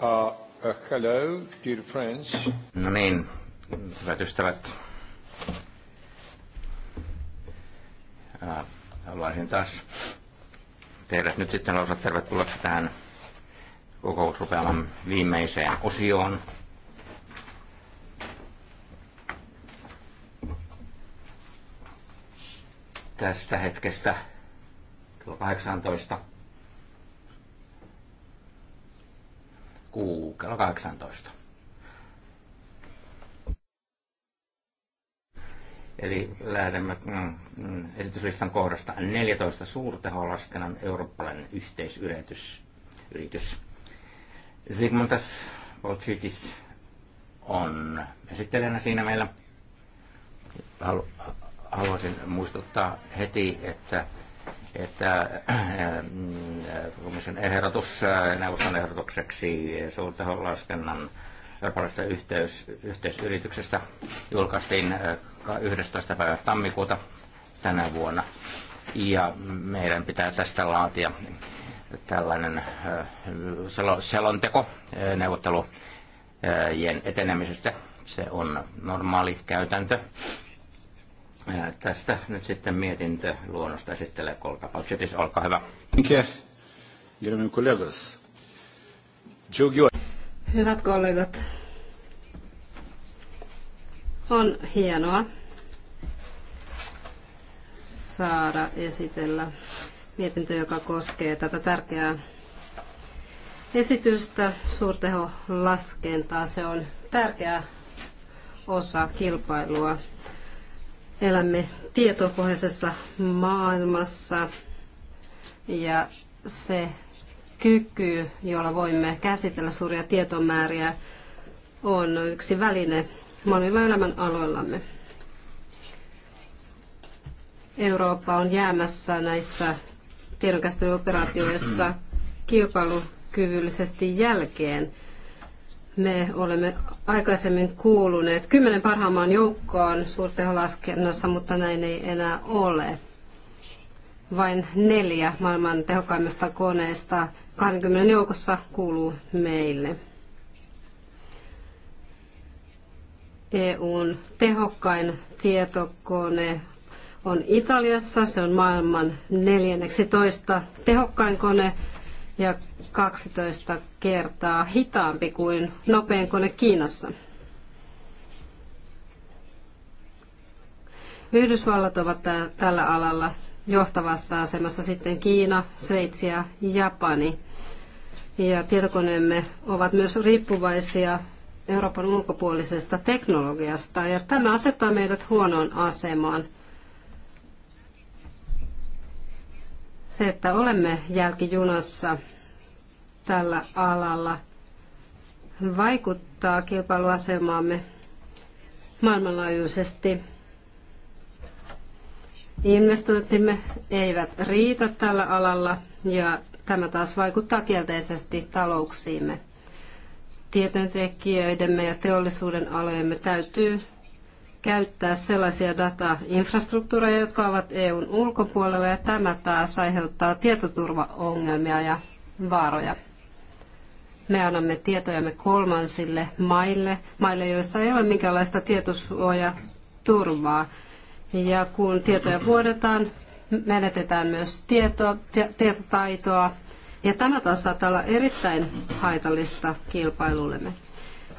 Uh, uh, hello, dear friends. No niin, hyvät ystävät. Uh, haluaisin taas teidät nyt sitten osa tervetulleeksi tähän kokousrupeaman viimeiseen osioon. Tästä hetkestä kello 18 kuu kello 18. Eli lähdemme mm, mm esityslistan kohdasta 14 suurteholaskennan eurooppalainen yhteisyritys. Yritys. Sigmundas Bolchitis on esittelijänä siinä meillä. Haluaisin muistuttaa heti, että että äh, komission ehdotus äh, neuvoston ehdotukseksi suurteholla laskennan verkollisesta yhteys, yhteisyrityksestä julkaistiin 11. Äh, päivä tammikuuta tänä vuonna. Ja meidän pitää tästä laatia tällainen selonteko neuvottelujen etenemisestä. Se on normaali käytäntö tästä nyt sitten mietintö luonnosta esittelee Kolka Paltsitis. Olkaa hyvä. Hyvät kollegat, on hienoa saada esitellä mietintö, joka koskee tätä tärkeää esitystä. Suurteholaskentaa se on tärkeä osa kilpailua Elämme tietopohjaisessa maailmassa ja se kyky, jolla voimme käsitellä suuria tietomääriä, on yksi väline monilla elämän aloillamme. Eurooppa on jäämässä näissä tiedonkäsittelyoperaatioissa kilpailukyvyllisesti jälkeen me olemme aikaisemmin kuuluneet kymmenen parhaimman joukkoon suurteholaskennassa, mutta näin ei enää ole. Vain neljä maailman tehokkaimmista koneista 20 joukossa kuuluu meille. EUn tehokkain tietokone on Italiassa. Se on maailman neljänneksi toista tehokkain kone ja 12 kertaa hitaampi kuin nopein kone Kiinassa. Yhdysvallat ovat tällä alalla johtavassa asemassa sitten Kiina, Sveitsi ja Japani. Ja tietokoneemme ovat myös riippuvaisia Euroopan ulkopuolisesta teknologiasta ja tämä asettaa meidät huonoon asemaan – Se, että olemme jälkijunassa tällä alalla, vaikuttaa kilpailuasemaamme maailmanlaajuisesti. Investointimme eivät riitä tällä alalla ja tämä taas vaikuttaa kielteisesti talouksiimme. Tieteentekijöidemme ja teollisuuden alojemme täytyy käyttää sellaisia datainfrastruktuureja, jotka ovat EUn ulkopuolella, ja tämä taas aiheuttaa tietoturvaongelmia ja vaaroja. Me annamme tietojamme kolmansille maille, maille joissa ei ole minkäänlaista tietosuojaturvaa. Ja kun tietoja vuodetaan, menetetään myös tieto tietotaitoa, ja tämä taas saattaa olla erittäin haitallista kilpailullemme.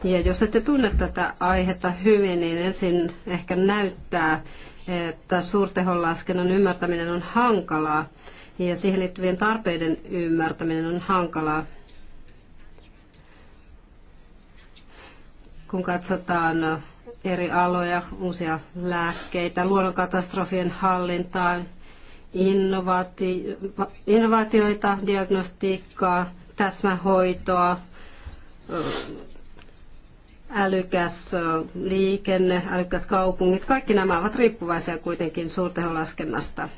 Ja jos ette tunne tätä aihetta hyvin, niin ensin ehkä näyttää, että suurteholaskennan ymmärtäminen on hankalaa ja siihen liittyvien tarpeiden ymmärtäminen on hankalaa. Kun katsotaan eri aloja, uusia lääkkeitä, luonnonkatastrofien hallintaa, innovaatioita, diagnostiikkaa, täsmähoitoa, älykäs liikenne, älykkäät kaupungit, kaikki nämä ovat riippuvaisia kuitenkin suurteholaskennasta.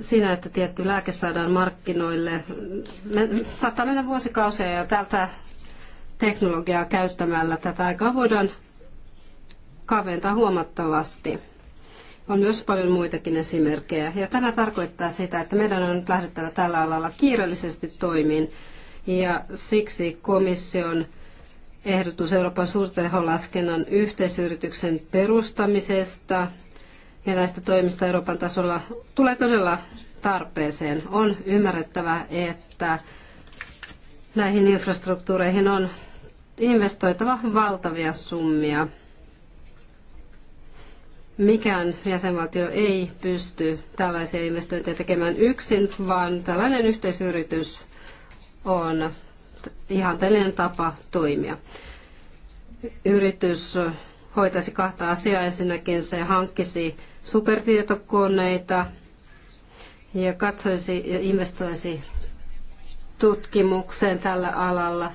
Siinä, että tietty lääke saadaan markkinoille, me, saattaa mennä vuosikausia ja tältä teknologiaa käyttämällä tätä aikaa voidaan kaventaa huomattavasti on myös paljon muitakin esimerkkejä. Ja tämä tarkoittaa sitä, että meidän on nyt lähdettävä tällä alalla kiireellisesti toimiin. Ja siksi komission ehdotus Euroopan suurteholaskennan yhteisyrityksen perustamisesta ja näistä toimista Euroopan tasolla tulee todella tarpeeseen. On ymmärrettävä, että näihin infrastruktuureihin on investoitava valtavia summia mikään jäsenvaltio ei pysty tällaisia investointeja tekemään yksin, vaan tällainen yhteisyritys on ihanteellinen tapa toimia. Yritys hoitaisi kahta asiaa. Ensinnäkin se hankkisi supertietokoneita ja katsoisi ja investoisi tutkimukseen tällä alalla.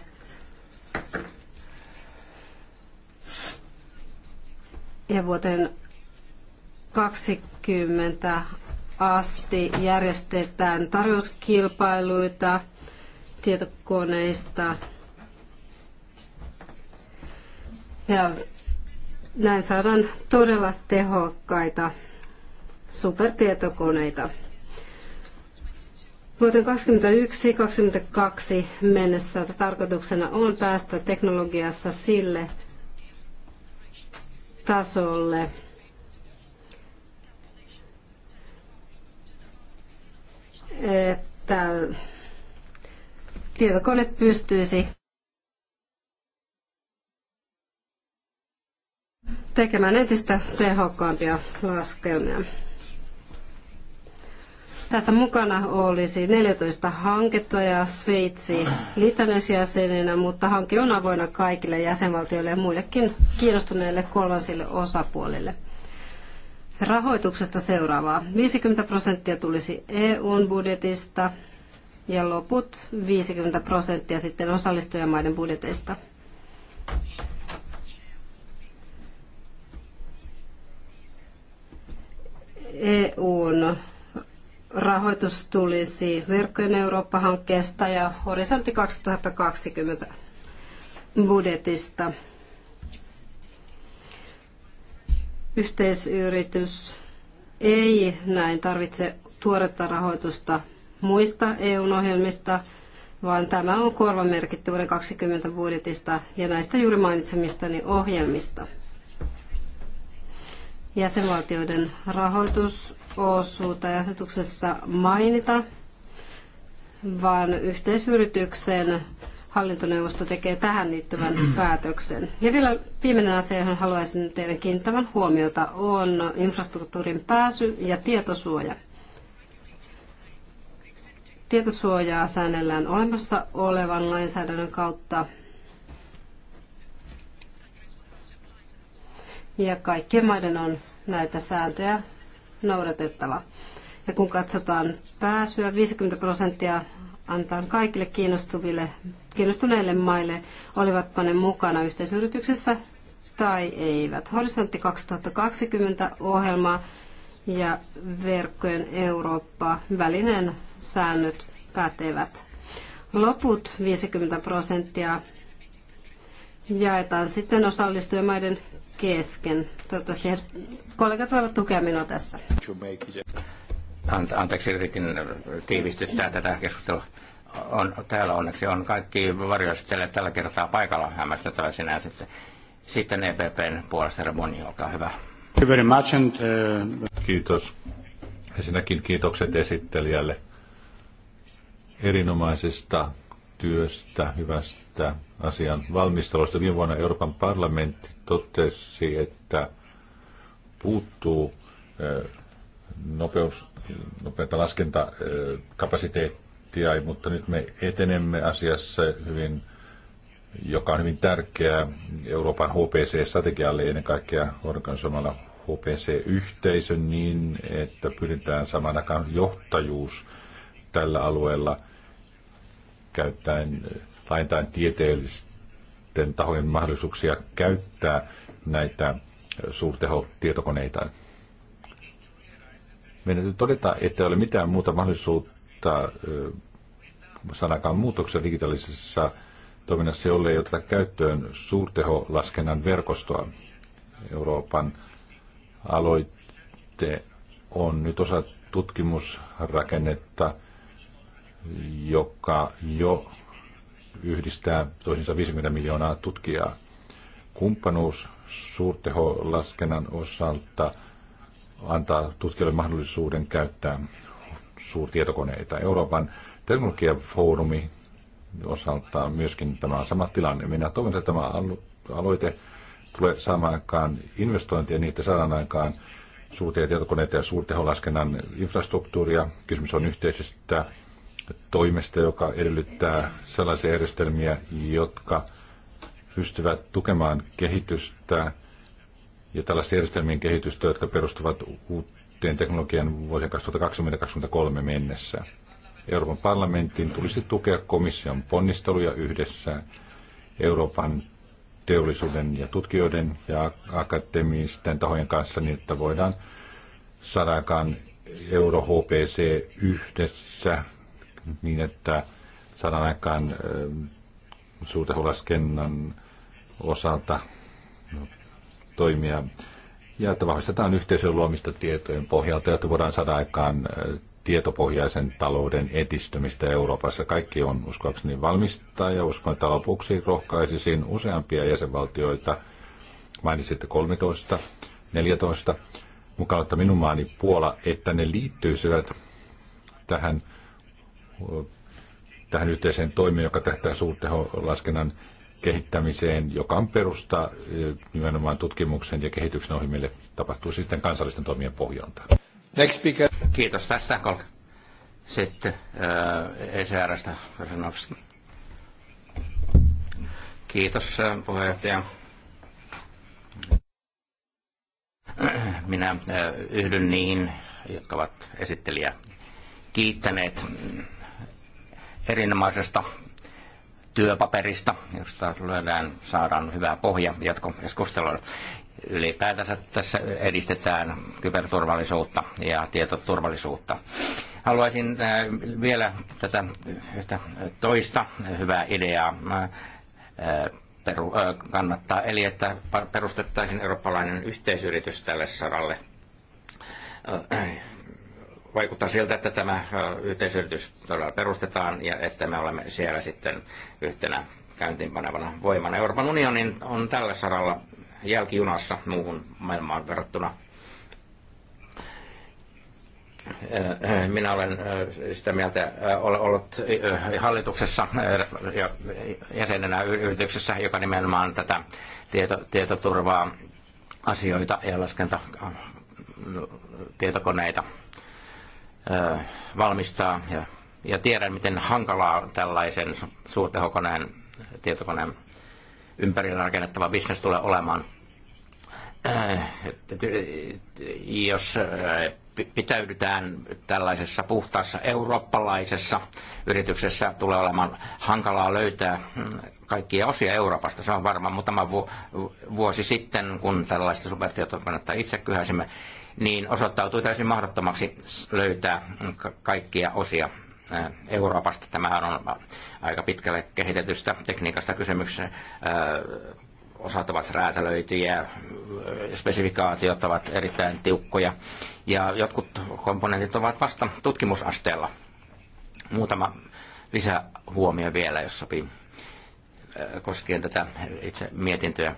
Ja vuoteen 2020 asti järjestetään tarjouskilpailuita tietokoneista. Ja näin saadaan todella tehokkaita supertietokoneita. Vuoteen 2021-2022 mennessä tarkoituksena on päästä teknologiassa sille tasolle, että tietokone pystyisi tekemään entistä tehokkaampia laskelmia. Tässä mukana olisi 14 hanketta ja Sveitsi liitännöisjäsenenä, mutta hanke on avoinna kaikille jäsenvaltioille ja muillekin kiinnostuneille kolmansille osapuolille rahoituksesta seuraavaa. 50 prosenttia tulisi EUn budjetista ja loput 50 prosenttia sitten osallistujamaiden budjeteista. EUn rahoitus tulisi verkkojen Eurooppa-hankkeesta ja Horisontti 2020 budjetista. Yhteisyritys ei näin tarvitse tuoretta rahoitusta muista EU-ohjelmista, vaan tämä on korvamerkitty vuoden 20 budjetista ja näistä juuri mainitsemistani ohjelmista. Jäsenvaltioiden rahoitusosuutta ei asetuksessa mainita, vaan yhteisyrityksen hallintoneuvosto tekee tähän liittyvän päätöksen. Ja vielä viimeinen asia, johon haluaisin teidän kiinnittävän huomiota, on infrastruktuurin pääsy ja tietosuoja. Tietosuojaa säännellään olemassa olevan lainsäädännön kautta. Ja kaikkien maiden on näitä sääntöjä noudatettava. Ja kun katsotaan pääsyä, 50 prosenttia antaa kaikille kiinnostuville, kiinnostuneille maille, olivatpa ne mukana yhteisyrityksessä tai eivät. Horisontti 2020 ohjelma ja verkkojen Eurooppa välinen säännöt pätevät. Loput 50 prosenttia jaetaan sitten osallistujamaiden kesken. Toivottavasti kollegat voivat tukea minua tässä anteeksi yritin tiivistyttää tätä keskustelua. On, täällä onneksi on kaikki varjoistelijat tällä kertaa paikalla hämmästyttävä sinä. Sitten, sitten EPPn puolesta Ramoni, olkaa hyvä. Uh, Kiitos. Ensinnäkin kiitokset esittelijälle erinomaisesta työstä, hyvästä asian valmistelusta. Viime vuonna Euroopan parlamentti totesi, että puuttuu uh, nopeus nopeata laskentakapasiteettia, mutta nyt me etenemme asiassa hyvin, joka on hyvin tärkeää Euroopan HPC-strategialle ennen kaikkea organisoimalla HPC-yhteisön niin, että pyritään saman aikaan johtajuus tällä alueella käyttäen laintain tieteellisten tahojen mahdollisuuksia käyttää näitä suurteho-tietokoneita. Meidän täytyy todeta, että ei ole mitään muuta mahdollisuutta sanakaan muutoksia digitaalisessa toiminnassa, jolle ei oteta käyttöön suurteholaskennan verkostoa. Euroopan aloitte on nyt osa tutkimusrakennetta, joka jo yhdistää toisinsa 50 miljoonaa tutkijaa. Kumppanuus suurteholaskennan osalta – antaa tutkijoille mahdollisuuden käyttää suurtietokoneita. Euroopan teknologiafoorumi osalta myöskin tämä on sama tilanne. Minä toivon, että tämä aloite tulee saamaan aikaan investointia, niitä saadaan aikaan suurteja tietokoneita ja suurteholaskennan infrastruktuuria. Kysymys on yhteisestä toimesta, joka edellyttää sellaisia järjestelmiä, jotka pystyvät tukemaan kehitystä ja tällaisten järjestelmien kehitystä, jotka perustuvat uuteen teknologian vuosien 2020-2023 mennessä. Euroopan parlamentin tulisi tukea komission ponnisteluja yhdessä Euroopan teollisuuden ja tutkijoiden ja akateemisten tahojen kanssa niin, että voidaan saada aikaan Euro HPC yhdessä niin, että saadaan aikaan suurteholaskennan osalta toimia ja että vahvistetaan yhteisön luomista tietojen pohjalta, jotta voidaan saada aikaan tietopohjaisen talouden edistymistä Euroopassa. Kaikki on uskoakseni valmista ja uskon, että lopuksi rohkaisisin useampia jäsenvaltioita, mainitsitte 13, 14, mukaan ottaa minun maani Puola, että ne liittyisivät tähän, tähän yhteiseen toimiin, joka tähtää suurteholaskennan kehittämiseen, joka on perusta eh, nimenomaan tutkimuksen ja kehityksen ohjelmille, tapahtuu sitten kansallisten toimien pohjalta. Next speaker. Kiitos tästä. Sitten ECRstä eh, e Rasanovski. Kiitos eh, puheenjohtaja. Minä yhdyn niihin, jotka ovat esittelijä kiittäneet erinomaisesta työpaperista, josta löydään, saadaan hyvää pohja jatkokeskustelulle. Ylipäätänsä tässä edistetään kyberturvallisuutta ja tietoturvallisuutta. Haluaisin äh, vielä tätä yhtä toista hyvää ideaa äh, äh, kannattaa, eli että perustettaisiin eurooppalainen yhteisyritys tälle saralle vaikuttaa siltä, että tämä yhteisyritys todella perustetaan ja että me olemme siellä sitten yhtenä käyntiinpanevana voimana. Euroopan unionin on tällä saralla jälkijunassa muuhun maailmaan verrattuna. Minä olen sitä mieltä, ollut hallituksessa ja jäsenenä yrityksessä, joka nimenomaan tätä tieto, tietoturvaa asioita ja laskenta tietokoneita valmistaa ja, ja tiedän, miten hankalaa tällaisen suurtehokoneen, tietokoneen ympärillä rakennettava bisnes tulee olemaan. Jos pitäydytään tällaisessa puhtaassa eurooppalaisessa yrityksessä, tulee olemaan hankalaa löytää mm, kaikkia osia Euroopasta, se on varmaan muutama vuosi sitten, kun tällaista supertietokonetta itse kyhäsimme, niin osoittautui täysin mahdottomaksi löytää kaikkia osia Euroopasta. Tämähän on aika pitkälle kehitetystä tekniikasta Kysymyksen Osat ovat räätälöityjä, spesifikaatiot ovat erittäin tiukkoja ja jotkut komponentit ovat vasta tutkimusasteella. Muutama lisähuomio vielä, jos sopii, koskien tätä itse mietintöä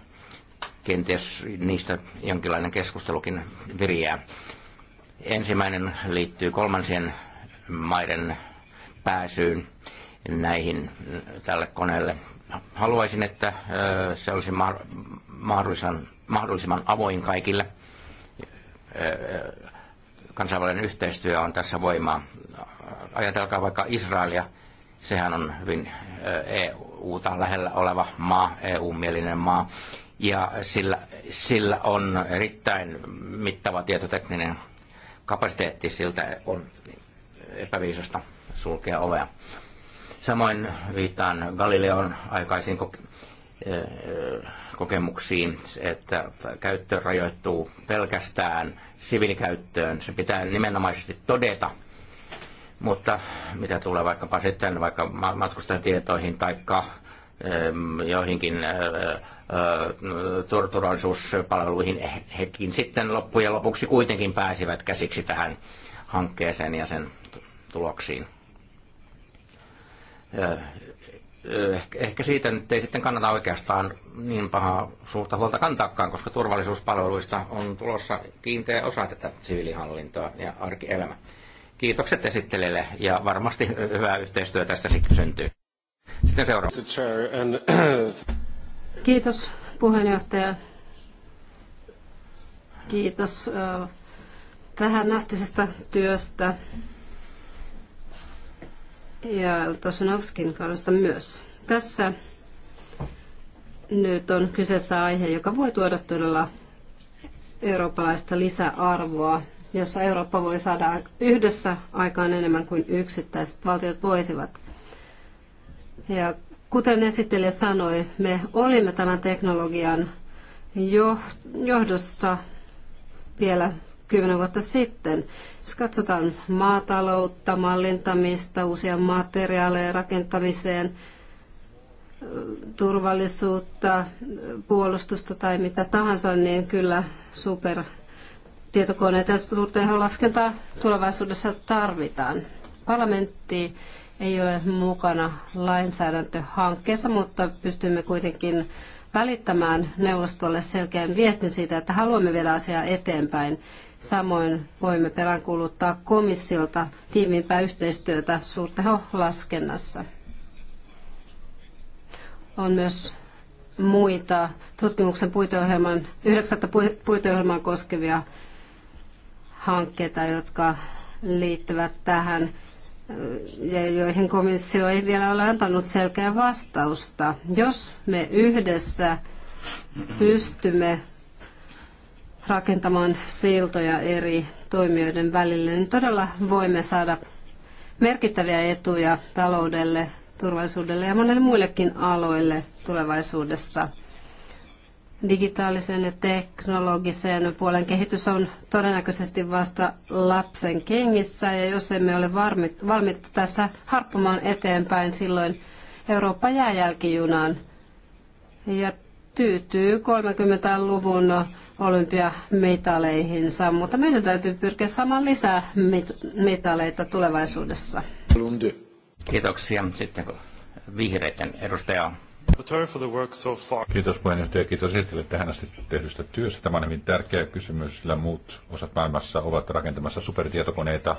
Kenties niistä jonkinlainen keskustelukin viriää. Ensimmäinen liittyy kolmansien maiden pääsyyn näihin tälle koneelle. Haluaisin, että äh, se olisi mahdollisimman, mahdollisimman avoin kaikille. Äh, äh, kansainvälinen yhteistyö on tässä voimaa. Ajatelkaa vaikka Israelia. Sehän on hyvin EU-ta lähellä oleva maa, EU-mielinen maa ja sillä, sillä on erittäin mittava tietotekninen kapasiteetti, siltä on epäviisasta sulkea ovea. Samoin viittaan Galileon aikaisiin eh, kokemuksiin, että käyttö rajoittuu pelkästään siviilikäyttöön. Se pitää nimenomaisesti todeta. Mutta mitä tulee vaikkapa sitten vaikka matkustajatietoihin tai joihinkin eh, turvallisuuspalveluihin. Hekin sitten loppujen lopuksi kuitenkin pääsivät käsiksi tähän hankkeeseen ja sen tuloksiin. Ehkä siitä nyt ei sitten kannata oikeastaan niin pahaa suurta huolta kantaakaan, koska turvallisuuspalveluista on tulossa kiinteä osa tätä siviilihallintoa ja arkielämä. Kiitokset esittelijälle ja varmasti hyvää yhteistyötä tästä sitten syntyy. Sitten seuraava. Kiitos puheenjohtaja. Kiitos tähän astisesta työstä ja Tosunovskin kannasta myös. Tässä nyt on kyseessä aihe, joka voi tuoda todella eurooppalaista lisäarvoa, jossa Eurooppa voi saada yhdessä aikaan enemmän kuin yksittäiset valtiot voisivat. Ja Kuten esittelijä sanoi, me olimme tämän teknologian johdossa vielä kymmenen vuotta sitten. Jos katsotaan maataloutta, mallintamista, uusia materiaaleja rakentamiseen, turvallisuutta, puolustusta tai mitä tahansa, niin kyllä super tietokoneita ja suurteholaskentaa tulevaisuudessa tarvitaan. Parlamentti ei ole mukana lainsäädäntöhankkeessa, mutta pystymme kuitenkin välittämään neuvostolle selkeän viestin siitä, että haluamme vielä asiaa eteenpäin. Samoin voimme peräänkuuluttaa komissiolta tiiviimpää yhteistyötä suurteholaskennassa. On myös muita tutkimuksen puiteohjelman, yhdeksättä puiteohjelmaa koskevia hankkeita, jotka liittyvät tähän ja joihin komissio ei vielä ole antanut selkeää vastausta. Jos me yhdessä pystymme rakentamaan siltoja eri toimijoiden välille, niin todella voimme saada merkittäviä etuja taloudelle, turvallisuudelle ja monelle muillekin aloille tulevaisuudessa – digitaalisen ja teknologisen puolen kehitys on todennäköisesti vasta lapsen kengissä ja jos emme ole valmiita tässä harppumaan eteenpäin, silloin Eurooppa jää jälkijunaan ja tyytyy 30-luvun olympiamitaleihinsa, mutta meidän täytyy pyrkiä saamaan lisää mit- mitaleita tulevaisuudessa. Lundy. Kiitoksia. Sitten vihreiden edustaja Kiitos puheenjohtaja, kiitos Iltille tähän asti tehdystä työstä. Tämä on hyvin tärkeä kysymys, sillä muut osat maailmassa ovat rakentamassa supertietokoneita,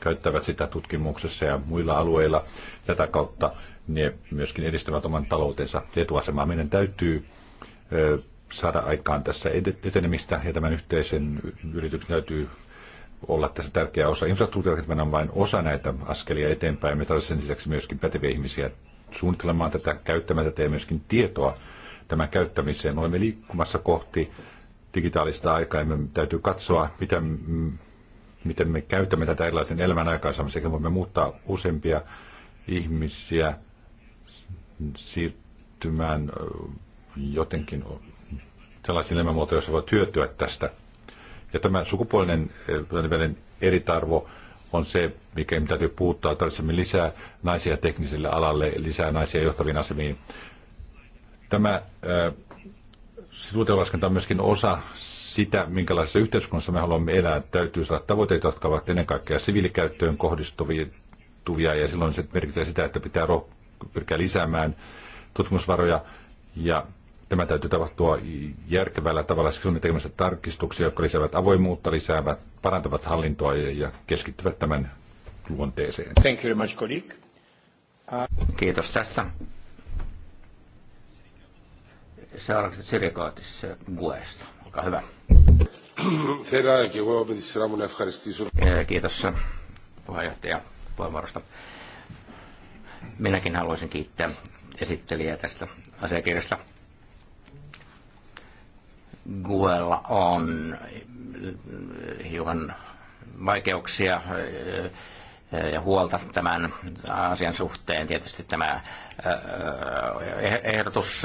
käyttävät sitä tutkimuksessa ja muilla alueilla. Tätä kautta ne myöskin edistävät oman taloutensa etuasemaa. Meidän täytyy saada aikaan tässä etenemistä ja tämän yhteisen yrityksen täytyy olla tässä tärkeä osa. Infrastruktuurirakentamme on vain osa näitä askelia eteenpäin. Me tarvitsemme lisäksi myöskin päteviä ihmisiä suunnittelemaan tätä käyttämättä ja myöskin tietoa tämän käyttämiseen. Olemme liikkumassa kohti digitaalista aikaa ja me täytyy katsoa, miten miten me käytämme tätä erilaisen elämän sekä Voimme muuttaa useampia ihmisiä siirtymään jotenkin sellaisiin elämänmuotoihin, joissa voi hyötyä tästä. Ja tämä sukupuolinen välinen eritarvo on se, mikä täytyy puuttua. Tarvitsemme lisää naisia tekniselle alalle, lisää naisia johtaviin asemiin. Tämä sivutelaskenta on myöskin osa sitä, minkälaisessa yhteiskunnassa me haluamme elää. Täytyy saada tavoitteita, jotka ovat ennen kaikkea siviilikäyttöön kohdistuvia, ja silloin se merkitsee sitä, että pitää pyrkiä lisäämään tutkimusvaroja ja Tämä täytyy tapahtua järkevällä tavalla, siksi olemme tekemässä tarkistuksia, jotka lisäävät avoimuutta, lisäävät, parantavat hallintoa ja keskittyvät tämän luonteeseen. Thank you very much, colleague. Uh... Kiitos tästä. Seuraavaksi Sirikaatis Guesta. Olkaa hyvä. Kiitos puheenjohtaja puheenvuorosta. Minäkin haluaisin kiittää esittelijää tästä asiakirjasta. Guella on hiukan vaikeuksia äh, äh, ja huolta tämän asian suhteen. Tietysti tämä äh, ehdotus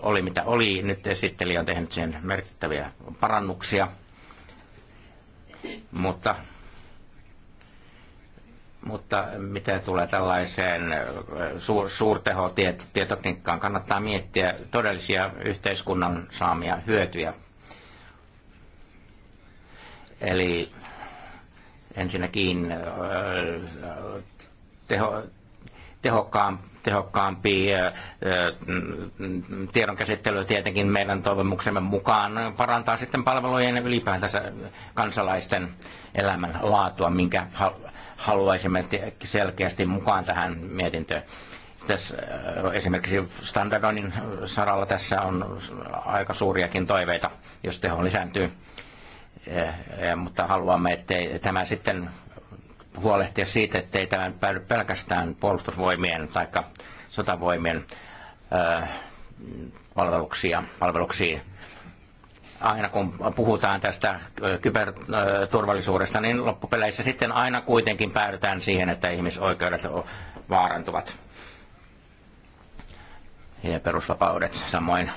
oli mitä oli. Nyt esittelijä on tehnyt siihen merkittäviä parannuksia. Mutta mutta mitä tulee tällaiseen äh, suur, tietotekniikkaan, kannattaa miettiä todellisia yhteiskunnan saamia hyötyjä. Eli ensinnäkin äh, teho, tehokkaan, tehokkaampi äh, tiedon käsittely tietenkin meidän toivomuksemme mukaan parantaa sitten palvelujen ja ylipäätänsä kansalaisten elämän laatua, minkä haluaisimme selkeästi mukaan tähän mietintöön. Tässä, äh, esimerkiksi standardoinnin saralla tässä on aika suuriakin toiveita, jos teho lisääntyy. Äh, äh, mutta haluamme, että tämä sitten huolehtia siitä, ettei tämä päädy pelkästään puolustusvoimien tai sotavoimien palveluksia, palveluksiin, aina kun puhutaan tästä kyberturvallisuudesta, niin loppupeleissä sitten aina kuitenkin päädytään siihen, että ihmisoikeudet vaarantuvat ja perusvapaudet. Samoin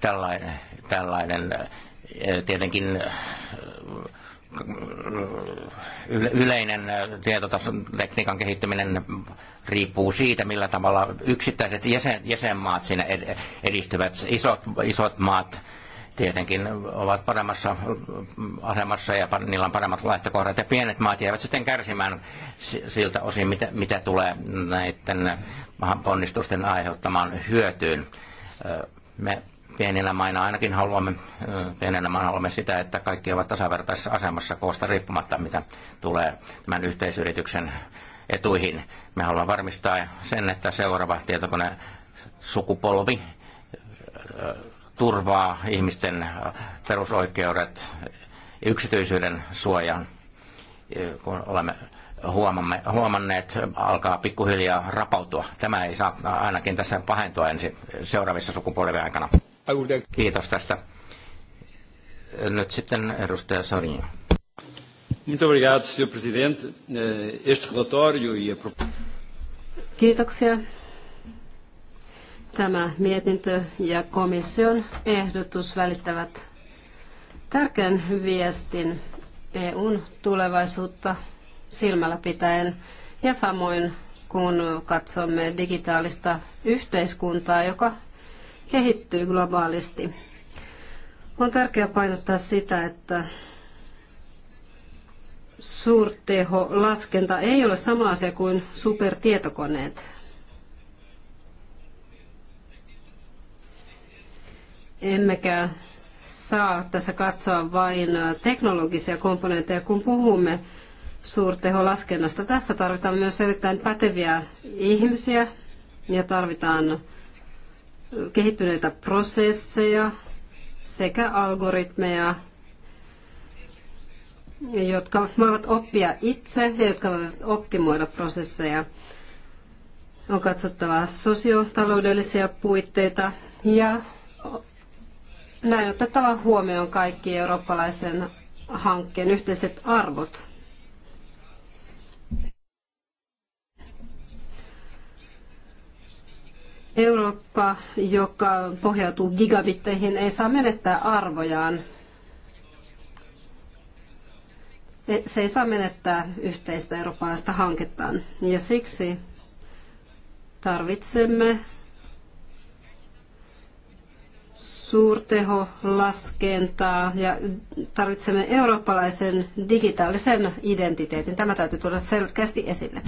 tällainen, tällainen tietenkin yleinen tietotekniikan kehittyminen riippuu siitä, millä tavalla yksittäiset jäsen, jäsenmaat siinä edistyvät. Isot, isot maat tietenkin ovat paremmassa asemassa ja niillä on paremmat lähtökohdat. Ja pienet maat jäävät sitten kärsimään siltä osin, mitä, mitä tulee näiden ponnistusten aiheuttamaan hyötyyn. Me pienillä maina ainakin haluamme, pienenä maina haluamme sitä, että kaikki ovat tasavertaisessa asemassa koosta riippumatta, mitä tulee tämän yhteisyrityksen etuihin. Me haluamme varmistaa sen, että seuraava tietokone sukupolvi turvaa ihmisten äh, perusoikeudet, yksityisyyden suojan, äh, kun olemme huomamme, huomanneet, alkaa pikkuhiljaa rapautua. Tämä ei saa ainakin tässä pahentua ensi seuraavissa sukupolvien aikana. Kiitos tästä. Nyt sitten edustaja Sorin. Eh, e Kiitoksia, Tämä mietintö ja komission ehdotus välittävät tärkeän viestin EUn tulevaisuutta silmällä pitäen ja samoin kun katsomme digitaalista yhteiskuntaa, joka kehittyy globaalisti. On tärkeää painottaa sitä, että suurteho laskenta ei ole sama asia kuin supertietokoneet. emmekä saa tässä katsoa vain teknologisia komponentteja, kun puhumme suurteholaskennasta. Tässä tarvitaan myös erittäin päteviä ihmisiä ja tarvitaan kehittyneitä prosesseja sekä algoritmeja, jotka voivat oppia itse ja jotka voivat optimoida prosesseja. On katsottava sosiotaloudellisia puitteita ja näin otettava huomioon kaikki eurooppalaisen hankkeen yhteiset arvot. Eurooppa, joka pohjautuu gigabitteihin, ei saa menettää arvojaan. Se ei saa menettää yhteistä eurooppalaista hankettaan. Ja siksi tarvitsemme suurteholaskentaa ja tarvitsemme eurooppalaisen digitaalisen identiteetin. Tämä täytyy tuoda selkeästi esille.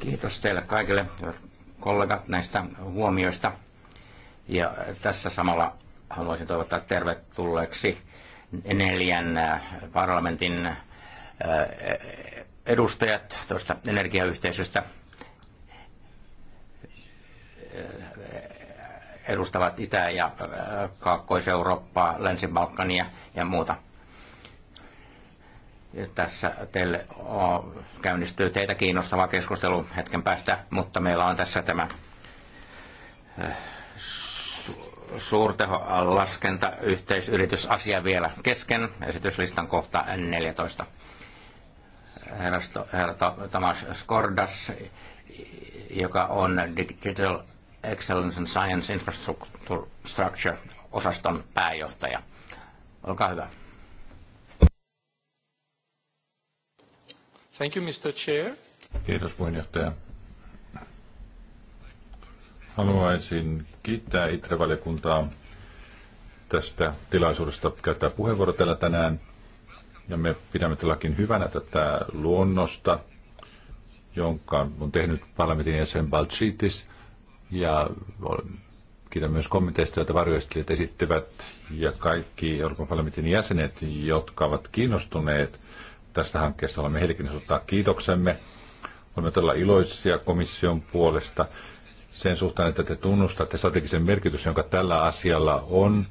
Kiitos teille kaikille kollegat näistä huomioista. Ja tässä samalla haluaisin toivottaa tervetulleeksi neljän äh, parlamentin äh, edustajat tuosta energiayhteisöstä äh, edustavat Itä- ja äh, Kaakkois-Eurooppaa, Länsi-Balkania ja muuta. Ja tässä teille käynnistyy teitä kiinnostava keskustelu hetken päästä, mutta meillä on tässä tämä äh, suurteholaskentayhteisyritysasia vielä kesken, esityslistan kohta 14. Herra Tomas Skordas, joka on Digital Excellence and Science Infrastructure-osaston pääjohtaja. Olkaa hyvä. Thank you, Mr. Chair. Kiitos puheenjohtaja. Haluaisin kiittää ITRE-valiokuntaa tästä tilaisuudesta käyttää puheenvuoro täällä tänään. Ja me pidämme tälläkin hyvänä tätä luonnosta, jonka on tehnyt parlamentin jäsen Balchitis ja kiitän myös kommenteista, joita varjoistelijat esittivät ja kaikki Euroopan parlamentin jäsenet, jotka ovat kiinnostuneet tästä hankkeesta. Olemme heillekin osoittaa kiitoksemme. Olemme todella iloisia komission puolesta sen suhteen, että te tunnustatte strategisen merkitys, jonka tällä asialla on,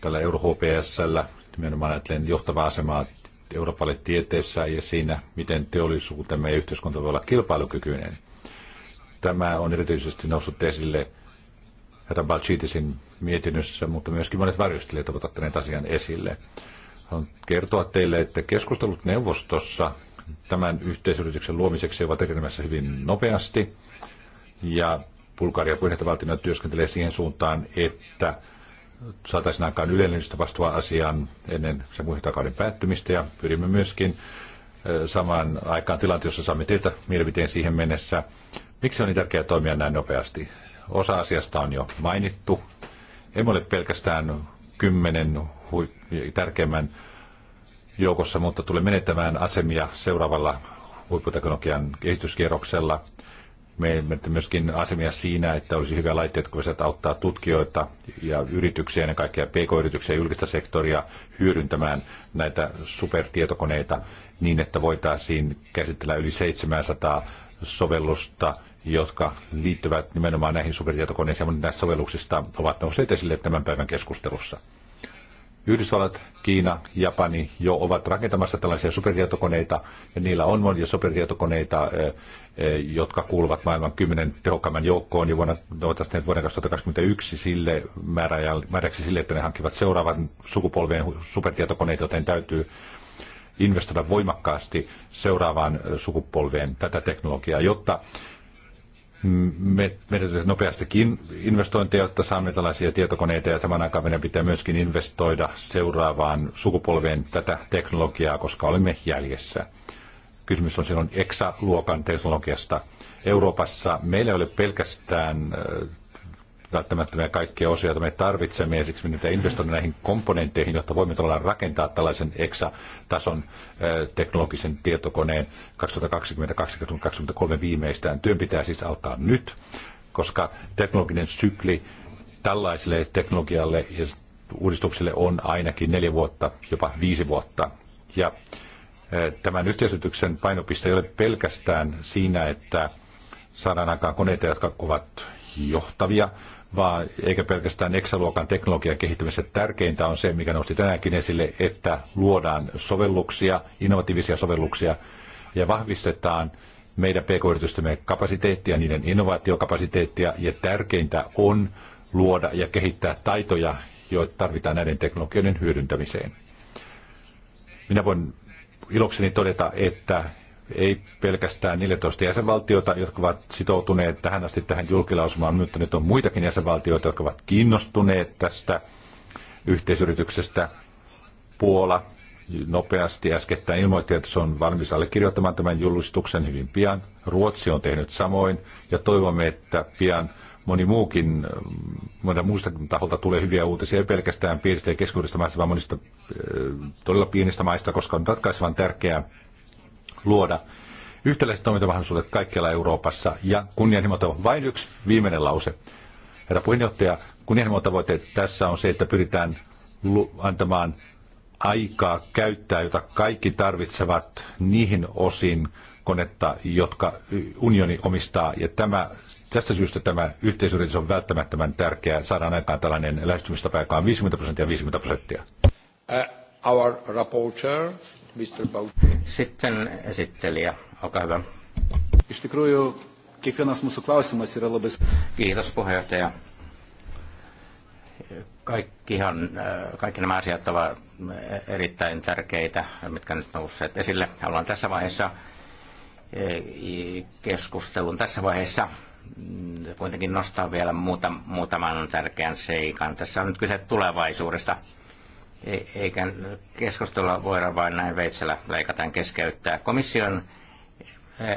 tällä EuroHPSllä, nimenomaan ajatellen johtavaa asemaa Euroopalle tieteessä ja siinä, miten teollisuutemme ja yhteiskunta voi olla kilpailukykyinen. Tämä on erityisesti noussut esille Herran Balchitisin mietinnössä, mutta myöskin monet varjostelijat ovat ottaneet asian esille. Haluan kertoa teille, että keskustelut neuvostossa tämän yhteisyrityksen luomiseksi ovat etenemässä hyvin nopeasti. Ja Bulgaria puheenjohtajavaltiona työskentelee siihen suuntaan, että saataisiin aikaan yleellistä vastua asiaan ennen sen puheenjohtajakauden päättymistä ja pyrimme myöskin samaan aikaan tilanteessa saamme teiltä mielipiteen siihen mennessä Miksi on niin tärkeää toimia näin nopeasti? Osa asiasta on jo mainittu. Emme ole pelkästään kymmenen tärkeimmän joukossa, mutta tulee menettämään asemia seuraavalla huipputeknologian kehityskierroksella. Me myöskin asemia siinä, että olisi hyviä laitteet, kun voisivat auttaa tutkijoita ja yrityksiä, ennen kaikkea pk-yrityksiä ja julkista sektoria hyödyntämään näitä supertietokoneita niin, että voitaisiin käsitellä yli 700 sovellusta jotka liittyvät nimenomaan näihin supertietokoneisiin ja monet näistä sovelluksista ovat nousseet esille tämän päivän keskustelussa. Yhdysvallat, Kiina, Japani jo ovat rakentamassa tällaisia supertietokoneita, ja niillä on monia supertietokoneita, eh, eh, jotka kuuluvat maailman kymmenen tehokkaimman joukkoon, ja vuonna, vuoden 2021 sille määräksi sille, että ne hankkivat seuraavan sukupolven supertietokoneita, joten täytyy investoida voimakkaasti seuraavaan sukupolveen tätä teknologiaa, jotta me, meidän täytyy nopeastikin investointeja, jotta saamme tällaisia tietokoneita ja saman aikaan meidän pitää myöskin investoida seuraavaan sukupolveen tätä teknologiaa, koska olemme jäljessä. Kysymys on silloin EXA-luokan teknologiasta. Euroopassa meillä ei ole pelkästään äh, meidän kaikkia osia, joita me tarvitsemme, ja siksi me investoimme näihin komponentteihin, jotta voimme tavallaan rakentaa tällaisen EXA-tason teknologisen tietokoneen 2020-2023 viimeistään. Työn pitää siis alkaa nyt, koska teknologinen sykli tällaiselle teknologialle ja uudistukselle on ainakin neljä vuotta, jopa viisi vuotta. Ja tämän yhteisytyksen painopiste ei ole pelkästään siinä, että saadaan aikaan koneita, jotka ovat johtavia, vaan eikä pelkästään Exaluokan teknologian kehittymisessä. Tärkeintä on se, mikä nosti tänäänkin esille, että luodaan sovelluksia, innovatiivisia sovelluksia ja vahvistetaan meidän pk-yritystemme kapasiteettia, niiden innovaatiokapasiteettia ja tärkeintä on luoda ja kehittää taitoja, joita tarvitaan näiden teknologioiden hyödyntämiseen. Minä voin ilokseni todeta, että ei pelkästään 14 jäsenvaltiota, jotka ovat sitoutuneet tähän asti tähän julkilausumaan, mutta nyt on muitakin jäsenvaltioita, jotka ovat kiinnostuneet tästä yhteisyrityksestä. Puola nopeasti äskettäin ilmoitti, että se on valmis allekirjoittamaan tämän julistuksen hyvin pian. Ruotsi on tehnyt samoin ja toivomme, että pian moni muukin, monta muusta taholta tulee hyviä uutisia, ei pelkästään pienistä ja keskuudesta maista, vaan monista eh, todella pienistä maista, koska on ratkaisevan tärkeää luoda yhtäläiset toimintamahdollisuudet kaikkialla Euroopassa ja kunnianhimoton vain yksi viimeinen lause. Herra puheenjohtaja, kunnianhimotavoite tässä on se, että pyritään antamaan aikaa käyttää, jota kaikki tarvitsevat niihin osin konetta, jotka unioni omistaa. Ja tämä, tästä syystä tämä yhteisyritys on välttämättömän tärkeää. Saadaan aikaan tällainen lähestymistapa, joka on 50 prosenttia 50 prosenttia. Uh, our rapporteur, Mr. Baut- sitten esittelijä, olkaa hyvä. Iš tikrųjų, kiekvienas mūsų klausimas yra labai... Kiitos puheenjohtaja. Kaikkihan, äh, kaikki nämä asiat ovat äh, erittäin tärkeitä, mitkä nyt nousseet esille. Haluan tässä vaiheessa äh, keskustelun tässä vaiheessa mm, kuitenkin nostaa vielä muutaman tärkeän seikan. Tässä on nyt kyse tulevaisuudesta E- eikä keskustella voida vain näin veitsellä leikataan keskeyttää. Komission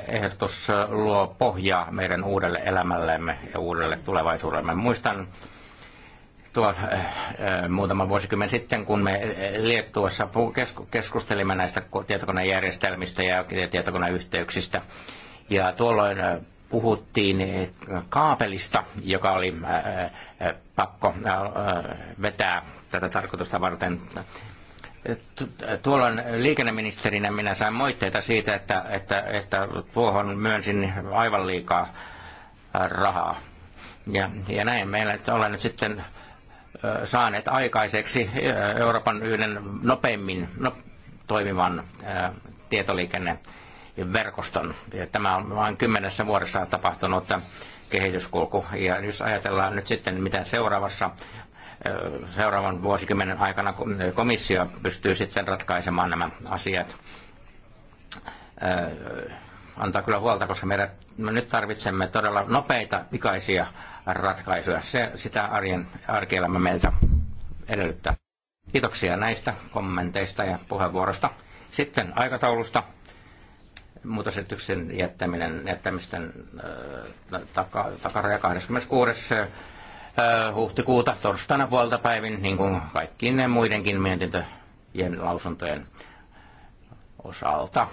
ehdotus luo pohjaa meidän uudelle elämällemme ja uudelle tulevaisuudelle. Muistan tuo äh, äh, muutama vuosikymmen sitten, kun me Liettuassa keskustelimme näistä tietokonejärjestelmistä ja tietokoneyhteyksistä. Ja tuolloin äh, puhuttiin kaapelista, joka oli pakko vetää tätä tarkoitusta varten. Tuolloin liikenneministerinä minä sain moitteita siitä, että, että, että tuohon myönsin aivan liikaa rahaa. Ja, ja näin meillä olen nyt sitten saaneet aikaiseksi Euroopan yhden nopeimmin no, toimivan tietoliikenneverkoston. Ja tämä on vain kymmenessä vuodessa tapahtunut kehityskulku. Ja jos ajatellaan nyt sitten, mitä seuraavassa seuraavan vuosikymmenen aikana komissio pystyy sitten ratkaisemaan nämä asiat. Antaa kyllä huolta, koska meidän, me nyt tarvitsemme todella nopeita, pikaisia ratkaisuja. Se sitä arjen, arkielämä meiltä edellyttää. Kiitoksia näistä kommenteista ja puheenvuorosta. Sitten aikataulusta muutosesityksen jättämisten äh, taka, takaraja 26 huhtikuuta torstaina puolta päivin, niin kuin kaikkiin ne muidenkin mietintöjen lausuntojen osalta.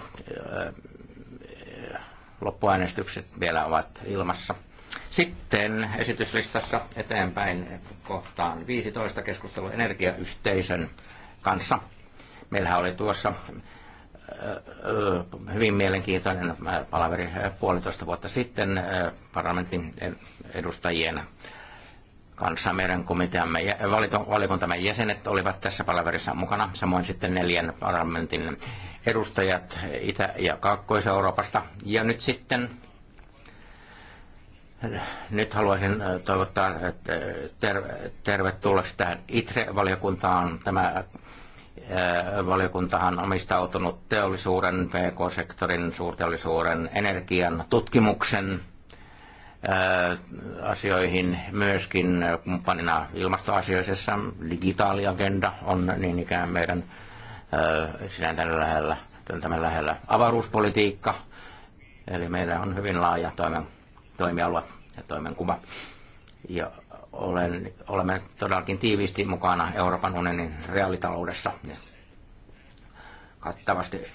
Loppuäänestykset vielä ovat ilmassa. Sitten esityslistassa eteenpäin kohtaan 15 keskustelu energiayhteisön kanssa. Meillähän oli tuossa hyvin mielenkiintoinen palaveri puolitoista vuotta sitten parlamentin edustajien kanssa. Meidän komiteamme, valikuntamme jäsenet olivat tässä palaverissa mukana, samoin sitten neljän parlamentin edustajat Itä- ja Kaakkois-Euroopasta. Ja nyt sitten nyt haluaisin äh, toivottaa äh, tervetulleeksi tähän ITRE-valiokuntaan. Tämä äh, valiokuntahan on omistautunut teollisuuden, pk-sektorin, suurteollisuuden, energian, tutkimuksen, asioihin myöskin kumppanina ilmastoasioissa. Digitaaliagenda on niin ikään meidän sinänsä lähellä, tämän lähellä avaruuspolitiikka. Eli meillä on hyvin laaja toimen, toimialue ja toimenkuva. Ja olen, olemme todellakin tiiviisti mukana Euroopan unionin reaalitaloudessa. Kattavasti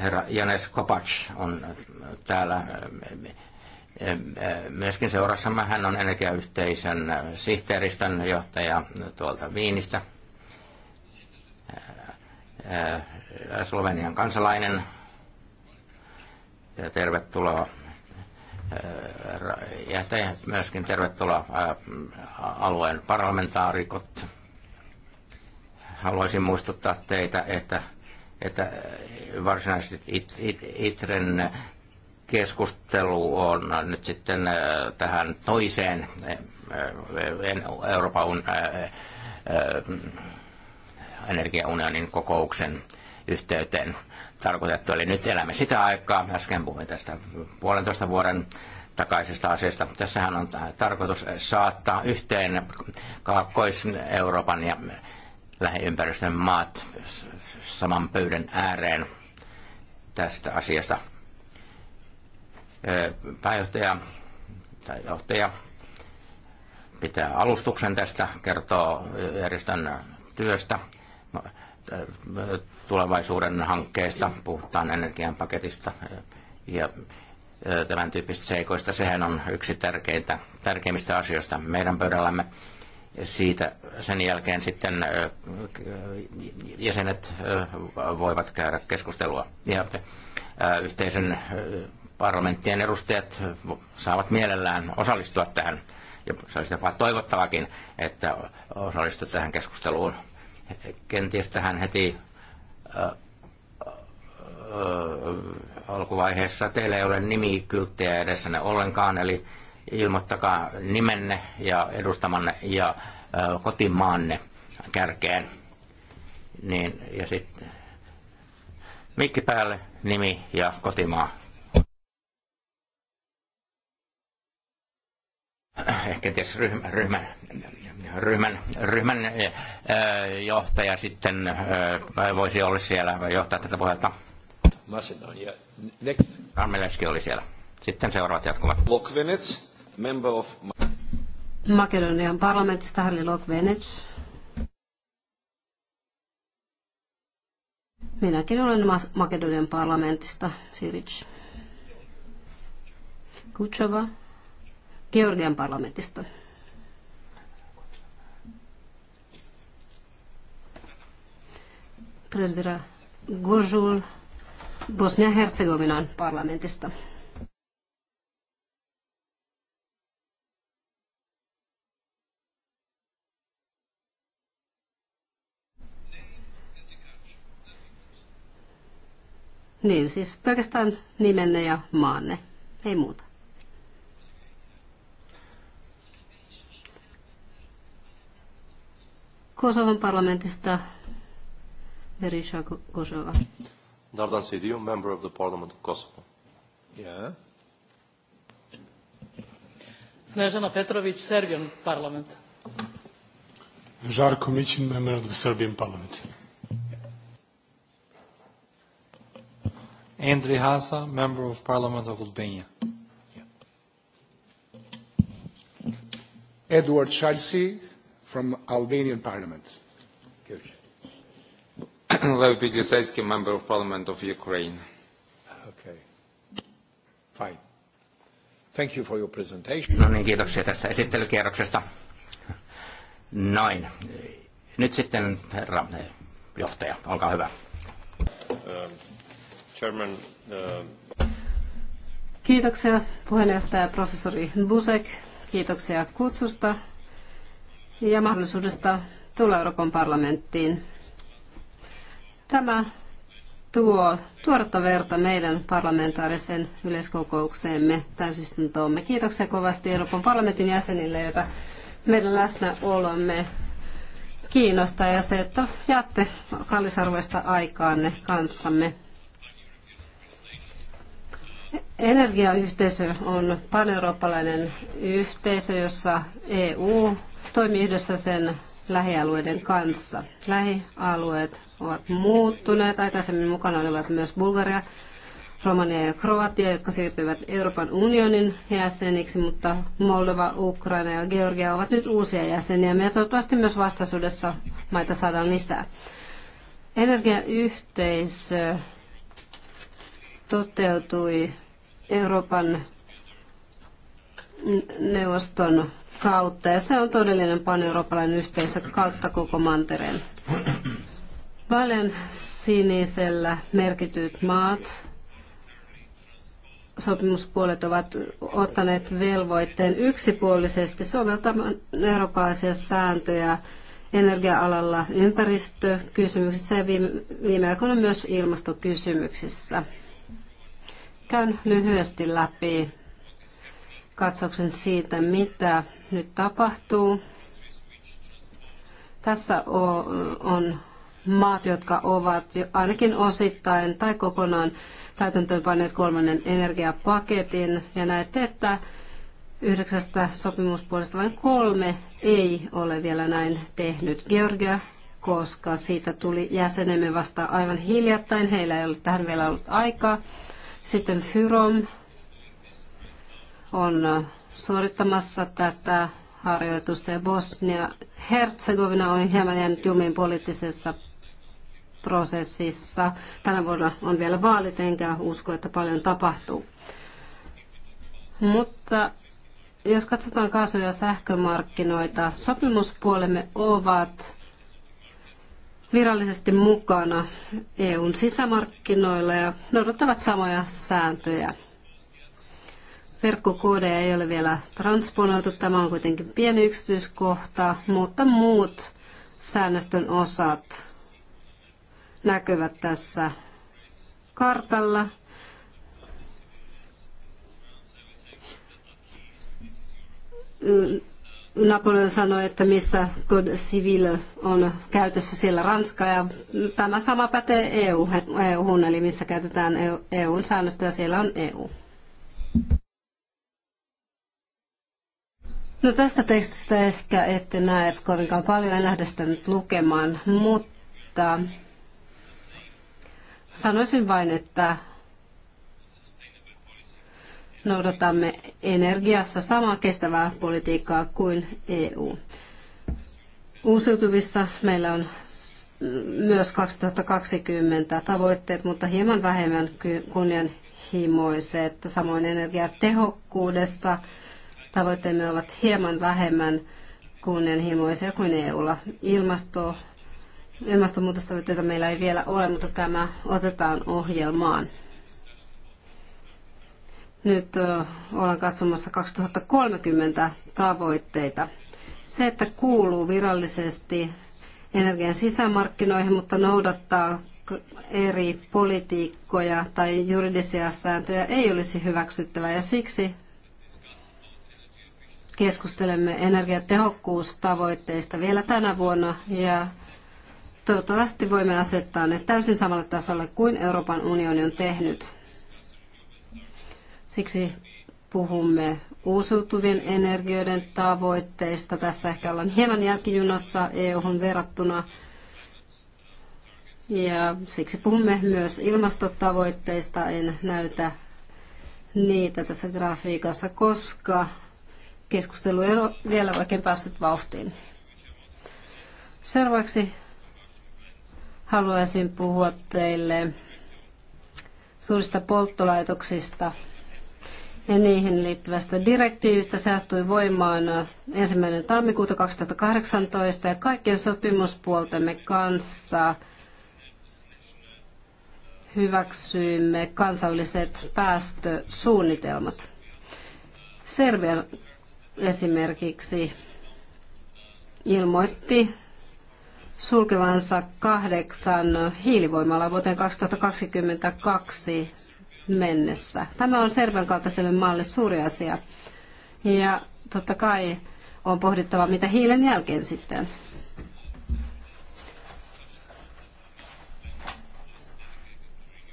herra Janes Kopacz on täällä Eh, myöskin seurassamme hän on energiayhteisön eh, sihteeristön johtaja tuolta Viinistä. Eh, Slovenian kansalainen. Ja tervetuloa. Ja te myöskin tervetuloa alueen parlamentaarikot. Haluaisin muistuttaa teitä, että, että varsinaisesti It, It, Itren keskustelu on nyt sitten äh, tähän toiseen äh, Euroopan äh, energiaunionin kokouksen yhteyteen tarkoitettu. Eli nyt elämme sitä aikaa. Äsken puhuin tästä puolentoista vuoden takaisesta asiasta. Tässähän on tarkoitus saattaa yhteen Kaakkois-Euroopan ja lähiympäristön maat saman pöydän ääreen tästä asiasta pääjohtaja tai johtaja pitää alustuksen tästä, kertoo järjestön työstä, tulevaisuuden hankkeista, puhutaan energian paketista ja tämän tyyppistä seikoista. Sehän on yksi tärkeintä, tärkeimmistä asioista meidän pöydällämme. Siitä sen jälkeen sitten jäsenet voivat käydä keskustelua. Ja yhteisen parlamenttien edustajat saavat mielellään osallistua tähän. Ja se olisi jopa toivottavakin, että osallistu tähän keskusteluun. Kenties tähän heti äh, äh, alkuvaiheessa teillä ei ole nimikylttejä edessänne ollenkaan, eli ilmoittakaa nimenne ja edustamanne ja äh, kotimaanne kärkeen. Niin, ja sitten mikki päälle, nimi ja kotimaa ehkä ties ryhmän, ryhmän, ryhmän johtaja sitten voisi olla siellä johtaa tätä puhetta. Macedonia. Next. Armeleski oli siellä. Sitten seuraavat jatkuvat. Lokvenets, member of... Makedonian parlamentista Harli Lokvenets. Minäkin olen Makedonian parlamentista, Siric. Kutsova. Georgian parlamentista. Predra Gozul Bosnia-Herzegovinan parlamentista. Niin, siis pelkästään nimenne ja maanne, ei muuta. Kosovon parlamentista Berisha Kosova. Dardan Sidiu, member of the parliament of Kosovo. Yeah. Snežana Petrović, Serbian parliament. Žarko Mićin, member of the Serbian parliament. Andri Hasa, member of parliament of Albania. Edward Chelsea, from Albanian Parliament. Lev Pigliseski, Member of Parliament of Ukraine. Okay. Fine. Thank you for your presentation. No niin, kiitoksia tästä esittelykierroksesta. Noin. Nyt sitten herra johtaja, olkaa hyvä. Uh, chairman, uh... Kiitoksia puheenjohtaja professori Busek. Kiitoksia kutsusta ja mahdollisuudesta tulla Euroopan parlamenttiin. Tämä tuo tuoretta verta meidän parlamentaarisen yleiskokoukseemme täysistuntoomme. Kiitoksia kovasti Euroopan parlamentin jäsenille, joita meidän läsnäolomme kiinnostaa ja se, että jaatte kallisarvoista aikaanne kanssamme. Energiayhteisö on paneurooppalainen yhteisö, jossa EU toimi yhdessä sen lähialueiden kanssa. Lähialueet ovat muuttuneet. Aikaisemmin mukana olivat myös Bulgaria, Romania ja Kroatia, jotka siirtyivät Euroopan unionin jäseniksi, mutta Moldova, Ukraina ja Georgia ovat nyt uusia jäseniä. meidän toivottavasti myös vastaisuudessa maita saadaan lisää. Energiayhteisö toteutui Euroopan neuvoston kautta, ja se on todellinen paneurooppalainen yhteisö kautta koko mantereen. Valen sinisellä merkityt maat, sopimuspuolet ovat ottaneet velvoitteen yksipuolisesti soveltamaan eurooppalaisia sääntöjä energia-alalla ympäristökysymyksissä ja viime, viime aikoina myös ilmastokysymyksissä. Käyn lyhyesti läpi katsauksen siitä, mitä nyt tapahtuu. Tässä on maat, jotka ovat ainakin osittain tai kokonaan täytäntöönpaneet kolmannen energiapaketin. Ja näette, että yhdeksästä sopimuspuolesta vain kolme ei ole vielä näin tehnyt. Georgia, koska siitä tuli jäsenemme vasta aivan hiljattain. Heillä ei ollut tähän vielä ollut aikaa. Sitten Fyrom on suorittamassa tätä harjoitusta ja Bosnia-Herzegovina on hieman jäänyt jumiin poliittisessa prosessissa. Tänä vuonna on vielä vaalit, enkä usko, että paljon tapahtuu. Mutta jos katsotaan kaasu- ja sähkömarkkinoita, sopimuspuolemme ovat virallisesti mukana EUn sisämarkkinoilla ja noudattavat samoja sääntöjä. Verkkokoodeja ei ole vielä transponoitu, tämä on kuitenkin pieni yksityiskohta, mutta muut säännöstön osat näkyvät tässä kartalla. Napoleon sanoi, että missä Code Civil on käytössä siellä Ranska ja tämä sama pätee EU, eu eli missä käytetään EUn e säännöstöä, siellä on EU. No tästä tekstistä ehkä ette näe kovinkaan paljon, en lähde sitä nyt lukemaan, mutta sanoisin vain, että noudatamme energiassa samaa kestävää politiikkaa kuin EU. Uusiutuvissa meillä on myös 2020 tavoitteet, mutta hieman vähemmän kunnianhimoiset. Samoin energiatehokkuudessa tehokkuudessa tavoitteemme ovat hieman vähemmän kunnianhimoisia kuin EUlla. Ilmasto, ilmastonmuutostavoitteita meillä ei vielä ole, mutta tämä otetaan ohjelmaan. Nyt ollaan katsomassa 2030 tavoitteita. Se, että kuuluu virallisesti energian sisämarkkinoihin, mutta noudattaa eri politiikkoja tai juridisia sääntöjä ei olisi hyväksyttävää ja siksi keskustelemme energiatehokkuustavoitteista vielä tänä vuonna ja toivottavasti voimme asettaa ne täysin samalle tasolle kuin Euroopan unioni on tehnyt. Siksi puhumme uusiutuvien energioiden tavoitteista. Tässä ehkä ollaan hieman jälkijunassa EU-hun verrattuna. Ja siksi puhumme myös ilmastotavoitteista. En näytä niitä tässä grafiikassa, koska keskustelu ei ole vielä oikein päässyt vauhtiin. Seuraavaksi haluaisin puhua teille suurista polttolaitoksista ja niihin liittyvästä direktiivistä. Se astui voimaan ensimmäinen tammikuuta 2018 ja kaikkien sopimuspuoltemme kanssa hyväksyimme kansalliset päästösuunnitelmat. Serbian esimerkiksi ilmoitti sulkevansa kahdeksan hiilivoimalla vuoteen 2022 mennessä. Tämä on Serbian kaltaiselle maalle suuri asia. Ja totta kai on pohdittava, mitä hiilen jälkeen sitten.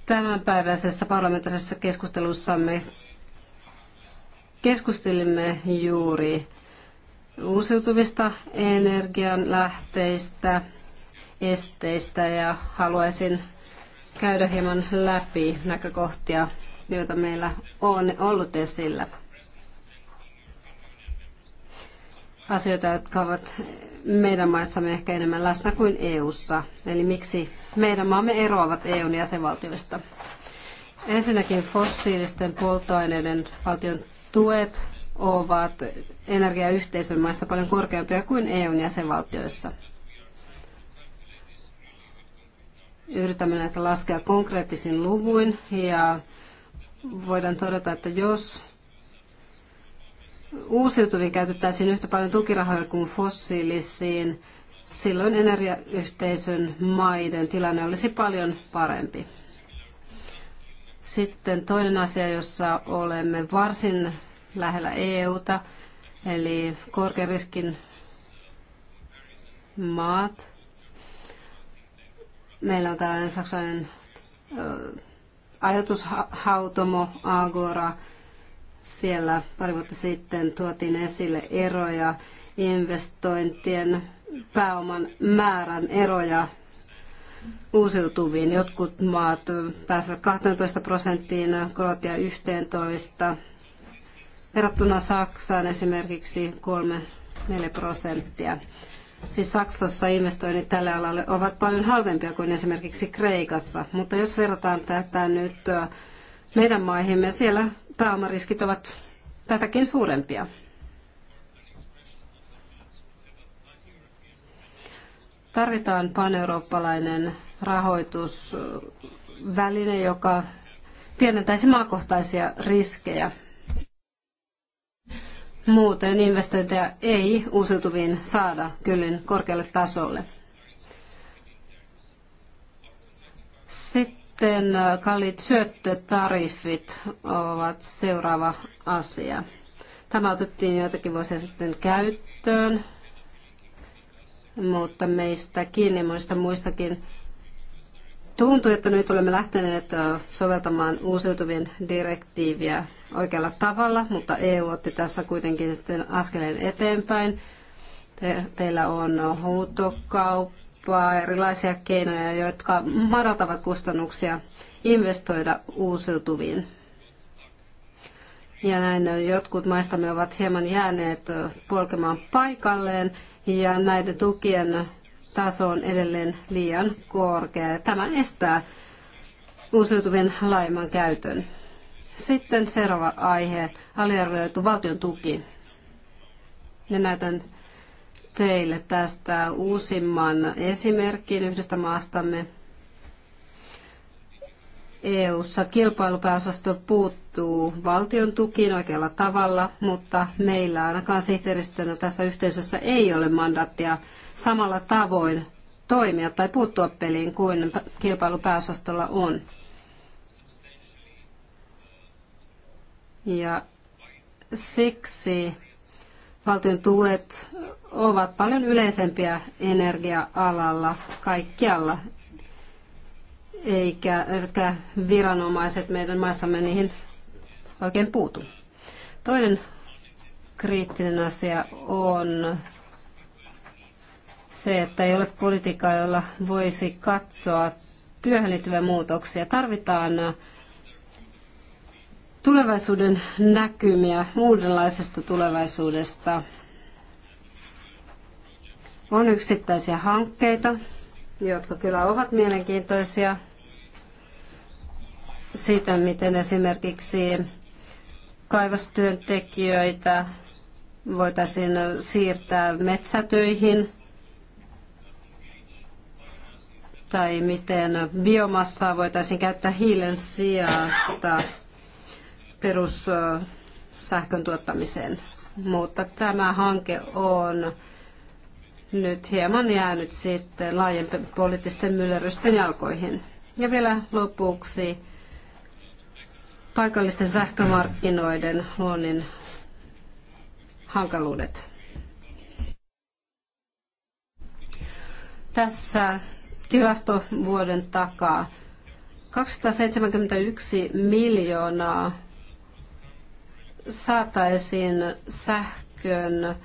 Tämänpäiväisessä parlamentaarisessa keskustelussamme Keskustelimme juuri uusiutuvista energianlähteistä, esteistä ja haluaisin käydä hieman läpi näkökohtia, joita meillä on ollut esillä. Asioita, jotka ovat meidän maissamme ehkä enemmän läsnä kuin EU:ssa, eli miksi meidän maamme eroavat EUn jäsenvaltioista. Ensinnäkin fossiilisten polttoaineiden valtion tuet ovat energiayhteisön maissa paljon korkeampia kuin EUn jäsenvaltioissa. Yritämme näitä laskea konkreettisin luvuin ja voidaan todeta, että jos uusiutuviin käytettäisiin yhtä paljon tukirahoja kuin fossiilisiin, silloin energiayhteisön maiden tilanne olisi paljon parempi. Sitten toinen asia, jossa olemme varsin lähellä EUta, eli korkean riskin maat. Meillä on tällainen saksalainen ajatushautomo Agora. Siellä pari vuotta sitten tuotiin esille eroja investointien pääoman määrän eroja uusiutuviin. Jotkut maat pääsevät 12 prosenttiin, Kroatia 11, verrattuna Saksaan esimerkiksi 3-4 prosenttia. Siis Saksassa investoinnit tälle alalle ovat paljon halvempia kuin esimerkiksi Kreikassa, mutta jos verrataan tätä nyt meidän maihimme, siellä pääomariskit ovat tätäkin suurempia. Tarvitaan paneurooppalainen rahoitusväline, joka pienentäisi maakohtaisia riskejä. Muuten investointeja ei uusiutuviin saada kyllin korkealle tasolle. Sitten äh, kalliit syöttötariffit ovat seuraava asia. Tämä otettiin joitakin vuosia sitten käyttöön mutta meistä kiinni muista muistakin tuntuu, että nyt olemme lähteneet soveltamaan uusiutuvien direktiiviä oikealla tavalla, mutta EU otti tässä kuitenkin sitten askeleen eteenpäin. Te, teillä on huutokauppaa, erilaisia keinoja, jotka madaltavat kustannuksia investoida uusiutuviin. Ja näin jotkut maistamme ovat hieman jääneet polkemaan paikalleen ja näiden tukien taso on edelleen liian korkea. Tämä estää uusiutuvien laiman käytön. Sitten seuraava aihe, aliarvioitu valtion tuki. Ja näytän teille tästä uusimman esimerkin yhdestä maastamme. EU-ssa kilpailupääosasto puuttuu kohdistuu valtion tukiin oikealla tavalla, mutta meillä ainakaan sihteeristönä tässä yhteisössä ei ole mandaattia samalla tavoin toimia tai puuttua peliin kuin kilpailupääosastolla on. Ja siksi valtion tuet ovat paljon yleisempiä energia-alalla kaikkialla, eikä, eivätkä viranomaiset meidän maassamme niihin oikein puutu. Toinen kriittinen asia on se, että ei ole politiikkaa, jolla voisi katsoa työhön liittyviä muutoksia. Tarvitaan tulevaisuuden näkymiä uudenlaisesta tulevaisuudesta. On yksittäisiä hankkeita, jotka kyllä ovat mielenkiintoisia siitä, miten esimerkiksi kaivostyöntekijöitä voitaisiin siirtää metsätöihin tai miten biomassaa voitaisiin käyttää hiilen sijasta perussähkön tuottamiseen. Mutta tämä hanke on nyt hieman jäänyt sitten laajempien poliittisten myllerrysten jalkoihin. Ja vielä lopuksi paikallisten sähkömarkkinoiden luonnin hankaluudet. Tässä tilastovuoden takaa 271 miljoonaa saataisiin sähkön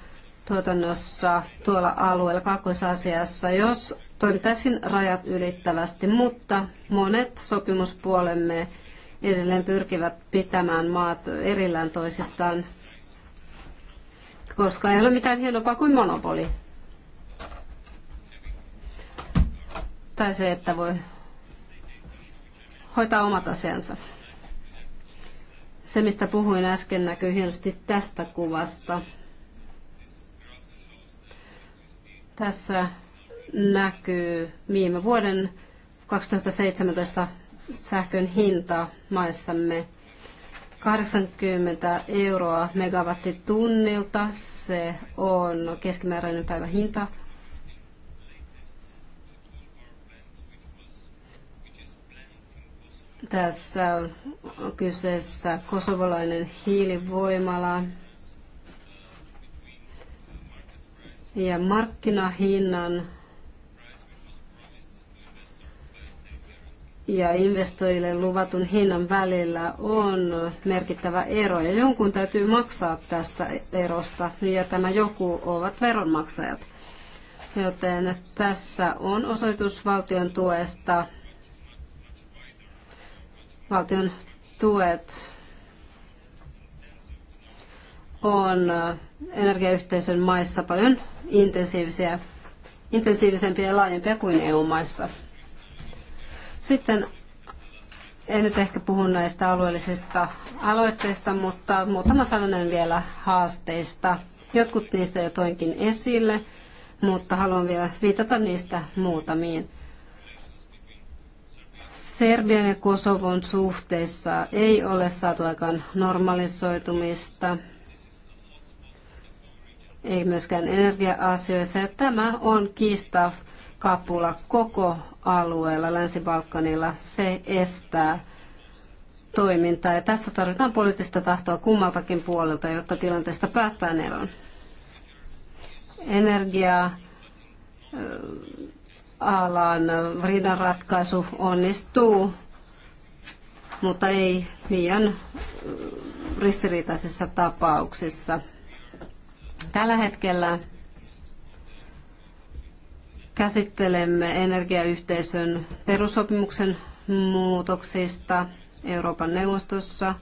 tuotannossa tuolla alueella kakkosasiassa, jos toimittaisiin rajat ylittävästi, mutta monet sopimuspuolemme edelleen pyrkivät pitämään maat erillään toisistaan, koska ei ole mitään hienompaa kuin monopoli. Tai se, että voi hoitaa omat asiansa. Se, mistä puhuin äsken, näkyy hienosti tästä kuvasta. Tässä näkyy viime vuoden 2017 sähkön hinta maissamme. 80 euroa megawattitunnilta, se on keskimääräinen päivän hinta. Tässä on kyseessä kosovolainen hiilivoimala. Ja markkinahinnan ja investoijille luvatun hinnan välillä on merkittävä ero ja jonkun täytyy maksaa tästä erosta ja tämä joku ovat veronmaksajat. Joten tässä on osoitus valtion tuesta. Valtion tuet on energiayhteisön maissa paljon intensiivisiä, intensiivisempiä ja laajempia kuin EU-maissa. Sitten en nyt ehkä puhu näistä alueellisista aloitteista, mutta muutama sananen vielä haasteista. Jotkut niistä jo toinkin esille, mutta haluan vielä viitata niistä muutamiin. Serbian ja Kosovon suhteissa ei ole saatu aikaan normalisoitumista, ei myöskään energia-asioissa. Ja tämä on kiista kapula koko alueella Länsi-Balkanilla. Se estää toimintaa ja tässä tarvitaan poliittista tahtoa kummaltakin puolelta, jotta tilanteesta päästään eroon. Energia alan riidanratkaisu onnistuu, mutta ei liian ristiriitaisissa tapauksissa. Tällä hetkellä Käsittelemme energiayhteisön perusopimuksen muutoksista Euroopan neuvostossa.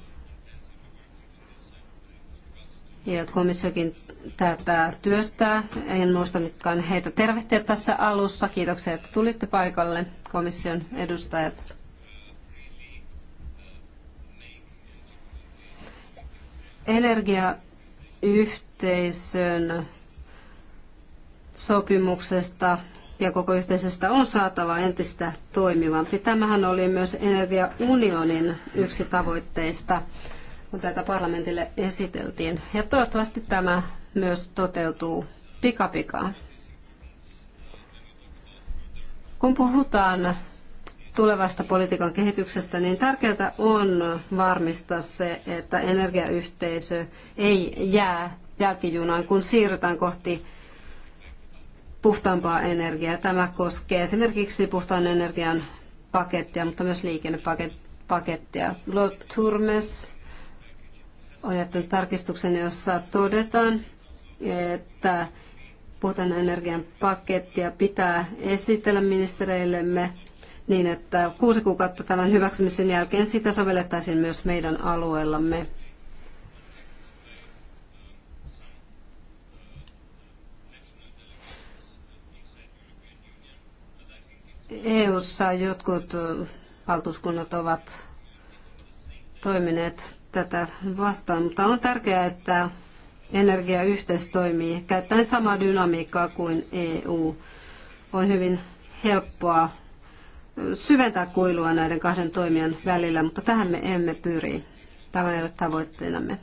Ja komissiokin tätä työstää. En muistanutkaan heitä tervehtiä tässä alussa. Kiitoksia, että tulitte paikalle, komission edustajat. Energiayhteisön sopimuksesta ja koko yhteisöstä on saatava entistä toimivampi. Tämähän oli myös energiaunionin yksi tavoitteista, kun tätä parlamentille esiteltiin. Ja toivottavasti tämä myös toteutuu pikapikaa. Kun puhutaan tulevasta politiikan kehityksestä, niin tärkeää on varmistaa se, että energiayhteisö ei jää jälkijunaan, kun siirrytään kohti puhtaampaa energiaa. Tämä koskee esimerkiksi puhtaan energian pakettia, mutta myös liikennepakettia. Lord Turmes on jättänyt tarkistuksen, jossa todetaan, että puhtaan energian pakettia pitää esitellä ministereillemme niin, että kuusi kuukautta tämän hyväksymisen jälkeen sitä sovellettaisiin myös meidän alueellamme. EU-ssa jotkut valtuuskunnat ovat toimineet tätä vastaan, mutta on tärkeää, että energiayhteys toimii käyttäen samaa dynamiikkaa kuin EU. On hyvin helppoa syventää kuilua näiden kahden toimijan välillä, mutta tähän me emme pyri. Tämä ei ole tavoitteenamme.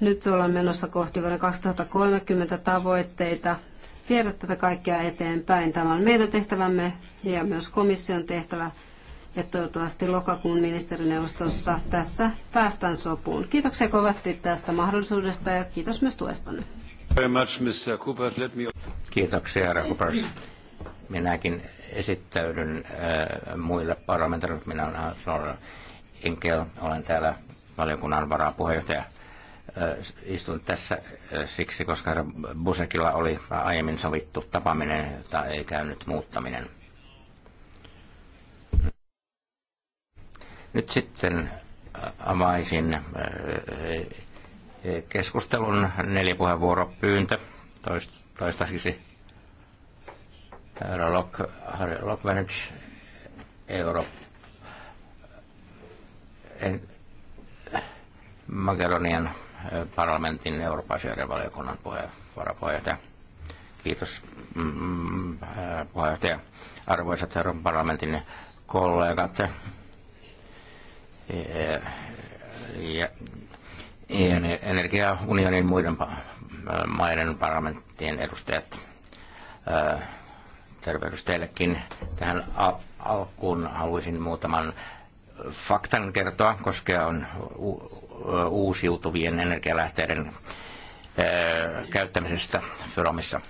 Nyt ollaan menossa kohti vuoden 2030 tavoitteita viedä tätä kaikkea eteenpäin. Tämä on meidän tehtävämme ja myös komission tehtävä. Ja toivottavasti lokakuun ministerineuvostossa tässä päästään sopuun. Kiitoksia kovasti tästä mahdollisuudesta ja kiitos myös tuestanne. Kiitoksia, herra Coopers. Minäkin esittäydyn äh, muille parlamentaarille. Minä olen Flora Enkel, olen täällä valiokunnan varapuheenjohtaja istun tässä siksi, koska Busekilla oli aiemmin sovittu tapaaminen, jota ei käynyt muuttaminen. Nyt sitten avaisin keskustelun nelipuheenvuoropyyntö toistaiseksi. Herra Lok, Harri Lokvenich, Euro, en, Makedonian parlamentin Euroopan valiokunnan varapuheenjohtaja. Kiitos mm, mm, äh, puheenjohtaja. Arvoisat Euroopan parlamentin kollegat. Ja energiaunionin muiden maiden parlamenttien edustajat. Äh, tervehdys teillekin. Tähän alkuun haluaisin muutaman faktan kertoa, koska on uusiutuvien energialähteiden käyttämisestä Suomessa.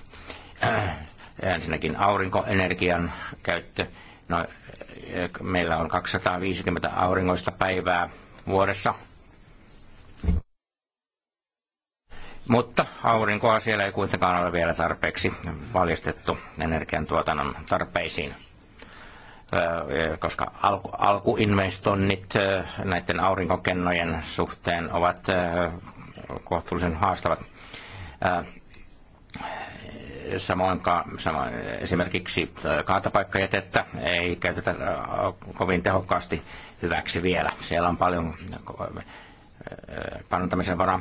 Ensinnäkin aurinkoenergian käyttö. No, meillä on 250 auringoista päivää vuodessa. Mutta aurinkoa siellä ei kuitenkaan ole vielä tarpeeksi valjastettu energiantuotannon tarpeisiin koska alku, alkuinvestoinnit näiden aurinkokennojen suhteen ovat kohtuullisen haastavat. Samoin, sama, esimerkiksi kaatapaikkajätettä ei käytetä kovin tehokkaasti hyväksi vielä. Siellä on paljon parantamisen varaa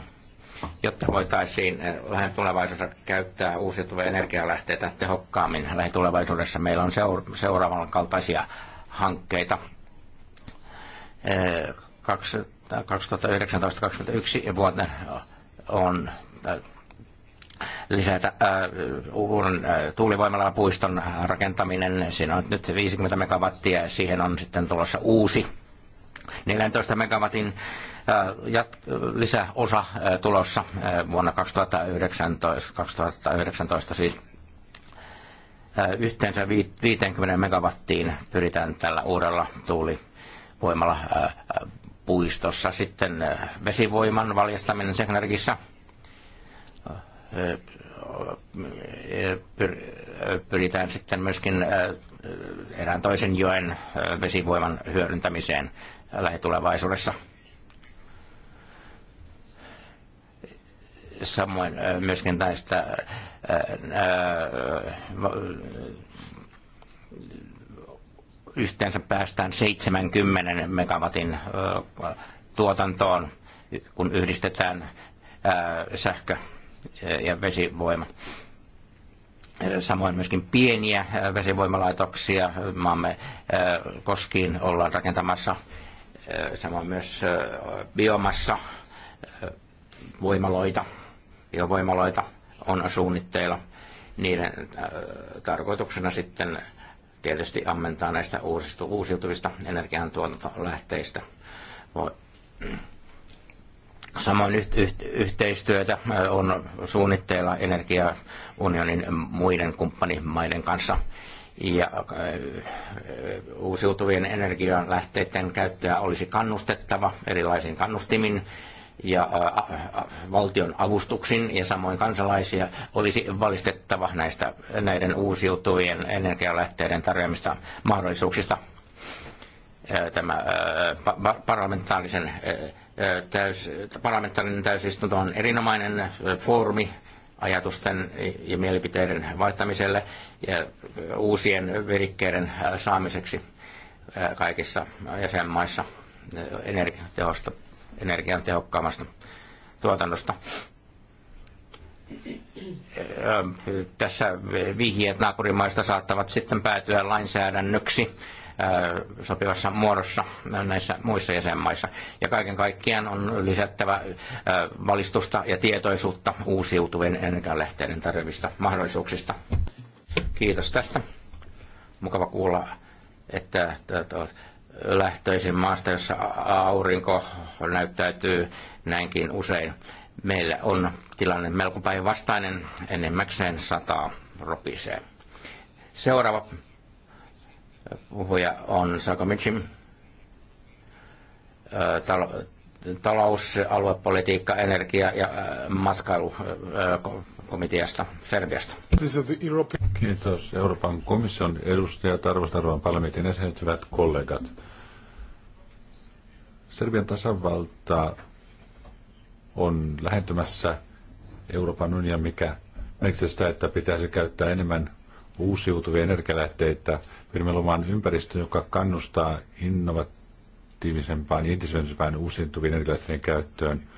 jotta voitaisiin eh, lähitulevaisuudessa käyttää uusiutuvia energialähteitä tehokkaammin. Lähitulevaisuudessa meillä on seuraavan kaltaisia hankkeita. 2019-2021 eh, vuonna on eh, lisätä uuden tuulivoimalan puiston rakentaminen. Siinä on nyt 50 megawattia ja siihen on sitten tulossa uusi 14 megawatin lisäosa tulossa vuonna 2019, 2019 siis yhteensä 50 megawattiin pyritään tällä uudella tuulivoimalla puistossa. Sitten vesivoiman valjastaminen Segnergissä pyritään sitten myöskin erään toisen joen vesivoiman hyödyntämiseen lähitulevaisuudessa. samoin äh, myöskin näistä äh, äh, yhteensä päästään 70 megawatin tuotantoon, kun yhdistetään sähkö ja vesivoima. Samoin myöskin pieniä vesivoimalaitoksia maamme koskiin ollaan rakentamassa. Samoin myös biomassa voimaloita biovoimaloita on suunnitteilla. Niiden äh, tarkoituksena sitten tietysti ammentaa näistä uusista, uusiutuvista energiantuotantolähteistä. Samoin yht, yht, yhteistyötä äh, on suunnitteilla energiaunionin muiden kumppanimaiden kanssa ja äh, uusiutuvien energialähteiden käyttöä olisi kannustettava erilaisin kannustimin ja valtion avustuksin ja samoin kansalaisia olisi valistettava näistä näiden uusiutuvien energialähteiden tarjoamista mahdollisuuksista. Tämä parlamentaarisen täys, parlamentaarinen täysistunto on erinomainen foorumi ajatusten ja mielipiteiden vaihtamiselle ja uusien virikkeiden saamiseksi kaikissa jäsenmaissa energiatehosta energiatehokkaammasta tuotannosta. Tässä vihjeet naapurimaista saattavat sitten päätyä lainsäädännöksi sopivassa muodossa näissä muissa jäsenmaissa. Ja kaiken kaikkiaan on lisättävä valistusta ja tietoisuutta uusiutuvien energialähteiden tarvista mahdollisuuksista. Kiitos tästä. Mukava kuulla, että lähtöisin maasta, jossa aurinko näyttäytyy näinkin usein. Meillä on tilanne melko päinvastainen, enemmäkseen sataa ropisee. Seuraava puhuja on Sakamichin talous, aluepolitiikka, energia ja matkailu komiteasta Serbiasta. Kiitos Euroopan komission edustajat, arvoisat Euroopan parlamentin jäsenet, hyvät kollegat. Serbian tasavalta on lähentymässä Euroopan unionia, mikä merkitsee sitä, että pitäisi käyttää enemmän uusiutuvia energialähteitä. Pyrimme luomaan ympäristön, joka kannustaa innovatiivisempaan ja intensiivisempään uusiutuvien energialähteiden käyttöön –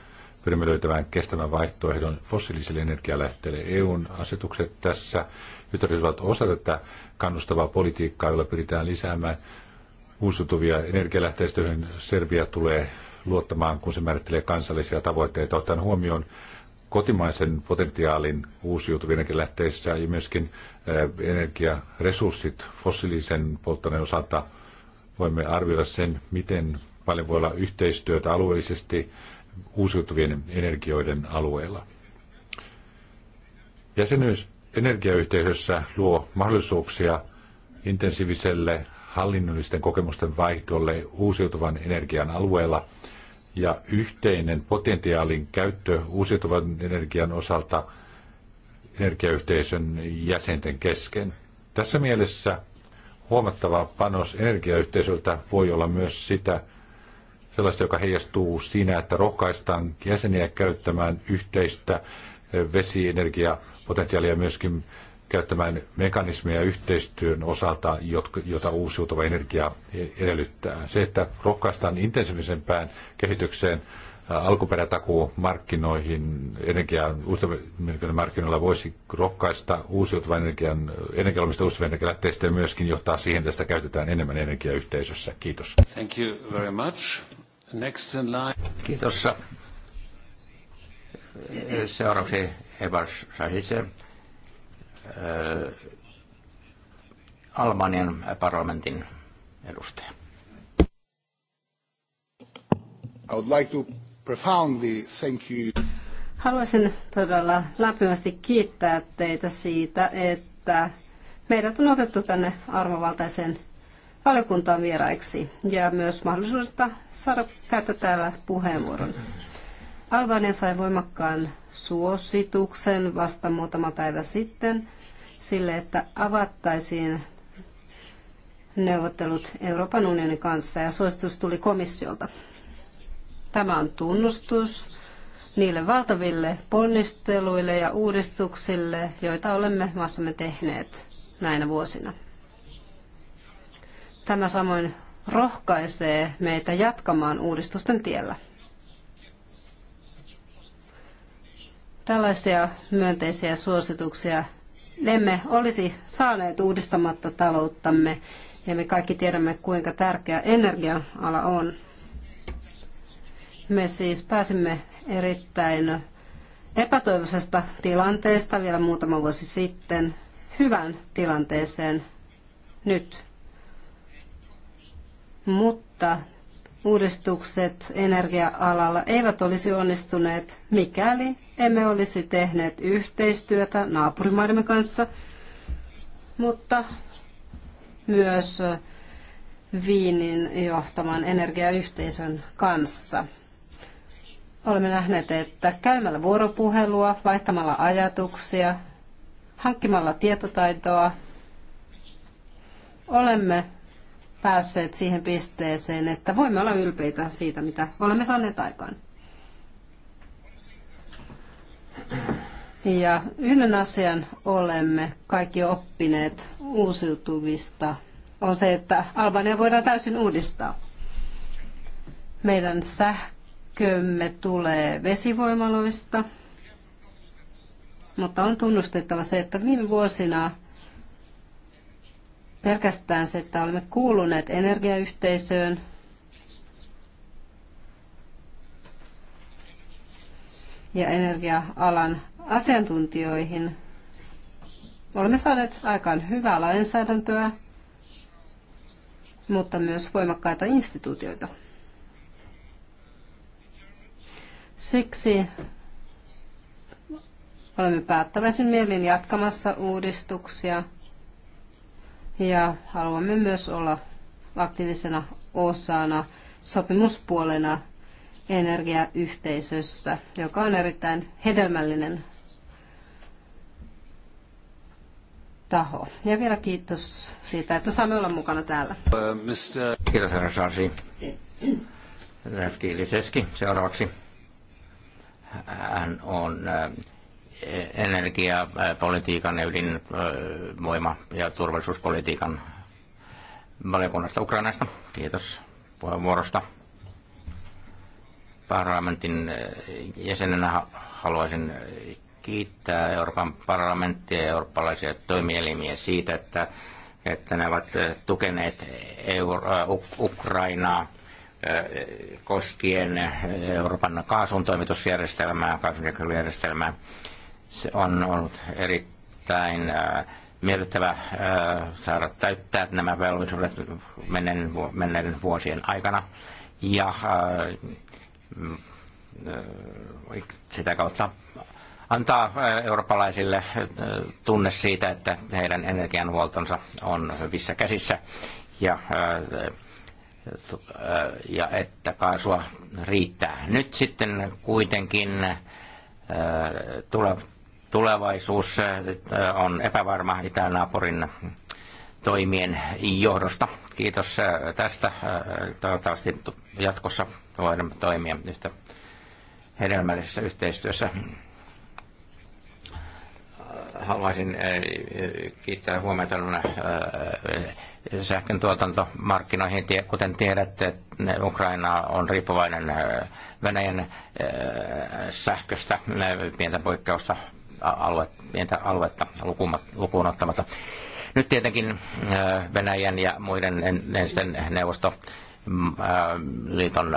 pyrimme löytämään kestävän vaihtoehdon fossiilisille energialähteille. EUn asetukset tässä ovat osa tätä kannustavaa politiikkaa, jolla pyritään lisäämään uusiutuvia energialähteistä, joihin Serbia tulee luottamaan, kun se määrittelee kansallisia tavoitteita, ottaen huomioon kotimaisen potentiaalin uusiutuvien lähteissä ja myöskin eh, energiaresurssit fossiilisen polttoaineen osalta voimme arvioida sen, miten paljon voi olla yhteistyötä alueellisesti uusiutuvien energioiden alueella. Jäsenyys energiayhteisössä luo mahdollisuuksia intensiiviselle hallinnollisten kokemusten vaihdolle uusiutuvan energian alueella ja yhteinen potentiaalin käyttö uusiutuvan energian osalta energiayhteisön jäsenten kesken. Tässä mielessä huomattava panos energiayhteisöltä voi olla myös sitä, sellaista, joka heijastuu siinä, että rohkaistaan jäseniä käyttämään yhteistä eh, vesienergiapotentiaalia myöskin käyttämään mekanismeja yhteistyön osalta, jota uusiutuva energia e-, edellyttää. Se, että rohkaistaan intensiivisempään kehitykseen eh, alkuperätakuu markkinoihin, energian uusiutuvan markkinoilla voisi rohkaista uusiutuvan energian, eh, energialomista uusiutuvan energialähteistä ja myöskin johtaa siihen, että sitä käytetään enemmän energiayhteisössä. Kiitos. Thank you very much. Next in line. Kiitos. Seuraavaksi Ebas äh, parlamentin edustaja. I would like to profoundly thank you. Haluaisin todella lämpimästi kiittää teitä siitä, että meidät on otettu tänne arvovaltaiseen valiokuntaan vieraiksi ja myös mahdollisuudesta saada käyttää täällä puheenvuoron. Albania sai voimakkaan suosituksen vasta muutama päivä sitten sille, että avattaisiin neuvottelut Euroopan unionin kanssa ja suositus tuli komissiolta. Tämä on tunnustus niille valtaville ponnisteluille ja uudistuksille, joita olemme maassamme tehneet näinä vuosina. Tämä samoin rohkaisee meitä jatkamaan uudistusten tiellä. Tällaisia myönteisiä suosituksia emme olisi saaneet uudistamatta talouttamme, ja me kaikki tiedämme, kuinka tärkeä energia-ala on. Me siis pääsimme erittäin epätoivoisesta tilanteesta vielä muutama vuosi sitten hyvään tilanteeseen nyt mutta uudistukset energia-alalla eivät olisi onnistuneet, mikäli emme olisi tehneet yhteistyötä naapurimaidemme kanssa, mutta myös Viinin johtaman energiayhteisön kanssa. Olemme nähneet, että käymällä vuoropuhelua, vaihtamalla ajatuksia, hankkimalla tietotaitoa, olemme päässeet siihen pisteeseen, että voimme olla ylpeitä siitä, mitä olemme saaneet aikaan. Ja yhden asian olemme kaikki oppineet uusiutuvista on se, että Albania voidaan täysin uudistaa. Meidän sähkömme tulee vesivoimaloista, mutta on tunnustettava se, että viime vuosina Pelkästään se, että olemme kuuluneet energiayhteisöön, ja energia-alan asiantuntijoihin. Olemme saaneet aikaan hyvää lainsäädäntöä, mutta myös voimakkaita instituutioita. Siksi olemme päättäväisin mielin jatkamassa uudistuksia – ja haluamme myös olla aktiivisena osana, sopimuspuolena energiayhteisössä, joka on erittäin hedelmällinen taho. Ja vielä kiitos siitä, että saamme olla mukana täällä. Kiitos, herra Sarsi. seuraavaksi. Hän on äh, energiapolitiikan ja ydinvoima- ja turvallisuuspolitiikan valiokunnasta Ukrainasta. Kiitos puheenvuorosta. Parlamentin eh, jäsenenä haluaisin kiittää Euroopan parlamenttia ja eurooppalaisia toimielimiä siitä, että, että ne ovat eh, tukeneet Euro- eh, Ukrainaa koskien Euroopan kaasun toimitusjärjestelmää, kaasun järjestelmää. Se on ollut erittäin äh, miellyttävä äh, saada täyttää nämä velvollisuudet menneiden vuosien aikana. Ja äh, mm, sitä kautta antaa eurooppalaisille tunne siitä, että heidän energianhuoltonsa on hyvissä käsissä ja, ja että kaasua riittää. Nyt sitten kuitenkin tulevaisuus on epävarma itänaapurin toimien johdosta. Kiitos äh, tästä. Äh, toivottavasti jatkossa voidaan toimia yhtä hedelmällisessä yhteistyössä. Haluaisin äh, kiittää huomiota sähkön tuotantomarkkinoihin. Kuten tiedätte, Ukraina on riippuvainen Venäjän sähköstä, pientä poikkeusta alue, pientä aluetta lukuun ottamatta. Nyt tietenkin Venäjän ja muiden entisten neuvosto mm, liiton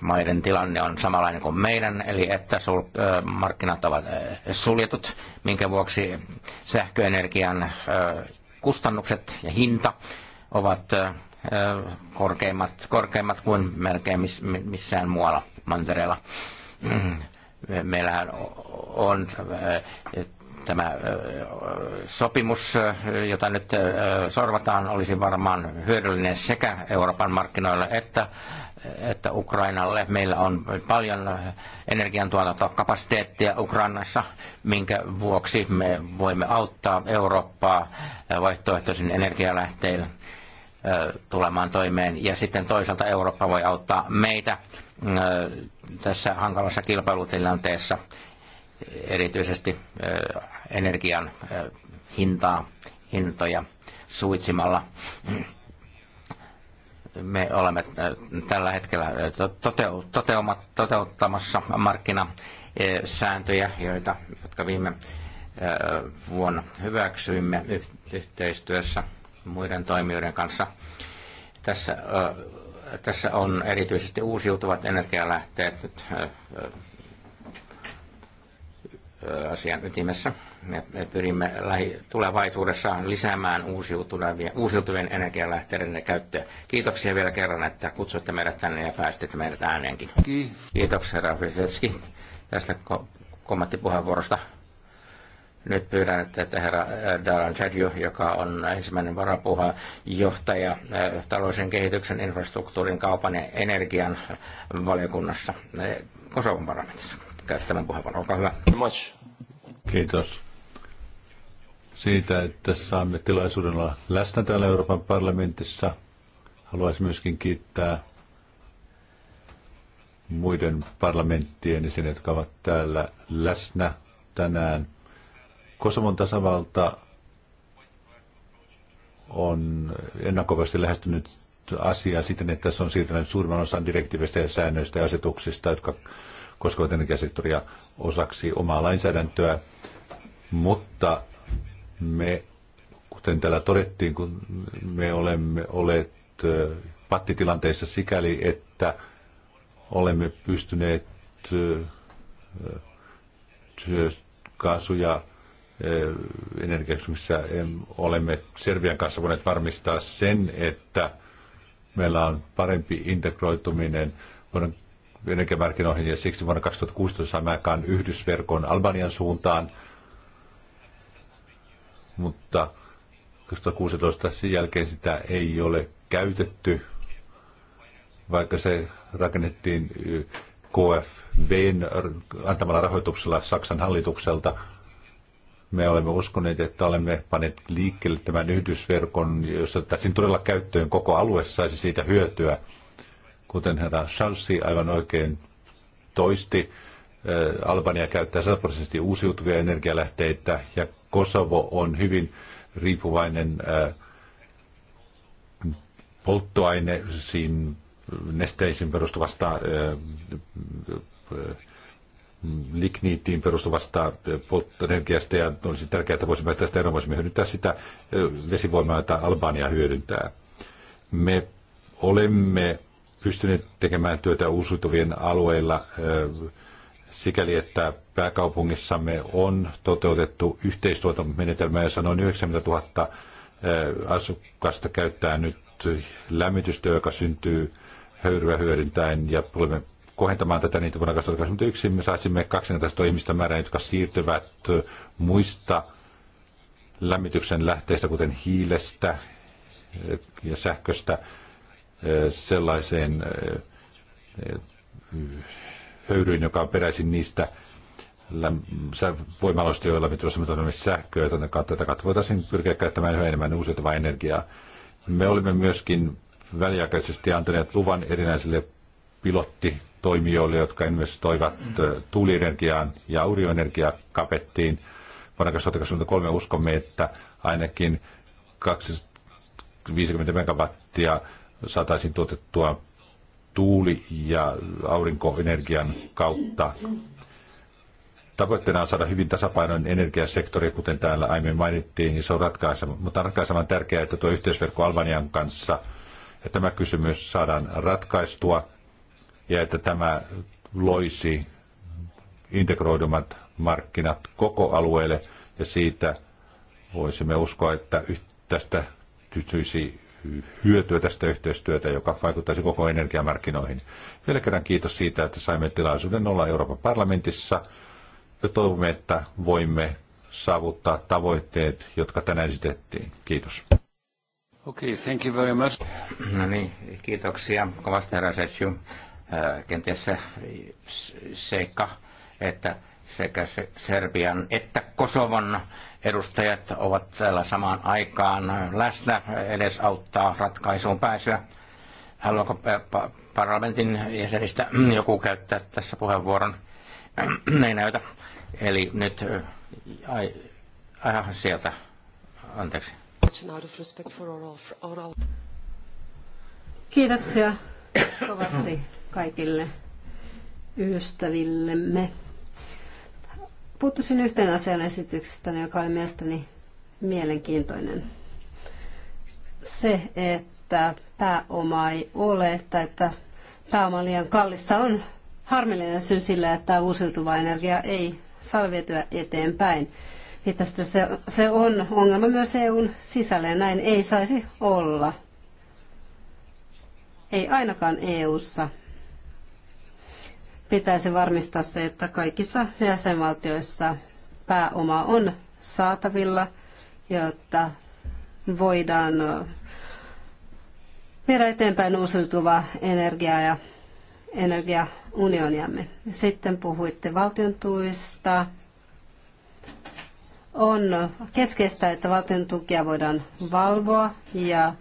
maiden tilanne on samanlainen kuin meidän, eli että sul, markkinat ovat suljetut, minkä vuoksi sähköenergian kustannukset ja hinta ovat korkeimmat, korkeimmat kuin melkein missään muualla mantereella. Meillähän on eh, tämä eh, sopimus, eh, jota nyt sorvataan, olisi varmaan hyödyllinen sekä Euroopan markkinoille että, että Ukrainalle. Meillä on paljon energiantuotantokapasiteettia Ukrainassa, minkä vuoksi me voimme auttaa Eurooppaa vaihtoehtoisin energialähteillä tulemaan toimeen. Ja sitten toisaalta Eurooppa voi auttaa meitä tässä hankalassa kilpailutilanteessa, erityisesti energian hintaa, hintoja suitsimalla. Me olemme tällä hetkellä toteuttamassa markkinasääntöjä, joita, jotka viime vuonna hyväksyimme yhteistyössä – muiden toimijoiden kanssa. Tässä, tässä on erityisesti uusiutuvat energialähteet nyt asian ytimessä. Me pyrimme tulevaisuudessa lisäämään uusiutuvien, uusiutuvien energialähteiden käyttöä. Kiitoksia vielä kerran, että kutsuitte meidät tänne ja päästitte meidät ääneenkin. kiitoksia herra tästä kommenttipuheenvuorosta. Nyt pyydän, että herra äh, Daran Chadjo, joka on ensimmäinen varapuha johtaja äh, talousen kehityksen, infrastruktuurin, kaupan ja energian valiokunnassa äh, Kosovon parlamentissa. Käyttämään puheenvuoron, olkaa hyvä. Kiitos siitä, että saamme tilaisuuden olla läsnä täällä Euroopan parlamentissa. Haluaisin myöskin kiittää muiden parlamenttien jäseniä, jotka ovat täällä läsnä tänään. Kosovon tasavalta on ennakkovasti lähestynyt asiaa siten, että se on siirtänyt suurimman osan direktiivistä ja säännöistä ja asetuksista, jotka koskevat energiasektoria osaksi omaa lainsäädäntöä. Mutta me, kuten täällä todettiin, kun me olemme olleet pattitilanteissa sikäli, että olemme pystyneet kaasu- ja energiakysymyksessä olemme Serbian kanssa voineet varmistaa sen, että meillä on parempi integroituminen vuoden energiamarkkinoihin ja siksi vuonna 2016 saamme aikaan yhdysverkon Albanian suuntaan, mutta 2016 sen jälkeen sitä ei ole käytetty, vaikka se rakennettiin KFVn antamalla rahoituksella Saksan hallitukselta – me olemme uskoneet, että olemme panneet liikkeelle tämän yhdysverkon, jossa täysin todella käyttöön koko alue saisi siitä hyötyä. Kuten herra Schalsi aivan oikein toisti, eh, Albania käyttää 100 prosenttia uusiutuvia energialähteitä ja Kosovo on hyvin riippuvainen eh, polttoaineisiin nesteisiin perustuvasta eh, ligniittiin perustuvasta polttoenergiasta ja olisi tärkeää, että voisimme tästä eroon voisimme hyödyntää sitä vesivoimaa, jota Albania hyödyntää. Me olemme pystyneet tekemään työtä uusiutuvien alueilla sikäli, että pääkaupungissamme on toteutettu yhteistuotantomenetelmä jossa noin 90 000 asukasta käyttää nyt lämmitystä, joka syntyy höyryä hyödyntäen ja olemme kohentamaan tätä, niin vuonna 2021 me saisimme 12 ihmistä määrää, jotka siirtyvät muista lämmityksen lähteistä, kuten hiilestä eh, ja sähköstä, eh, sellaiseen eh, höyryyn, joka on peräisin niistä voimaloista, joilla me tuossa sähköä, joten tätä kautta voitaisiin pyrkiä käyttämään yhä enemmän uusiutuvaa energiaa. Me olimme myöskin väliaikaisesti antaneet luvan erinäisille pilottitoimijoille, jotka investoivat tuulienergiaan ja aurioenergiakapettiin. Vuonna 2023 uskomme, että ainakin 250 megawattia saataisiin tuotettua tuuli- ja aurinkoenergian kautta. Tavoitteena on saada hyvin tasapainoinen energiasektori, kuten täällä aiemmin mainittiin, niin se on ratkaisema, mutta on ratkaisevan tärkeää, että tuo yhteisverkko Albanian kanssa, ja tämä kysymys saadaan ratkaistua ja että tämä loisi integroidumat markkinat koko alueelle ja siitä voisimme uskoa, että tästä tytyisi hyötyä tästä yhteistyötä, joka vaikuttaisi koko energiamarkkinoihin. Vielä kerran kiitos siitä, että saimme tilaisuuden olla Euroopan parlamentissa ja toivomme, että voimme saavuttaa tavoitteet, jotka tänään esitettiin. Kiitos. Okay, thank you very much. No niin, kiitoksia kovasti herra kenties se seikka, että sekä Serbian että Kosovon edustajat ovat täällä samaan aikaan läsnä edes auttaa ratkaisuun pääsyä. Haluanko parlamentin jäsenistä joku käyttää tässä puheenvuoron? Ei näytä. Eli nyt, ai, ai sieltä, anteeksi. Kiitoksia kovasti kaikille ystävillemme. Puuttuisin yhteen asian esityksestä, joka oli mielestäni mielenkiintoinen. Se, että pääoma ei ole tai että pääoma on liian kallista on harmillinen syy sillä, että uusiutuva energia ei saa vietyä eteenpäin. se, se on ongelma myös EUn sisällä ja näin ei saisi olla. Ei ainakaan EUssa pitäisi varmistaa se, että kaikissa jäsenvaltioissa pääoma on saatavilla, jotta voidaan viedä eteenpäin uusiutuvaa energiaa ja energiaunioniamme. Sitten puhuitte valtion tuista. On keskeistä, että valtion tukia voidaan valvoa ja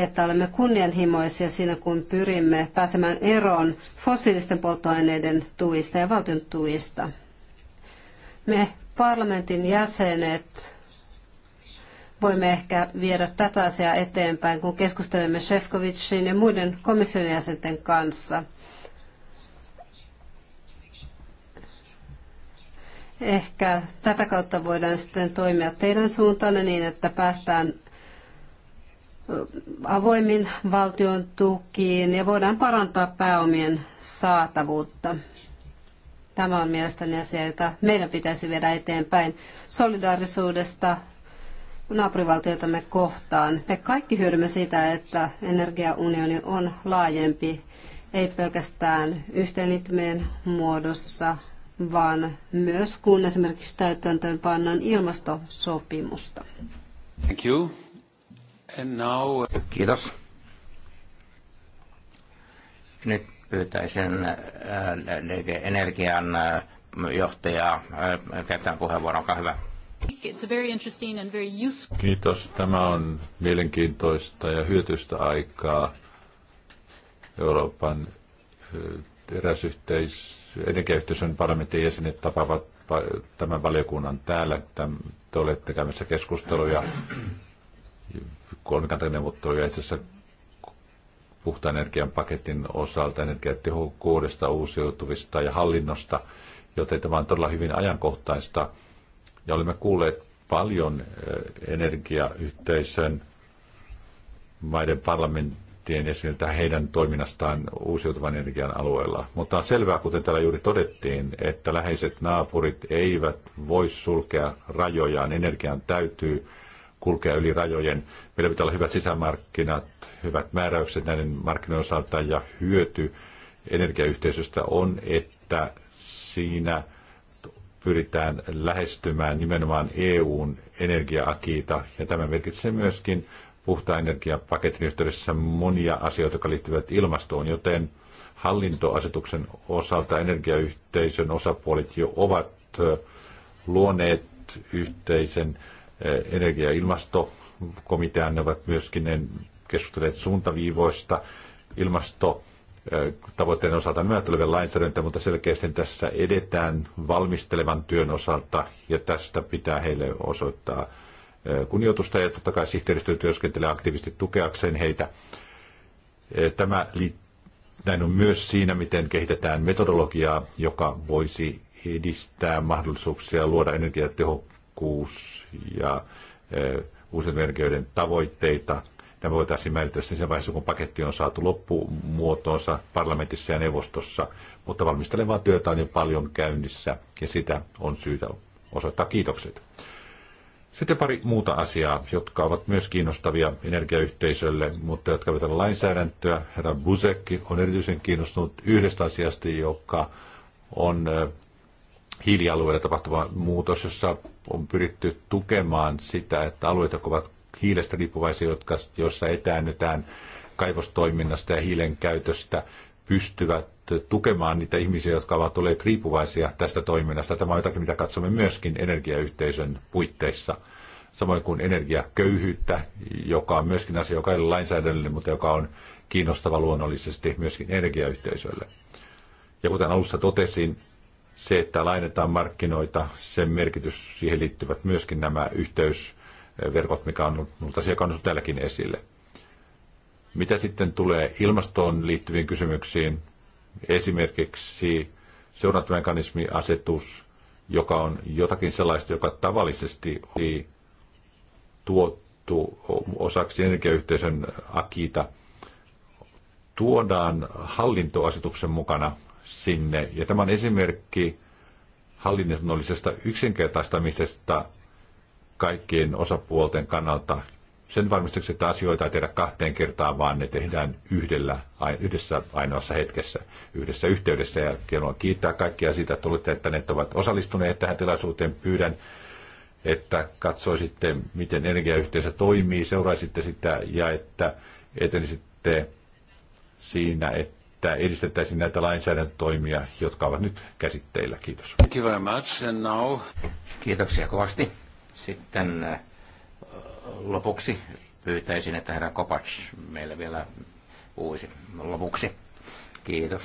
että olemme kunnianhimoisia siinä, kun pyrimme pääsemään eroon fossiilisten polttoaineiden tuista ja valtion tuista. Me parlamentin jäsenet voimme ehkä viedä tätä asiaa eteenpäin, kun keskustelemme Shefkovicin ja muiden komission jäsenten kanssa. Ehkä tätä kautta voidaan sitten toimia teidän suuntaanne niin, että päästään avoimin valtion tukiin ja voidaan parantaa pääomien saatavuutta. Tämä on mielestäni asia, jota meidän pitäisi viedä eteenpäin solidaarisuudesta naapurivaltioitamme kohtaan. Me kaikki hyödymme siitä, että energiaunioni on laajempi, ei pelkästään yhteenliittymien muodossa, vaan myös kun esimerkiksi täytäntöön pannaan ilmastosopimusta. Thank you. Now... Kiitos. Nyt pyytäisin äh, äh, energian äh, johtajaa käyttämään puheenvuoron. Olkaa hyvä. It's very interesting and very useful. Kiitos. Tämä on mielenkiintoista ja hyötyistä aikaa Euroopan teräsyhteis- energiayhteisön parlamentin jäsenet tapaavat tämän valiokunnan täällä. Te olette käymässä keskusteluja kolmikantaneuvotteluja itse asiassa puhtaan energian paketin osalta, energiatehokkuudesta, uusiutuvista ja hallinnosta, joten tämä on todella hyvin ajankohtaista. Ja olemme kuulleet paljon eh, energiayhteisön maiden parlamenttien jäseniltä heidän toiminnastaan uusiutuvan energian alueella. Mutta on selvää, kuten täällä juuri todettiin, että läheiset naapurit eivät voi sulkea rajojaan. Energian täytyy kulkea yli rajojen. Meillä pitää olla hyvät sisämarkkinat, hyvät määräykset näiden markkinoiden osalta ja hyöty energiayhteisöstä on, että siinä pyritään lähestymään nimenomaan EUn energiaakiita ja tämä merkitsee myöskin puhtaan energiapaketin yhteydessä monia asioita, jotka liittyvät ilmastoon, joten hallintoasetuksen osalta energiayhteisön osapuolet jo ovat luoneet yhteisen energia- ja ilmastokomitean. Ne ovat myöskin ne keskustelleet suuntaviivoista ilmasto tavoitteen osalta myötäilevän lainsäädäntöä, mutta selkeästi tässä edetään valmistelevan työn osalta ja tästä pitää heille osoittaa kunnioitusta ja totta kai sihteeristö työskentelee aktiivisesti tukeakseen heitä. Tämä näin on myös siinä, miten kehitetään metodologiaa, joka voisi edistää mahdollisuuksia luoda energiatehokkuutta tehokkuus ja e, uusien energioiden tavoitteita. Nämä voitaisiin määritellä sen vaiheessa, kun paketti on saatu loppumuotoonsa parlamentissa ja neuvostossa, mutta valmistelevaa työtä on jo paljon käynnissä ja sitä on syytä osoittaa kiitokset. Sitten pari muuta asiaa, jotka ovat myös kiinnostavia energiayhteisölle, mutta jotka ovat lainsäädäntöä. Herra Busek on erityisen kiinnostunut yhdestä asiasta, joka on e, hiilialueella tapahtuva muutos, jossa on pyritty tukemaan sitä, että alueet, jotka ovat hiilestä riippuvaisia, jotka, joissa etäännytään kaivostoiminnasta ja hiilen käytöstä, pystyvät tukemaan niitä ihmisiä, jotka ovat olleet riippuvaisia tästä toiminnasta. Tämä on jotakin, mitä katsomme myöskin energiayhteisön puitteissa. Samoin kuin energiaköyhyyttä, joka on myöskin asia, joka ei ole lainsäädännöllinen, mutta joka on kiinnostava luonnollisesti myöskin energiayhteisölle. Ja kuten alussa totesin, se, että lainetaan markkinoita, sen merkitys, siihen liittyvät myöskin nämä yhteysverkot, mikä on minulta asia tälläkin esille. Mitä sitten tulee ilmastoon liittyviin kysymyksiin, esimerkiksi seurantamekanismiasetus, joka on jotakin sellaista, joka tavallisesti oli tuottu osaksi energiayhteisön akita, tuodaan hallintoasetuksen mukana sinne. Ja tämä on esimerkki hallinnollisesta yksinkertaistamisesta kaikkien osapuolten kannalta sen varmistuksi, että asioita ei tehdä kahteen kertaan, vaan ne tehdään yhdellä, yhdessä ainoassa hetkessä, yhdessä yhteydessä. Ja haluan kiittää kaikkia siitä, että olette, että ne ovat osallistuneet tähän tilaisuuteen. Pyydän, että katsoisitte, miten energiayhteisö toimii, seuraisitte sitä ja että etenisitte siinä, että että edistettäisiin näitä lainsäädäntötoimia, jotka ovat nyt käsitteillä. Kiitos. Thank you very much. And now... Kiitoksia kovasti. Sitten äh, lopuksi pyytäisin, että herra Kopac meille vielä uusi lopuksi. Kiitos.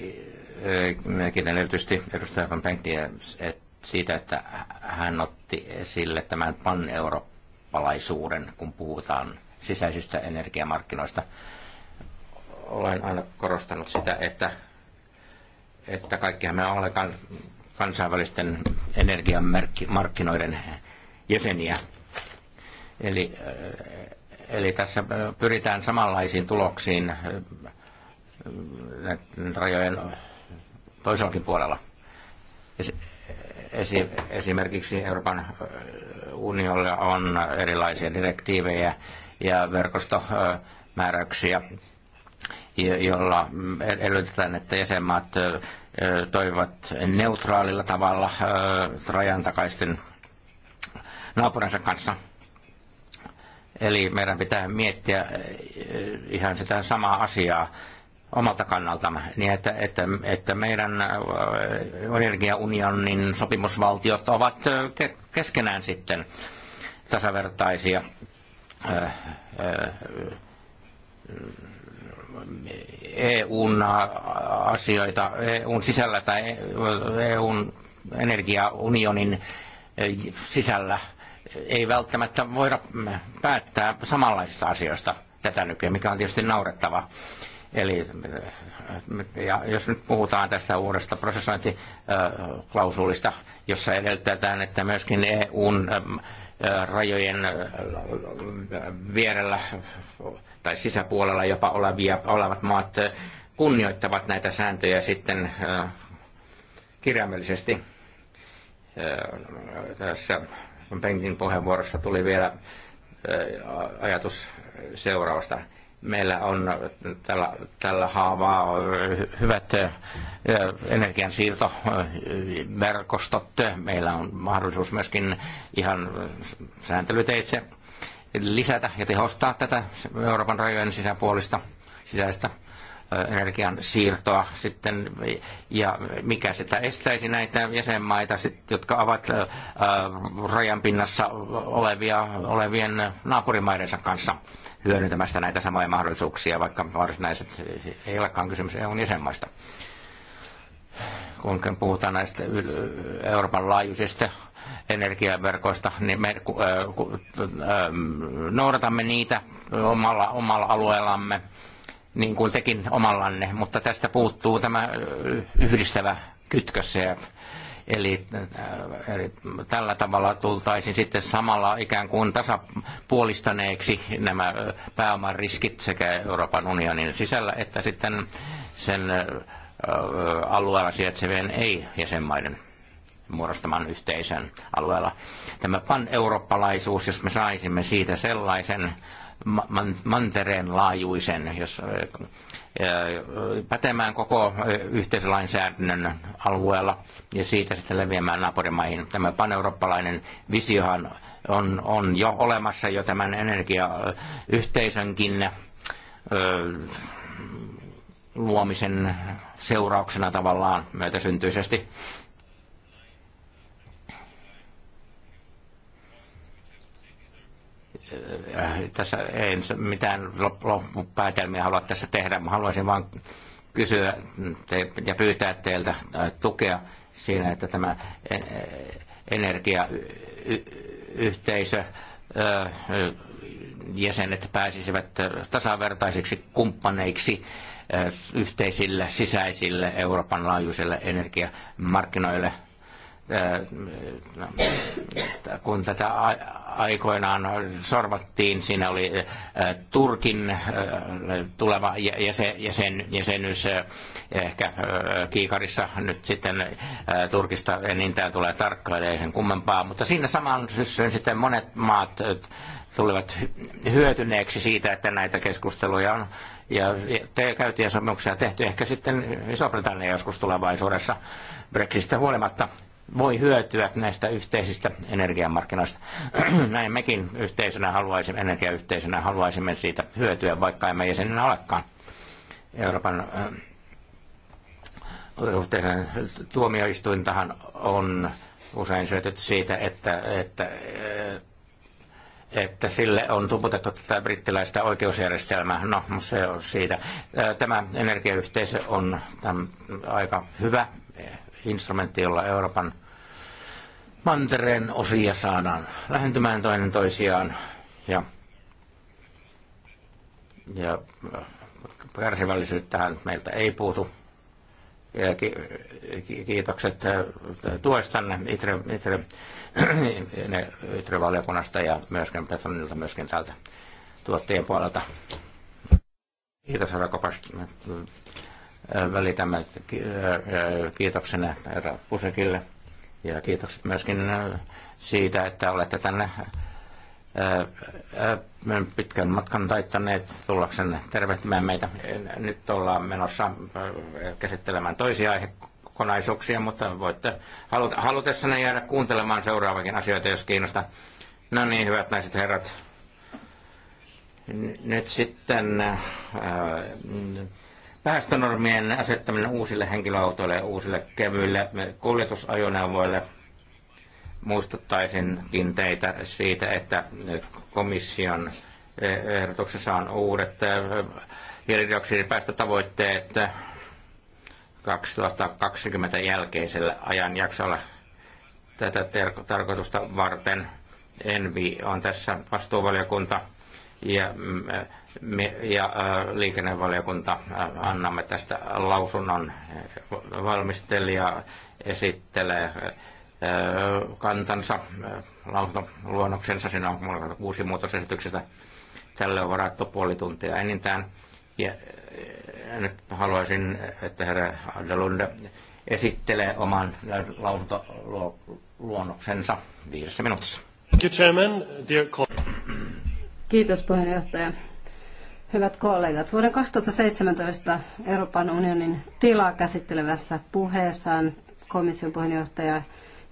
Äh, kiitän erityisesti edustaja Van Penkkiä siitä, että hän otti esille tämän pan-eurooppalaisuuden, kun puhutaan sisäisistä energiamarkkinoista. Olen aina korostanut sitä, että, että kaikkihan me olemme kansainvälisten energiamarkkinoiden jäseniä. Eli, äh, eli tässä pyritään samanlaisiin tuloksiin äh, rajojen toisellakin puolella. Esimerkiksi Euroopan äh, unionilla on erilaisia direktiivejä, ja verkostomääräyksiä, jolla edellytetään, että jäsenmaat toimivat neutraalilla tavalla rajan takaisten naapurinsa kanssa. Eli meidän pitää miettiä ihan sitä samaa asiaa omalta kannaltamme, niin että, että, että meidän energiaunionin sopimusvaltiot ovat keskenään sitten tasavertaisia EUn asioita EUn sisällä tai EUn energiaunionin sisällä ei välttämättä voida päättää samanlaisista asioista tätä nykyään, mikä on tietysti naurettava. Eli ja jos nyt puhutaan tästä uudesta prosessointiklausulista, jossa edellytetään, että myöskin EUn rajojen vierellä tai sisäpuolella jopa olevia, olevat maat kunnioittavat näitä sääntöjä sitten kirjaimellisesti. Tässä Penkin puheenvuorossa tuli vielä ajatus seurausta meillä on tällä, tällä haavaa hyvät energiansiirtoverkostot. Meillä on mahdollisuus myöskin ihan sääntelyteitse lisätä ja tehostaa tätä Euroopan rajojen sisäpuolista sisäistä energian siirtoa sitten, ja mikä sitä estäisi näitä jäsenmaita, jotka ovat rajan pinnassa olevia, olevien naapurimaidensa kanssa hyödyntämästä näitä samoja mahdollisuuksia, vaikka varsinaiset ei olekaan kysymys EUn jäsenmaista. Kun puhutaan näistä Euroopan laajuisista energiaverkoista, niin me noudatamme niitä omalla, omalla alueellamme niin kuin tekin omallanne, mutta tästä puuttuu tämä yhdistävä kytkös. Eli, eli tällä tavalla tultaisiin sitten samalla ikään kuin tasapuolistaneeksi nämä pääoman riskit sekä Euroopan unionin sisällä että sitten sen alueella sijaitsevien ei-jäsenmaiden muodostaman yhteisön alueella. Tämä pan-eurooppalaisuus, jos me saisimme siitä sellaisen mantereen laajuisen, jos äh, pätemään koko äh, yhteislainsäädännön alueella ja siitä sitten leviämään naapurimaihin. Tämä paneurooppalainen visiohan on, on jo olemassa jo tämän energiayhteisönkin äh, luomisen seurauksena tavallaan myötäsyntyisesti. Äh, tässä ei mitään loppupäätelmiä halua tässä tehdä. Mä haluaisin vain kysyä te, ja pyytää teiltä äh, tukea siinä, että tämä äh, energiayhteisö jäsenet pääsisivät tasavertaisiksi kumppaneiksi yhteisille sisäisille Euroopan laajuisille energiamarkkinoille – kun tätä aikoinaan sorvattiin, siinä oli Turkin tuleva jäsen, jäsenyys ehkä kiikarissa nyt sitten Turkista, niin tämä tulee tarkkaan ei sen kummempaa, mutta siinä samaan syssyyn sitten monet maat tulivat hyötyneeksi siitä, että näitä keskusteluja on ja te käytiin sopimuksia tehty ehkä sitten Iso-Britannia joskus tulevaisuudessa Brexitistä huolimatta voi hyötyä näistä yhteisistä energiamarkkinoista. Näin mekin yhteisönä haluaisimme, energiayhteisönä haluaisimme siitä hyötyä, vaikka emme jäsenenä olekaan. Euroopan äh, yhteisön tuomioistuintahan on usein syötetty siitä, että, että, äh, että sille on tuputettu tätä brittiläistä oikeusjärjestelmää. No, se on siitä. Äh, tämä energiayhteisö on aika hyvä instrumentti, jolla Euroopan mantereen osia saadaan lähentymään toinen toisiaan ja, ja kärsivällisyyttähän meiltä ei puutu. Kiitokset äh, tuestanne Itre, Itre, Itre-valiokunnasta ja myöskin Petronilta myöskin täältä tuottajien puolelta. Kiitos, Rakopas välitämme kiitoksenne herra Pusekille ja kiitokset myöskin siitä, että olette tänne pitkän matkan taittaneet tullaksenne tervehtimään meitä. Nyt ollaan menossa käsittelemään toisia aihekokonaisuuksia, mutta voitte halutessanne jäädä kuuntelemaan seuraavakin asioita, jos kiinnostaa. No niin, hyvät naiset herrat. Nyt sitten äh, päästönormien asettaminen uusille henkilöautoille ja uusille kevyille kuljetusajoneuvoille. Muistuttaisinkin teitä siitä, että komission ehdotuksessa on uudet äh, hiilidioksidipäästötavoitteet 2020 jälkeisellä ajanjaksolla tätä tarkoitusta varten. Envi on tässä vastuuvaliokunta ja mm, ja äh, liikennevaliokunta äh, annamme tästä lausunnon valmistelija esittelee äh, kantansa lausuntoluonnoksensa. Siinä on kuusi muutosesityksestä. Tälle on varattu puoli tuntia enintään. Ja nyt haluaisin, että herra Adelunde esittelee oman lausuntoluonnoksensa viidessä minuutissa. Kiitos puheenjohtaja. Hyvät kollegat, vuoden 2017 Euroopan unionin tilaa käsittelevässä puheessaan komission puheenjohtaja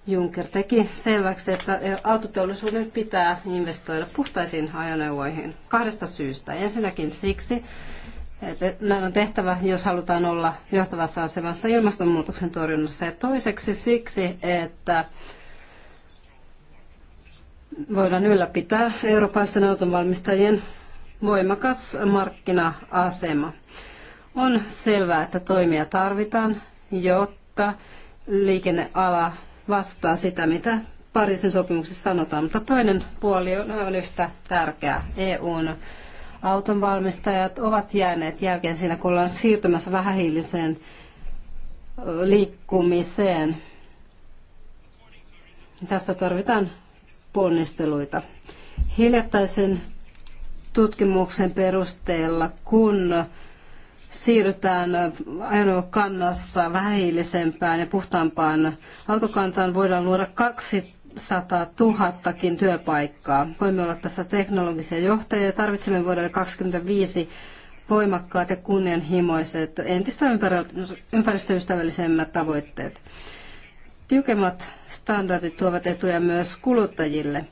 Juncker teki selväksi, että autoteollisuuden pitää investoida puhtaisiin ajoneuvoihin kahdesta syystä. Ensinnäkin siksi, että näin on tehtävä, jos halutaan olla johtavassa asemassa ilmastonmuutoksen torjunnassa. Ja toiseksi siksi, että voidaan ylläpitää eurooppalaisten autonvalmistajien voimakas markkina-asema. On selvää, että toimia tarvitaan, jotta liikenneala vastaa sitä, mitä Pariisin sopimuksessa sanotaan, mutta toinen puoli on aivan yhtä tärkeä. EUn autonvalmistajat ovat jääneet jälkeen siinä, kun ollaan siirtymässä vähähiiliseen liikkumiseen. Tässä tarvitaan ponnisteluita. Hiljattaisen tutkimuksen perusteella, kun siirrytään ajoneuvokannassa vähähiilisempään ja puhtaampaan autokantaan, voidaan luoda 200 000 työpaikkaa. Voimme olla tässä teknologisia johtajia ja tarvitsemme vuodelle 2025 voimakkaat ja kunnianhimoiset, entistä ympäristöystävällisemmät tavoitteet. Tiukemmat standardit tuovat etuja myös kuluttajille.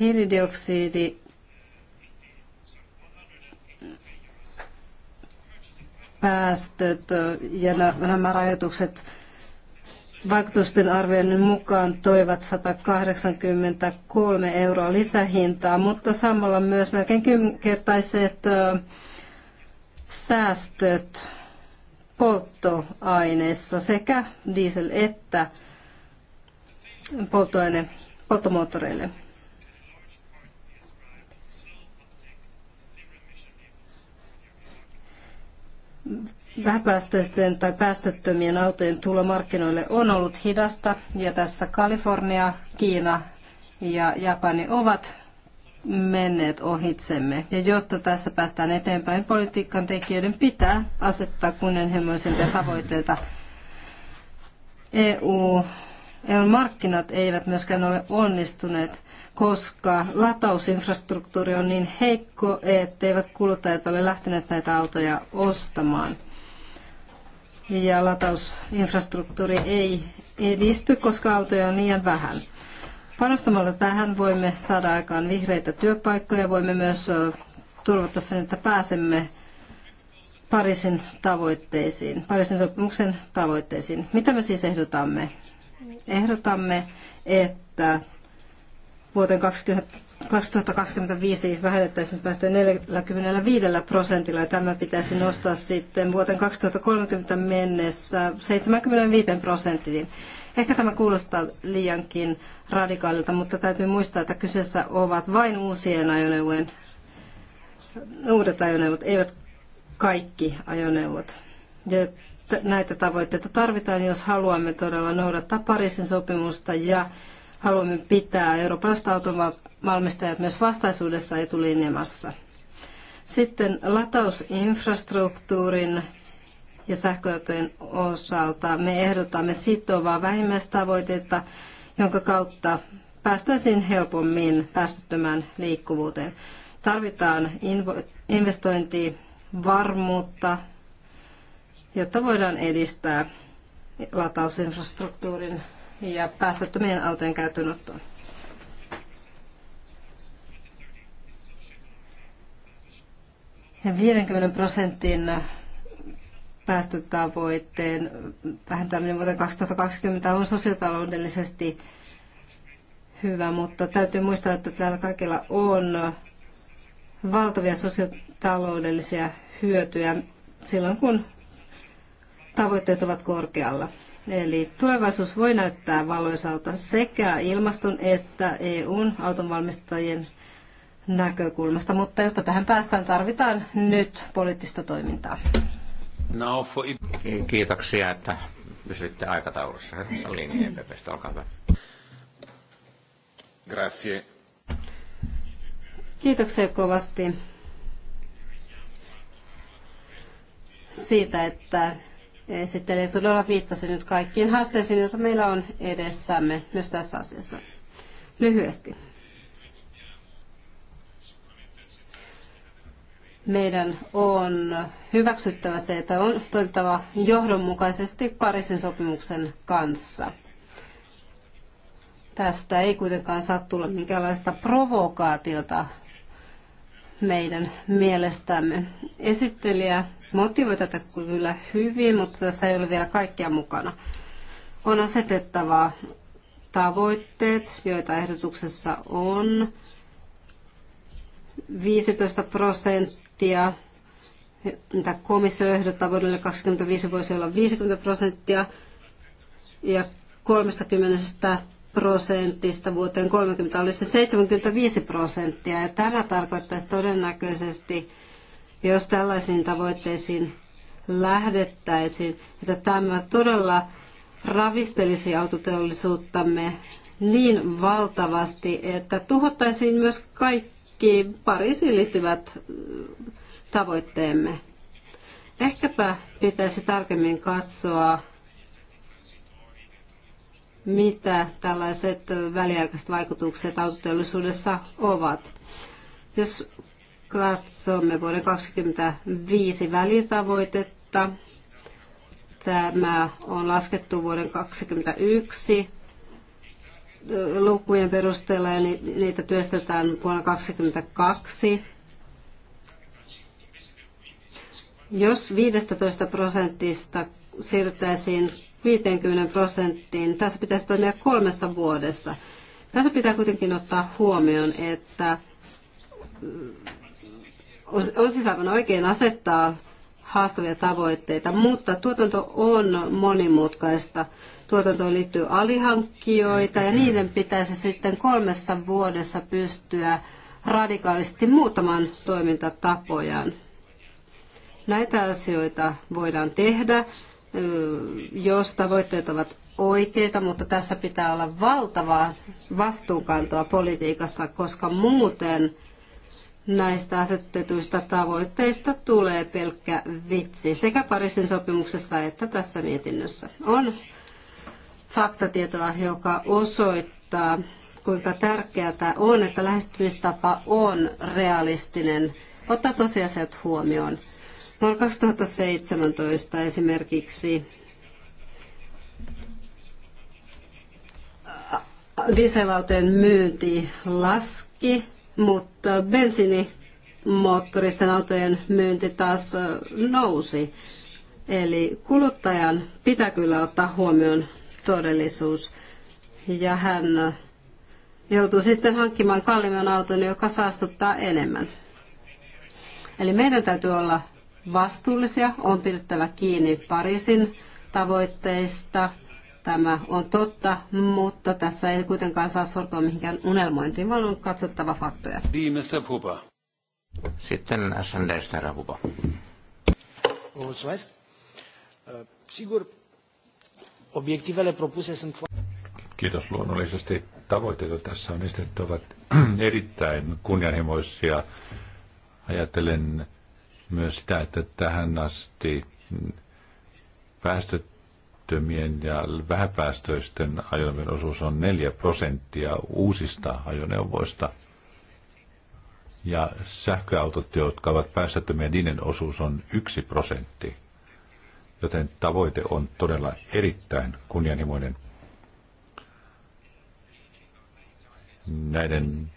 Hiilidioksidi päästöt ja nämä rajoitukset vaikutusten arvioinnin mukaan toivat 183 euroa lisähintaa, mutta samalla myös melkein kymmenkertaiset säästöt polttoaineissa sekä diesel- että polttoaine, polttomoottoreille. vähäpäästöisten tai päästöttömien autojen tulo markkinoille on ollut hidasta ja tässä Kalifornia, Kiina ja Japani ovat menneet ohitsemme. Ja jotta tässä päästään eteenpäin, politiikan tekijöiden pitää asettaa kunnianhimoisempia tavoitteita. EU, EUn markkinat eivät myöskään ole onnistuneet koska latausinfrastruktuuri on niin heikko, etteivät kuluttajat ole lähteneet näitä autoja ostamaan. Ja latausinfrastruktuuri ei edisty, koska autoja on liian vähän. Panostamalla tähän voimme saada aikaan vihreitä työpaikkoja. Voimme myös turvata sen, että pääsemme Pariisin tavoitteisiin, Pariisin sopimuksen tavoitteisiin. Mitä me siis ehdotamme? Ehdotamme, että vuoteen 2025 vähennettäisiin päästöjä 45 prosentilla ja tämä pitäisi nostaa sitten vuoteen 2030 mennessä 75 prosenttiin. Ehkä tämä kuulostaa liiankin radikaalilta, mutta täytyy muistaa, että kyseessä ovat vain uusien ajoneuvojen, uudet ajoneuvot, eivät kaikki ajoneuvot. Ja näitä tavoitteita tarvitaan, jos haluamme todella noudattaa Pariisin sopimusta ja Haluamme pitää eurooppalaiset autovalmistajat myös vastaisuudessa etulinjamassa. Sitten latausinfrastruktuurin ja sähköautojen osalta me ehdotamme sitovaa vähimmäistavoitetta, jonka kautta päästäisiin helpommin päästöttömään liikkuvuuteen. Tarvitaan investointivarmuutta, jotta voidaan edistää latausinfrastruktuurin ja päästöttömien autojen käyttöönottoon. Ja 50 prosentin päästötavoitteen vähentäminen vuoteen 2020 on sosiotaloudellisesti hyvä, mutta täytyy muistaa, että täällä kaikilla on valtavia sosiotaloudellisia hyötyjä silloin, kun tavoitteet ovat korkealla. Eli tulevaisuus voi näyttää valoisalta sekä ilmaston että EUn autonvalmistajien näkökulmasta, mutta jotta tähän päästään, tarvitaan nyt poliittista toimintaa. No, for... Kiitoksia, että pysytte aikataulussa. Linjepepestä, olkaa hyvä. Grazie. Kiitoksia kovasti siitä, että Esittelijä todella viittasi nyt kaikkiin haasteisiin, joita meillä on edessämme myös tässä asiassa. Lyhyesti. Meidän on hyväksyttävä se, että on toimittava johdonmukaisesti Pariisin sopimuksen kanssa. Tästä ei kuitenkaan saa tulla minkäänlaista provokaatiota meidän mielestämme. Esittelijä motivoi tätä kyllä hyvin, mutta tässä ei ole vielä kaikkia mukana. On asetettava tavoitteet, joita ehdotuksessa on. 15 prosenttia, mitä komissio ehdottaa vuodelle 25 voisi olla 50 prosenttia, ja 30 prosentista vuoteen 30 olisi 75 prosenttia, ja tämä tarkoittaisi todennäköisesti jos tällaisiin tavoitteisiin lähdettäisiin, että tämä todella ravistelisi autoteollisuuttamme niin valtavasti, että tuhottaisiin myös kaikki Pariisiin liittyvät tavoitteemme. Ehkäpä pitäisi tarkemmin katsoa, mitä tällaiset väliaikaiset vaikutukset autoteollisuudessa ovat. Jos katsomme vuoden 2025 välitavoitetta. Tämä on laskettu vuoden 2021 lukujen perusteella ja niitä työstetään vuonna 2022. Jos 15 prosentista siirryttäisiin 50 prosenttiin, tässä pitäisi toimia kolmessa vuodessa. Tässä pitää kuitenkin ottaa huomioon, että on siis oikein asettaa haastavia tavoitteita, mutta tuotanto on monimutkaista. Tuotantoon liittyy alihankkijoita ja niiden pitäisi sitten kolmessa vuodessa pystyä radikaalisti muuttamaan toimintatapojaan. Näitä asioita voidaan tehdä, jos tavoitteet ovat oikeita, mutta tässä pitää olla valtavaa vastuunkantoa politiikassa, koska muuten – näistä asetetuista tavoitteista tulee pelkkä vitsi sekä Pariisin sopimuksessa että tässä mietinnössä. On faktatietoa, joka osoittaa, kuinka tärkeää on, että lähestymistapa on realistinen, ottaa tosiasiat huomioon. Vuonna 2017 esimerkiksi dieselautojen myynti laski mutta bensiinimoottoristen autojen myynti taas nousi. Eli kuluttajan pitää kyllä ottaa huomioon todellisuus. Ja hän joutuu sitten hankkimaan kalliimman auton, joka saastuttaa enemmän. Eli meidän täytyy olla vastuullisia, on pidettävä kiinni Pariisin tavoitteista – Tämä on totta, mutta tässä ei kuitenkaan saa sortua mihinkään unelmointiin, vaan on katsottava faktoja. Sitten SNDstä, herra Pupa. Uh, sigur, Kiitos luonnollisesti. Tavoitteet, tässä on esitetty, ovat erittäin kunnianhimoisia. Ajattelen myös sitä, että tähän asti päästöt päästöttömien ja vähäpäästöisten ajoneuvojen osuus on 4 prosenttia uusista ajoneuvoista. Ja sähköautot, jotka ovat päästöttömiä, niiden osuus on 1 prosentti. Joten tavoite on todella erittäin kunnianhimoinen. Näiden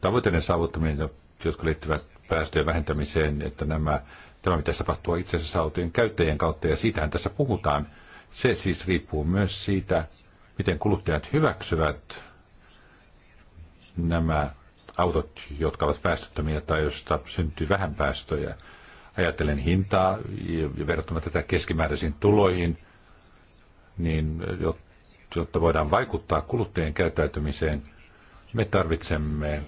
tavoitteiden saavuttaminen, jotka liittyvät päästöjen vähentämiseen, että nämä tämä pitäisi tapahtua itse asiassa autojen käyttäjien kautta, ja siitähän tässä puhutaan. Se siis riippuu myös siitä, miten kuluttajat hyväksyvät nämä autot, jotka ovat päästöttömiä tai joista syntyy vähän päästöjä. Ajattelen hintaa ja verrattuna tätä keskimääräisiin tuloihin, niin jotta voidaan vaikuttaa kuluttajien käyttäytymiseen, me tarvitsemme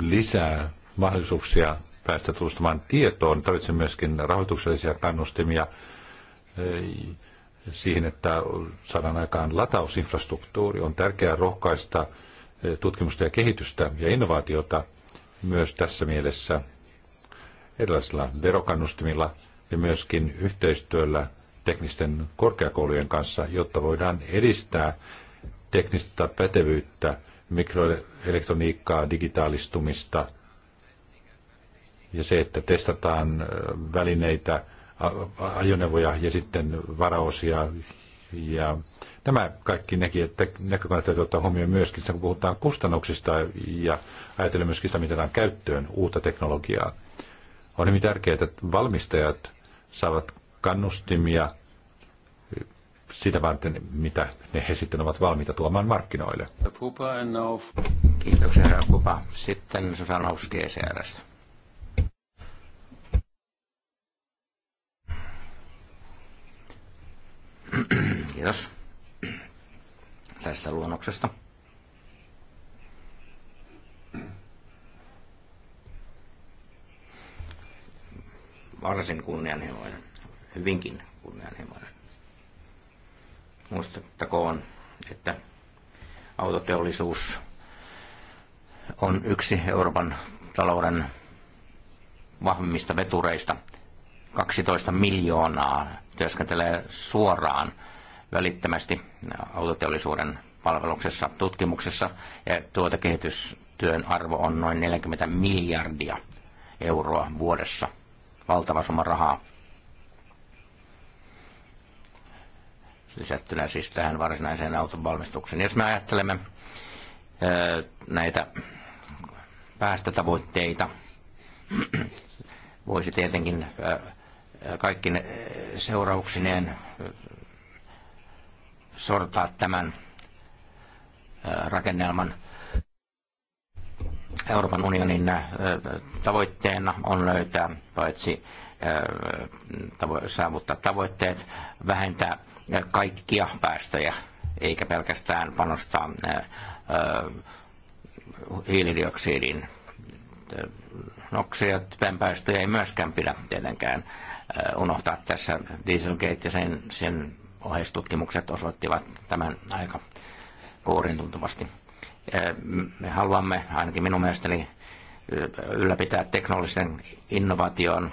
lisää mahdollisuuksia päästä tutustumaan tietoon. Tarvitsemme myöskin rahoituksellisia kannustimia eh, siihen, että saadaan aikaan latausinfrastruktuuri. On tärkeää rohkaista eh, tutkimusta ja kehitystä ja innovaatiota myös tässä mielessä erilaisilla verokannustimilla ja myöskin yhteistyöllä teknisten korkeakoulujen kanssa, jotta voidaan edistää teknistä pätevyyttä, mikroelektroniikkaa, digitaalistumista, ja se, että testataan välineitä, ajoneuvoja ja sitten varaosia. Ja nämä kaikki nekin, että näkökulmat täytyy ottaa huomioon myöskin, kun puhutaan kustannuksista ja ajatellaan myöskin sitä, miten käyttöön uutta teknologiaa. On hyvin tärkeää, että valmistajat saavat kannustimia sitä varten, mitä ne he sitten ovat valmiita tuomaan markkinoille. Kiitoksia, Kupa. Sitten Susanna Uski ECRstä. Kiitos tästä luonnoksesta. Varsin kunnianhimoinen, hyvinkin kunnianhimoinen. Muistettakoon, että autoteollisuus on yksi Euroopan talouden vahvimmista vetureista – 12 miljoonaa työskentelee suoraan välittömästi autoteollisuuden palveluksessa, tutkimuksessa ja tuotekehitystyön arvo on noin 40 miljardia euroa vuodessa. Valtava summa rahaa. Lisättynä siis tähän varsinaiseen auton valmistukseen. Jos me ajattelemme näitä päästötavoitteita, voisi tietenkin kaikki ne seurauksineen sortaa tämän rakennelman. Euroopan unionin tavoitteena on löytää paitsi saavuttaa tavoitteet, vähentää kaikkia päästöjä, eikä pelkästään panostaa hiilidioksidin. Noksia päästöjä ei myöskään pidä tietenkään Äh, unohtaa tässä Dieselgate ja sen, sen ohjeistutkimukset osoittivat tämän aika kuurin tuntuvasti. Äh, me haluamme, ainakin minun mielestäni, äh, ylläpitää teknologisen innovaation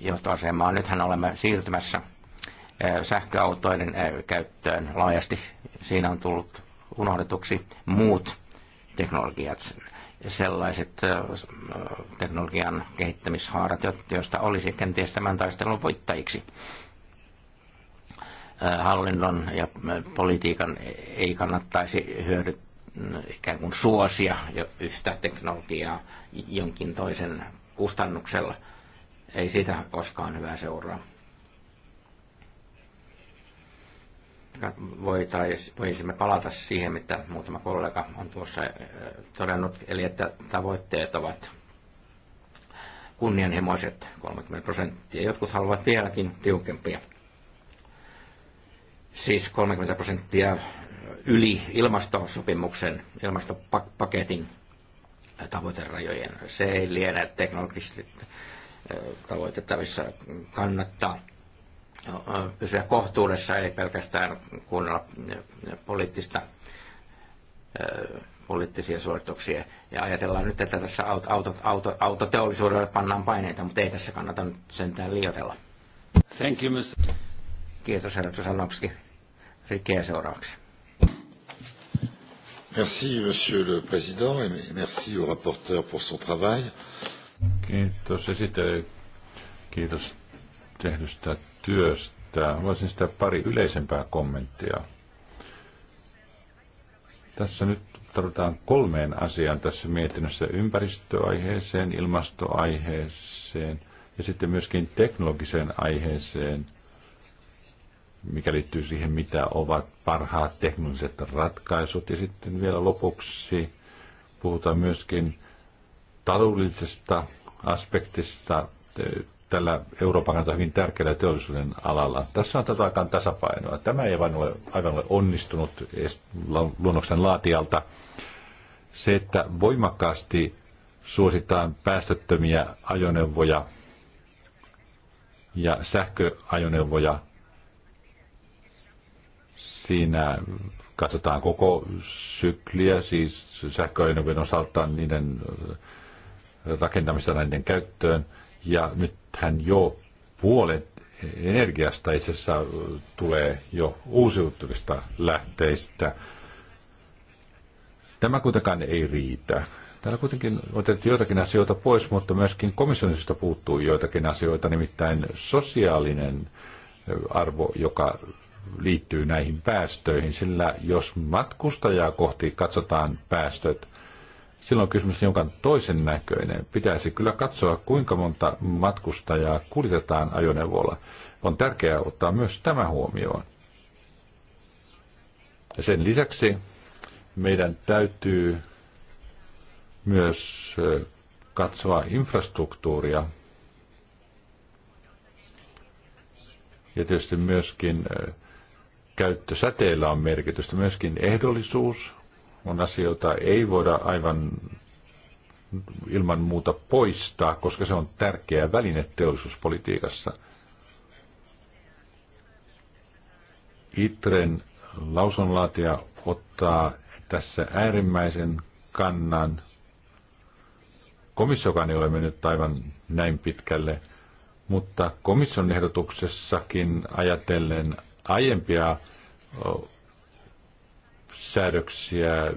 johtoasemaa. Nythän olemme siirtymässä sähköautoiden käyttöön laajasti. Siinä on tullut unohdetuksi muut teknologiat sellaiset teknologian kehittämishaarat, joista olisi kenties tämän taistelun voittajiksi. Hallinnon ja politiikan e-, ei kannattaisi hyödy, mm, ikään kuin suosia yhtä teknologiaa jonkin toisen kustannuksella. Ei sitä koskaan hyvää seuraa. ehkä voisimme palata siihen, mitä muutama kollega on tuossa äh, todennut, eli että tavoitteet ovat kunnianhimoiset 30 prosenttia. Jotkut haluavat vieläkin tiukempia. Siis 30 prosenttia yli ilmastosopimuksen, ilmastopaketin tavoiterajojen. Se ei liene teknologisesti äh, tavoitettavissa kannattaa pysyä kohtuudessa, ei pelkästään kuunnella poliittista, poliittisia suorituksia. Ja ajatellaan nyt, että tässä auto, auto, autoteollisuudelle pannaan paineita, mutta ei tässä kannata nyt sentään liioitella. Thank you, Mr. Kiitos, herra Tusanovski. Rikkiä seuraavaksi. Merci, monsieur le président, et merci au rapporteur pour son travail. Kiitos esittely. Kiitos tehdystä työstä. Haluaisin sitä pari yleisempää kommenttia. Tässä nyt tarvitaan kolmeen asiaan tässä mietinnössä ympäristöaiheeseen, ilmastoaiheeseen ja sitten myöskin teknologiseen aiheeseen, mikä liittyy siihen, mitä ovat parhaat teknologiset ratkaisut. Ja sitten vielä lopuksi puhutaan myöskin taloudellisesta aspektista tällä Euroopan kannalta hyvin tärkeällä teollisuuden alalla. Tässä on tätä aikaan tasapainoa. Tämä ei vain ole, aivan ole onnistunut luonnoksen laatialta. Se, että voimakkaasti suositaan päästöttömiä ajoneuvoja ja sähköajoneuvoja, siinä katsotaan koko sykliä, siis sähköajoneuvojen osalta niiden äh, rakentamista näiden käyttöön. Ja nyt nythän jo puolet energiasta itse asiassa tulee jo uusiutuvista lähteistä. Tämä kuitenkaan ei riitä. Täällä kuitenkin otettiin joitakin asioita pois, mutta myöskin komissionista puuttuu joitakin asioita, nimittäin sosiaalinen arvo, joka liittyy näihin päästöihin, sillä jos matkustajaa kohti katsotaan päästöt, silloin on kysymys jonkan toisen näköinen. Pitäisi kyllä katsoa, kuinka monta matkustajaa kuljetetaan ajoneuvolla. On tärkeää ottaa myös tämä huomioon. Ja sen lisäksi meidän täytyy myös katsoa infrastruktuuria ja tietysti myöskin käyttösäteillä on merkitystä, myöskin ehdollisuus on asia, jota ei voida aivan ilman muuta poistaa, koska se on tärkeä väline teollisuuspolitiikassa. Itren lausunlaatia ottaa tässä äärimmäisen kannan. Komissiokaan ei ole mennyt aivan näin pitkälle, mutta komission ehdotuksessakin ajatellen aiempia säädöksiä,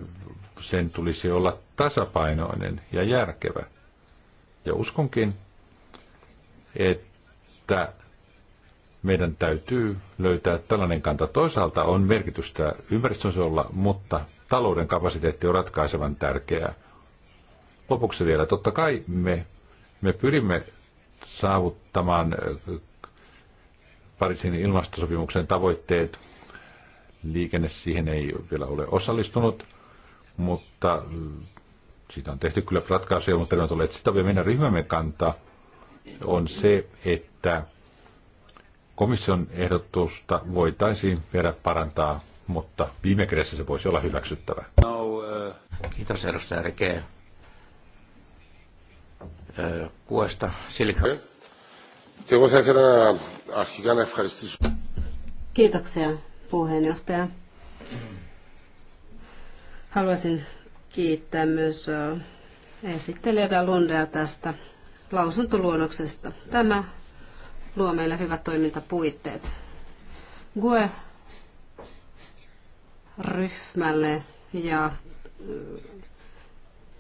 sen tulisi olla tasapainoinen ja järkevä. Ja uskonkin, että meidän täytyy löytää tällainen kanta. Toisaalta on merkitystä ympäristönsuojelulla, mutta talouden kapasiteetti on ratkaisevan tärkeää. Lopuksi vielä, totta kai me, me pyrimme saavuttamaan Pariisin ilmastosopimuksen tavoitteet, liikenne siihen ei vielä ole osallistunut, mutta mm, siitä on tehty kyllä ratkaisuja, mutta ne ovat olleet sitä meidän ryhmämme kanta on se, että komission ehdotusta voitaisiin vielä parantaa, mutta viime kädessä se voisi olla hyväksyttävä. No, uh... Kiitos edustaja Rike. Uh, kuosta Silka. Kiitoksia puheenjohtaja. Haluaisin kiittää myös esittelijä Lundea tästä lausuntoluonnoksesta. Tämä luo meille hyvät toimintapuitteet. GUE ryhmälle ja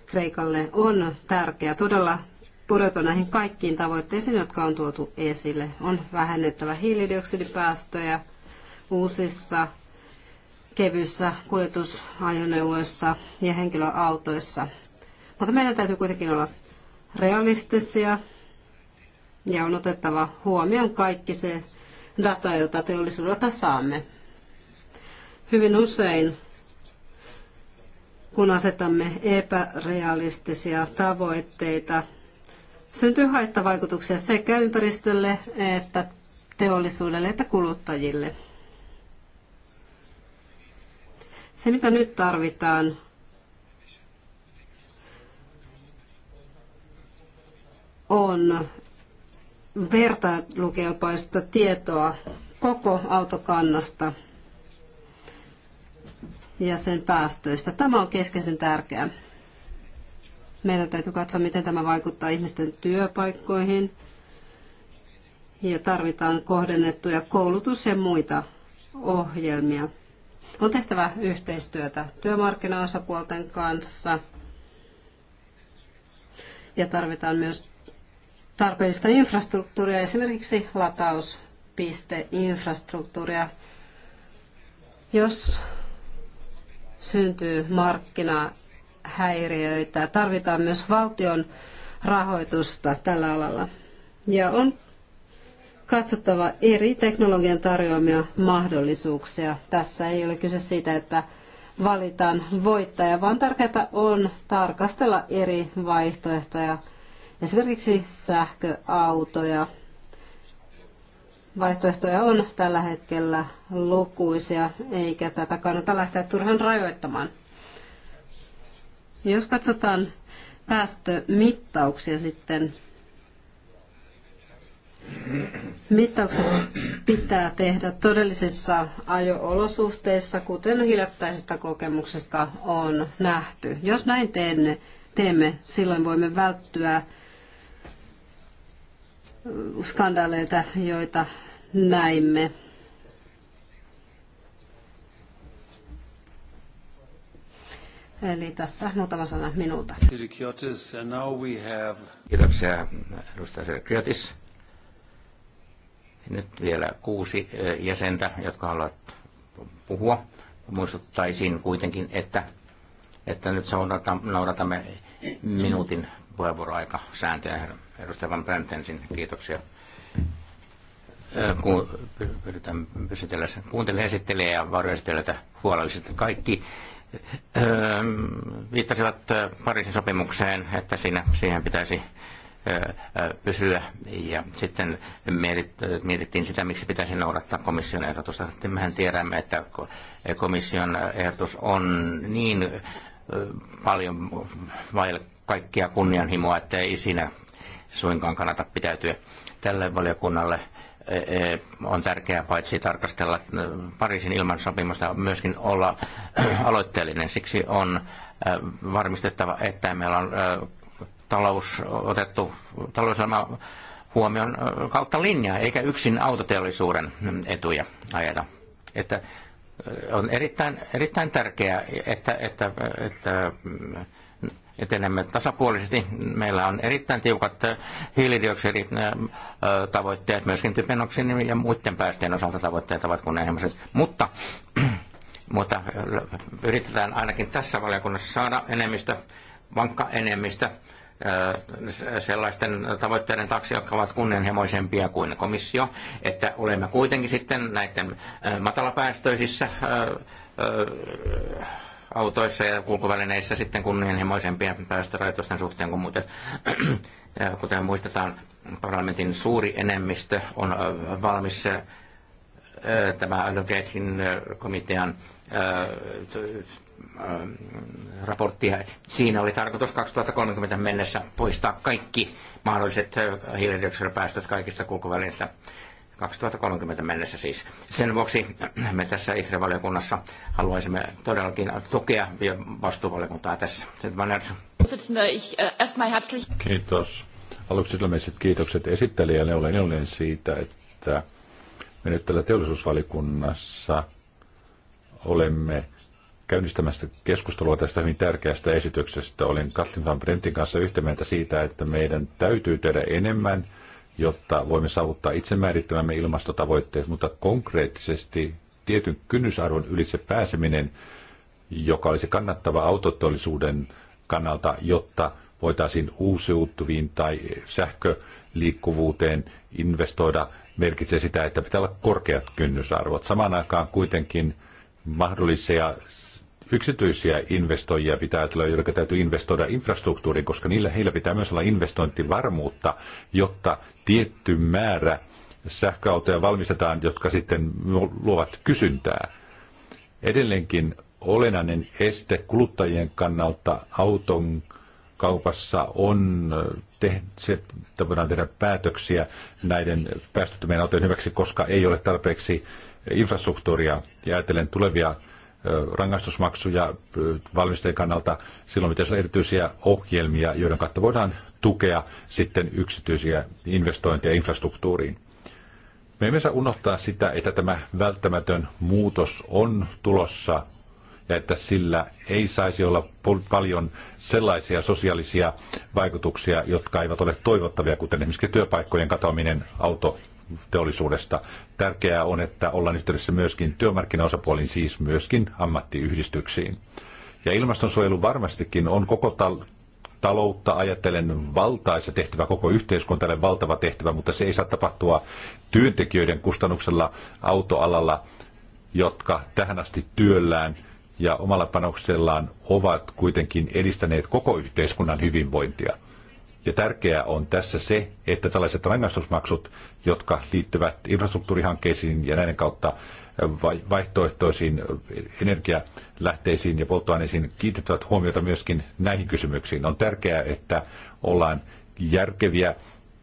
Kreikalle on tärkeää todella pureutua näihin kaikkiin tavoitteisiin, jotka on tuotu esille. On vähennettävä hiilidioksidipäästöjä, uusissa kevyissä kuljetusajoneuvoissa ja henkilöautoissa. Mutta meidän täytyy kuitenkin olla realistisia ja on otettava huomioon kaikki se data, jota teollisuudelta saamme. Hyvin usein, kun asetamme epärealistisia tavoitteita, syntyy haittavaikutuksia sekä ympäristölle että teollisuudelle että kuluttajille. Se, mitä nyt tarvitaan, on vertailukelpaista tietoa koko autokannasta ja sen päästöistä. Tämä on keskeisen tärkeää. Meidän täytyy katsoa, miten tämä vaikuttaa ihmisten työpaikkoihin ja tarvitaan kohdennettuja koulutus- ja muita ohjelmia. On tehtävä yhteistyötä työmarkkinaosapuolten kanssa ja tarvitaan myös tarpeellista infrastruktuuria, esimerkiksi latauspisteinfrastruktuuria. Jos syntyy markkinahäiriöitä, tarvitaan myös valtion rahoitusta tällä alalla. Ja on katsottava eri teknologian tarjoamia mahdollisuuksia. Tässä ei ole kyse siitä, että valitaan voittaja, vaan tärkeää on tarkastella eri vaihtoehtoja, esimerkiksi sähköautoja. Vaihtoehtoja on tällä hetkellä lukuisia, eikä tätä kannata lähteä turhan rajoittamaan. Jos katsotaan päästömittauksia sitten, Mittaukset pitää tehdä todellisissa ajo-olosuhteissa, kuten hiljattaisesta kokemuksesta on nähty. Jos näin teemme, teemme silloin voimme välttyä skandaaleita, joita näimme. Eli tässä muutama sana minulta. Kiitoksia edustaja Kiotis. Nyt vielä kuusi jäsentä, jotka haluavat puhua. Muistuttaisin kuitenkin, että, että nyt noudatamme minuutin sääntöjä. Edustaja Van Brent ensin, kiitoksia. Kun pyritään pysytellä sen. Kuuntelin esittelijä ja varjoesittelijöitä huolellisesti. Kaikki öö, viittasivat Pariisin sopimukseen, että siinä, siihen pitäisi pysyä. Ja sitten mietittiin sitä, miksi pitäisi noudattaa komission ehdotusta. Sitten mehän tiedämme, että komission ehdotus on niin paljon vaille kaikkia kunnianhimoa, että ei siinä suinkaan kannata pitäytyä. Tälle valiokunnalle e, e, on tärkeää paitsi tarkastella Pariisin sopimusta, myöskin olla aloitteellinen. Siksi on varmistettava, että meillä on talous otettu, talouselämä huomioon kautta linjaa, eikä yksin autoteollisuuden etuja ajeta. Että on erittäin, erittäin tärkeää, että, että, että mm, etenemme tasapuolisesti. Meillä on erittäin tiukat hiilidioksiditavoitteet, myöskin typenoksin ja muiden päästöjen osalta tavoitteet ovat kuin ehdolliset. Mutta, mutta yritetään ainakin tässä valiokunnassa saada enemmistö, vankka enemmistö sellaisten tavoitteiden taksi, jotka ovat kunnianhimoisempia kuin komissio, että olemme kuitenkin sitten näiden matalapäästöisissä autoissa ja kulkuvälineissä sitten kunnianhimoisempia päästörajoitusten suhteen kuin muuten. Kuten muistetaan, parlamentin suuri enemmistö on valmis tämä Gatein komitean Ähm, raporttia. Siinä oli tarkoitus 2030 mennessä poistaa kaikki mahdolliset äh, hiilidioksidipäästöt kaikista kulkuvälineistä. 2030 mennessä siis. Sen vuoksi me tässä ISRE-valiokunnassa haluaisimme todellakin tukea vastuuvaliokuntaa tässä. Äh, Kiitos. Aluksi ilmeiset kiitokset esittelijälle. Olen iloinen siitä, että me nyt täällä teollisuusvalikunnassa olemme käynnistämästä keskustelua tästä hyvin tärkeästä esityksestä. Olin Katlin van Brentin kanssa yhtä mieltä siitä, että meidän täytyy tehdä enemmän, jotta voimme saavuttaa itsemäärittämämme ilmastotavoitteet, mutta konkreettisesti tietyn kynnysarvon ylitse pääseminen, joka olisi kannattava autotollisuuden kannalta, jotta voitaisiin uusiutuviin tai sähköliikkuvuuteen investoida, merkitsee sitä, että pitää olla korkeat kynnysarvot. Samaan aikaan kuitenkin mahdollisia yksityisiä investoijia pitää tulla, joiden täytyy investoida infrastruktuuriin, koska niillä heillä pitää myös olla investointivarmuutta, jotta tietty määrä sähköautoja valmistetaan, jotka sitten luovat kysyntää. Edelleenkin olennainen este kuluttajien kannalta auton kaupassa on, te, se, että voidaan tehdä päätöksiä näiden päästöttömien autojen hyväksi, koska ei ole tarpeeksi infrastruktuuria ja ajatellen tulevia rangaistusmaksuja valmistajien kannalta. Silloin pitäisi olla erityisiä ohjelmia, joiden kautta voidaan tukea sitten yksityisiä investointeja infrastruktuuriin. Me emme saa unohtaa sitä, että tämä välttämätön muutos on tulossa ja että sillä ei saisi olla paljon sellaisia sosiaalisia vaikutuksia, jotka eivät ole toivottavia, kuten esimerkiksi työpaikkojen katoaminen auto teollisuudesta. Tärkeää on, että ollaan yhteydessä myöskin työmarkkinaosapuoliin, siis myöskin ammattiyhdistyksiin. Ja ilmastonsuojelu varmastikin on koko tal- taloutta ajatellen valtaisa tehtävä, koko yhteiskuntalle valtava tehtävä, mutta se ei saa tapahtua työntekijöiden kustannuksella autoalalla, jotka tähän asti työllään ja omalla panoksellaan ovat kuitenkin edistäneet koko yhteiskunnan hyvinvointia. Ja tärkeää on tässä se, että tällaiset rangaistusmaksut, jotka liittyvät infrastruktuurihankkeisiin ja näiden kautta vaihtoehtoisiin energialähteisiin ja polttoaineisiin, kiinnittävät huomiota myöskin näihin kysymyksiin. On tärkeää, että ollaan järkeviä,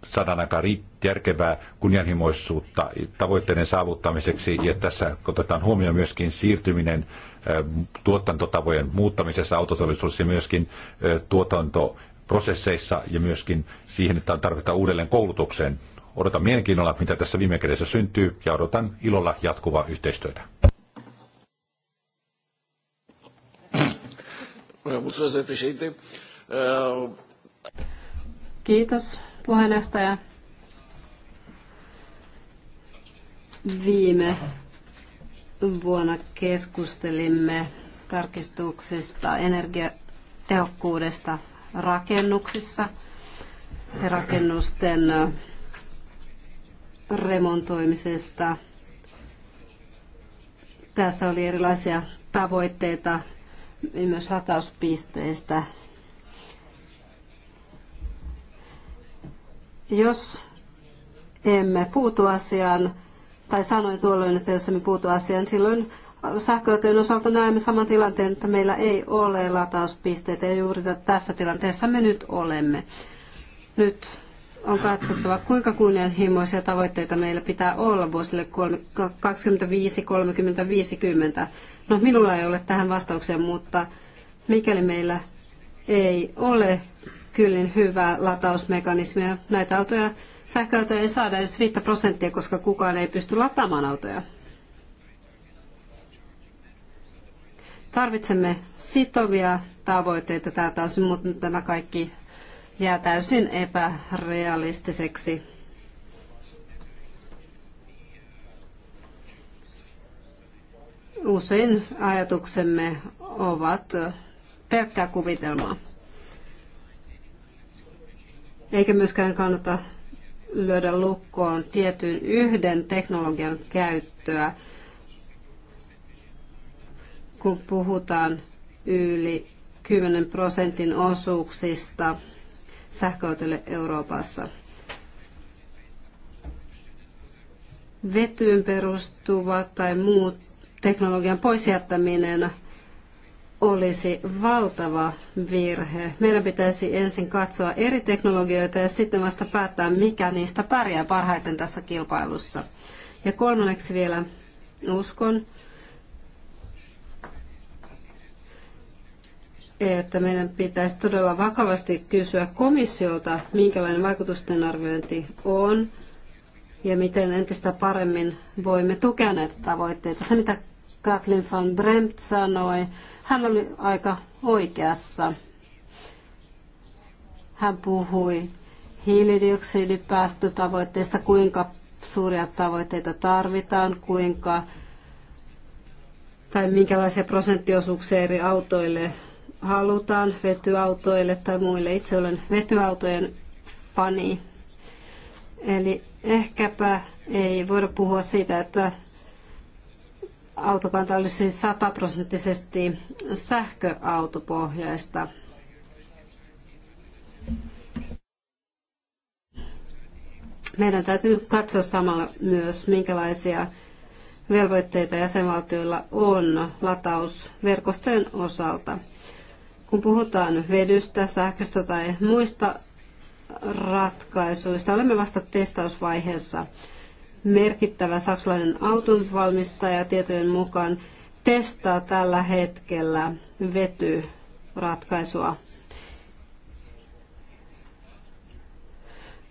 saadaan aika järkevää kunnianhimoisuutta tavoitteiden saavuttamiseksi, ja tässä otetaan huomioon myöskin siirtyminen tuotantotavojen muuttamisessa autoteollisuudessa ja myöskin tuotanto prosesseissa ja myöskin siihen, että tarvitaan uudelleen koulutukseen. Odotan mielenkiinnolla, mitä tässä viime kädessä syntyy ja odotan ilolla jatkuvaa yhteistyötä. Eh, Kiitos puheenjohtaja. Viime vuonna keskustelimme tarkistuksista energiatehokkuudesta rakennuksissa ja rakennusten remontoimisesta. Tässä oli erilaisia tavoitteita myös latauspisteistä. Jos emme puutu asiaan, tai sanoin tuolloin, että jos emme puutu asiaan, silloin sähköautojen osalta näemme saman tilanteen, että meillä ei ole latauspisteitä ja juuri tässä tilanteessa me nyt olemme. Nyt on katsottava, kuinka kunnianhimoisia tavoitteita meillä pitää olla vuosille 25, 30, 50. No minulla ei ole tähän vastauksia, mutta mikäli meillä ei ole kyllin hyvää latausmekanismia, näitä autoja, sähköautoja ei saada edes 5 prosenttia, koska kukaan ei pysty lataamaan autoja. Tarvitsemme sitovia tavoitteita tältä osin, mutta tämä kaikki jää täysin epärealistiseksi. Usein ajatuksemme ovat pelkkää kuvitelmaa. Eikä myöskään kannata lyödä lukkoon tietyn yhden teknologian käyttöä kun puhutaan yli 10 prosentin osuuksista sähköautoille Euroopassa. Vetyyn perustuva tai muut teknologian poisjättäminen olisi valtava virhe. Meidän pitäisi ensin katsoa eri teknologioita ja sitten vasta päättää, mikä niistä pärjää parhaiten tässä kilpailussa. Ja kolmanneksi vielä uskon, että meidän pitäisi todella vakavasti kysyä komissiolta, minkälainen vaikutusten arviointi on ja miten entistä paremmin voimme tukea näitä tavoitteita. Se, mitä Kathleen van Bremt sanoi, hän oli aika oikeassa. Hän puhui hiilidioksidipäästötavoitteista, kuinka suuria tavoitteita tarvitaan, kuinka tai minkälaisia prosenttiosuuksia eri autoille halutaan vetyautoille tai muille. Itse olen vetyautojen fani. Eli ehkäpä ei voida puhua siitä, että autokanta olisi sataprosenttisesti sähköautopohjaista. Meidän täytyy katsoa samalla myös, minkälaisia velvoitteita jäsenvaltioilla on latausverkostojen osalta. Kun puhutaan vedystä, sähköstä tai muista ratkaisuista, olemme vasta testausvaiheessa. Merkittävä saksalainen autonvalmistaja tietojen mukaan testaa tällä hetkellä vetyratkaisua.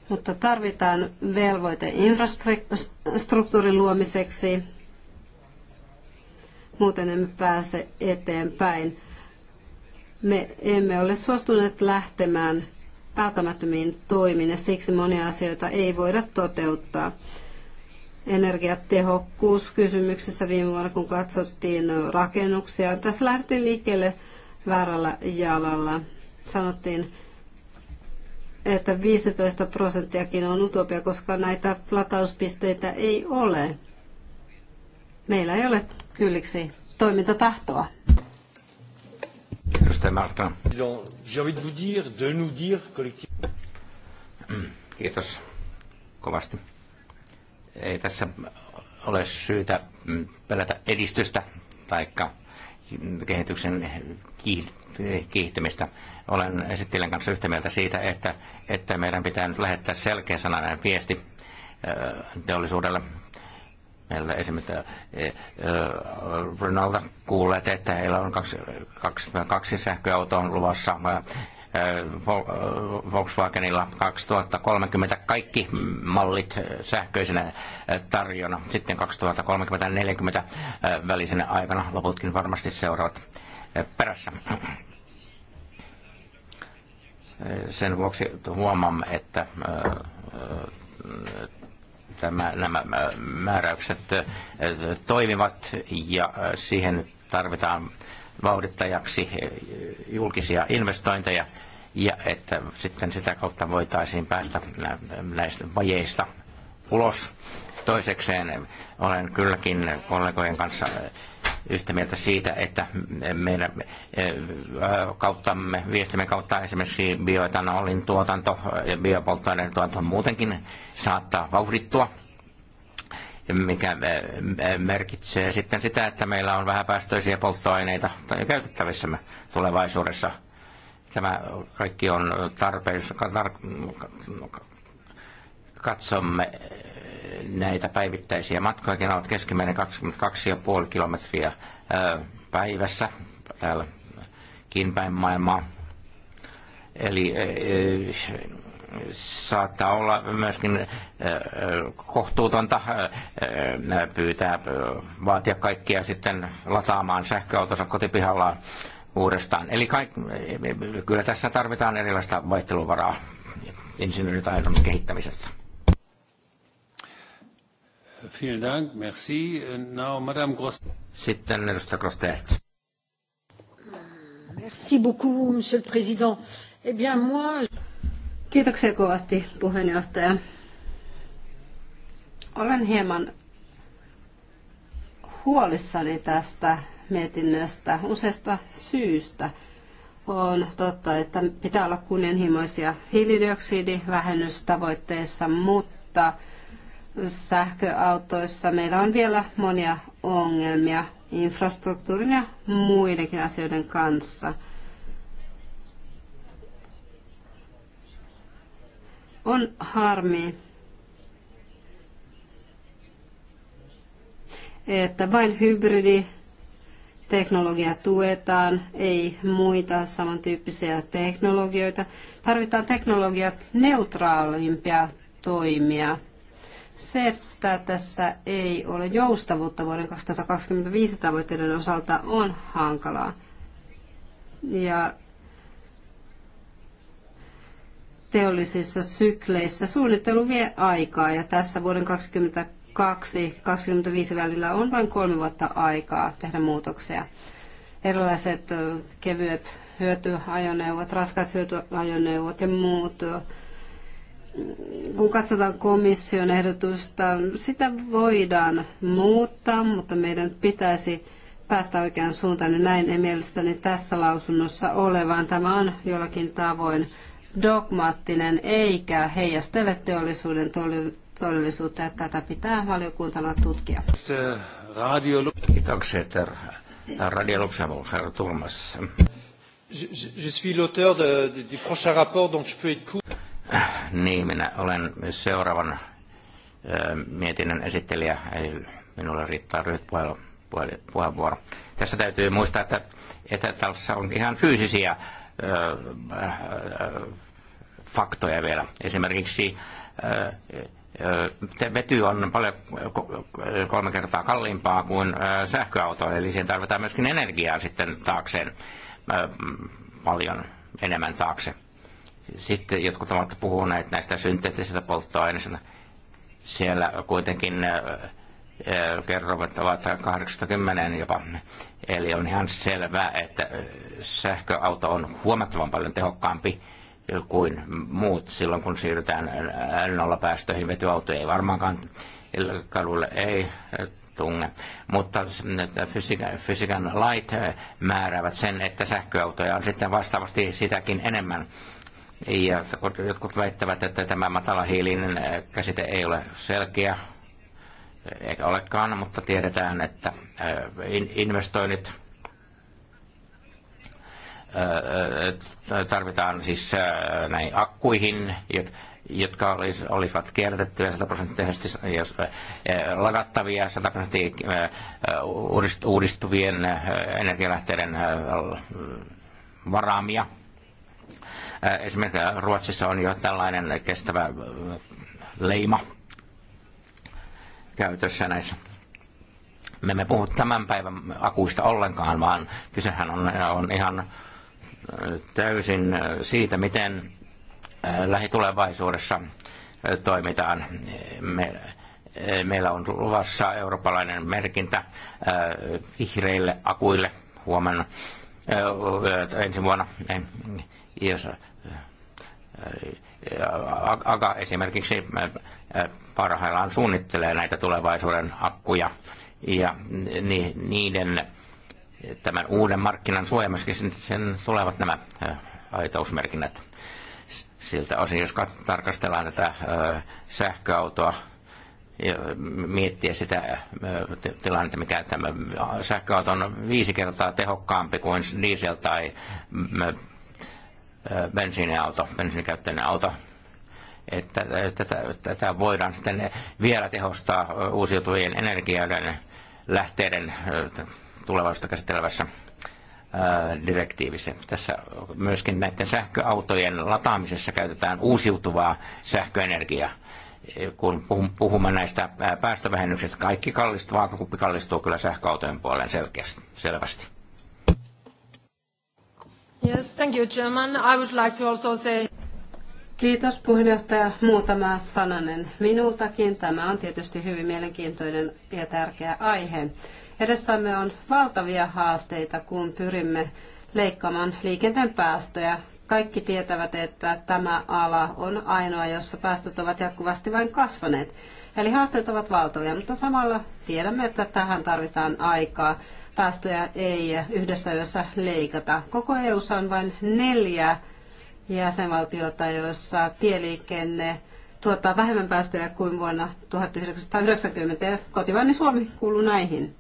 Mutta tarvitaan velvoite infrastruktuurin luomiseksi, muuten emme pääse eteenpäin. Me emme ole suostuneet lähtemään päätämättömiin toimiin ja siksi monia asioita ei voida toteuttaa. Energiatehokkuus kysymyksessä viime vuonna, kun katsottiin rakennuksia. Tässä lähdettiin liikkeelle väärällä jalalla. Sanottiin, että 15 prosenttiakin on utopia, koska näitä latauspisteitä ei ole. Meillä ei ole kylliksi toimintatahtoa. Kiitos kovasti. Ei tässä ole syytä pelätä edistystä tai kehityksen kiihtymistä. Olen esittelen kanssa yhtä mieltä siitä, että, että meidän pitää nyt lähettää selkeä sananen viesti teollisuudelle Meillä esimerkiksi eh, eh, Ronaldo kuulee, että heillä on kaksi, kaksi, kaksi sähköautoa luvassa. Eh, Volkswagenilla 2030 kaikki mallit sähköisenä tarjona. Sitten 2030-40 välisenä aikana loputkin varmasti seuraavat perässä. Sen vuoksi huomaamme, että tämä, nämä määräykset äh, toimivat ja äh, siihen tarvitaan vauhdittajaksi äh, julkisia investointeja ja että sitten sitä kautta voitaisiin päästä näistä vajeista ulos. Toisekseen olen kylläkin kollegojen kanssa yhtä mieltä siitä, että meidän eh, kauttamme, viestimme kautta esimerkiksi bioetanolin tuotanto ja biopolttoaineen tuotanto muutenkin saattaa vauhdittua mikä eh, merkitsee sitten sitä, että meillä on vähäpäästöisiä polttoaineita käytettävissämme tulevaisuudessa. Tämä kaikki on tarpeen, katsomme näitä päivittäisiä ne ovat keskimäärin 22,5 kilometriä päivässä täällä päin maailmaa. Eli saattaa olla myöskin kohtuutonta pyytää, vaatia kaikkia sitten lataamaan sähköautonsa kotipihallaan uudestaan. Eli kaik, kyllä tässä tarvitaan erilaista vaihteluvaraa insinööritaidon kehittämisessä. Vielen Dank, merci. Now, Madame Sitten edustaja Merci beaucoup, Monsieur le Président. Eh bien, moi... Kiitoksia kovasti, puheenjohtaja. Olen hieman huolissani tästä mietinnöstä useasta syystä. On totta, että pitää olla kunnianhimoisia hiilidioksidivähennystavoitteissa, mutta sähköautoissa meillä on vielä monia ongelmia infrastruktuurin ja muidenkin asioiden kanssa. On harmi, että vain hybriditeknologia tuetaan, ei muita samantyyppisiä teknologioita. Tarvitaan teknologiat neutraalimpia toimia. Se, että tässä ei ole joustavuutta vuoden 2025 tavoitteiden osalta, on hankalaa. Ja teollisissa sykleissä suunnittelu vie aikaa ja tässä vuoden 2022-2025 välillä on vain kolme vuotta aikaa tehdä muutoksia. Erilaiset kevyet hyötyajoneuvot, raskaat hyötyajoneuvot ja muut kun katsotaan komission ehdotusta, sitä voidaan muuttaa, mutta meidän pitäisi päästä oikeaan suuntaan, niin näin ei mielestäni tässä lausunnossa ole, vaan tämä on jollakin tavoin dogmaattinen eikä heijastele teollisuuden todellisuutta, että tätä pitää valiokuntana tutkia. Kiitokset, Radio Luxemburg, herra Turmas. Je, suis l'auteur du prochain rapport, donc je peux être niin, minä olen seuraavan mietinnön esittelijä, eli minulla riittää lyhyt puheenvuoro. Tässä täytyy muistaa, että, että tässä on ihan fyysisiä faktoja vielä. Esimerkiksi vety on paljon kolme kertaa kalliimpaa kuin sähköauto, eli siihen tarvitaan myöskin energiaa sitten taakseen paljon enemmän taakse. Sitten jotkut ovat puhuneet näistä synteettisistä polttoaineista. Siellä kuitenkin äh, äh, kerrovat ovat 80 jopa. Eli on ihan selvää, että äh, sähköauto on huomattavan paljon tehokkaampi kuin muut silloin, kun siirrytään nollapäästöihin Vetyauto Ei varmaankaan kadulle ei tunne. Mutta fysiikan, fysiikan lait määräävät sen, että sähköautoja on sitten vastaavasti sitäkin enemmän ja jotkut väittävät, että tämä matalahiilinen eh, käsite ei ole selkeä, eikä olekaan, mutta tiedetään, että eh, investoinnit eh, tarvitaan siis näihin akkuihin, jotka olisivat kierrätettyjä 100 prosenttisesti ladattavia 100 prosenttia uudistuvien energialähteiden varaamia. Äh, esimerkiksi Ruotsissa on jo tällainen kestävä äh, leima käytössä näissä. Me emme puhu tämän päivän akuista ollenkaan, vaan kysehän on, on ihan äh, täysin siitä, miten lähitulevaisuudessa toimitaan. Me, meillä on luvassa eurooppalainen merkintä vihreille akuille huomenna ensi vuonna, jos Aga esimerkiksi parhaillaan suunnittelee näitä tulevaisuuden akkuja ja niiden tämän uuden markkinan suojamaskin sen tulevat nämä aitausmerkinnät. Siltä osin, jos tarkastellaan tätä sähköautoa ja miettiä sitä tilannetta, mikä tämä sähköauto on viisi kertaa tehokkaampi kuin diesel tai bensiiniauto, bensiinikäyttöinen auto. Että tätä voidaan sitten vielä tehostaa uusiutuvien energioiden lähteiden tulevaisuutta käsittelevässä direktiivissä. Tässä myöskin näiden sähköautojen lataamisessa käytetään uusiutuvaa sähköenergiaa. Kun puhumme näistä päästövähennyksistä, kaikki kallistuu, vaakakuppi kallistuu kyllä sähköautojen puoleen selkeästi, selvästi. Yes, thank you, Chairman. I would like to also say... Kiitos puheenjohtaja. Muutama sananen minultakin. Tämä on tietysti hyvin mielenkiintoinen ja tärkeä aihe. Edessämme on valtavia haasteita, kun pyrimme leikkaamaan liikenteen päästöjä. Kaikki tietävät, että tämä ala on ainoa, jossa päästöt ovat jatkuvasti vain kasvaneet. Eli haasteet ovat valtavia, mutta samalla tiedämme, että tähän tarvitaan aikaa päästöjä ei yhdessä yössä leikata. Koko EU:ssa on vain neljä jäsenvaltiota, joissa tieliikenne tuottaa vähemmän päästöjä kuin vuonna 1990 ja kotimainen Suomi kuuluu näihin.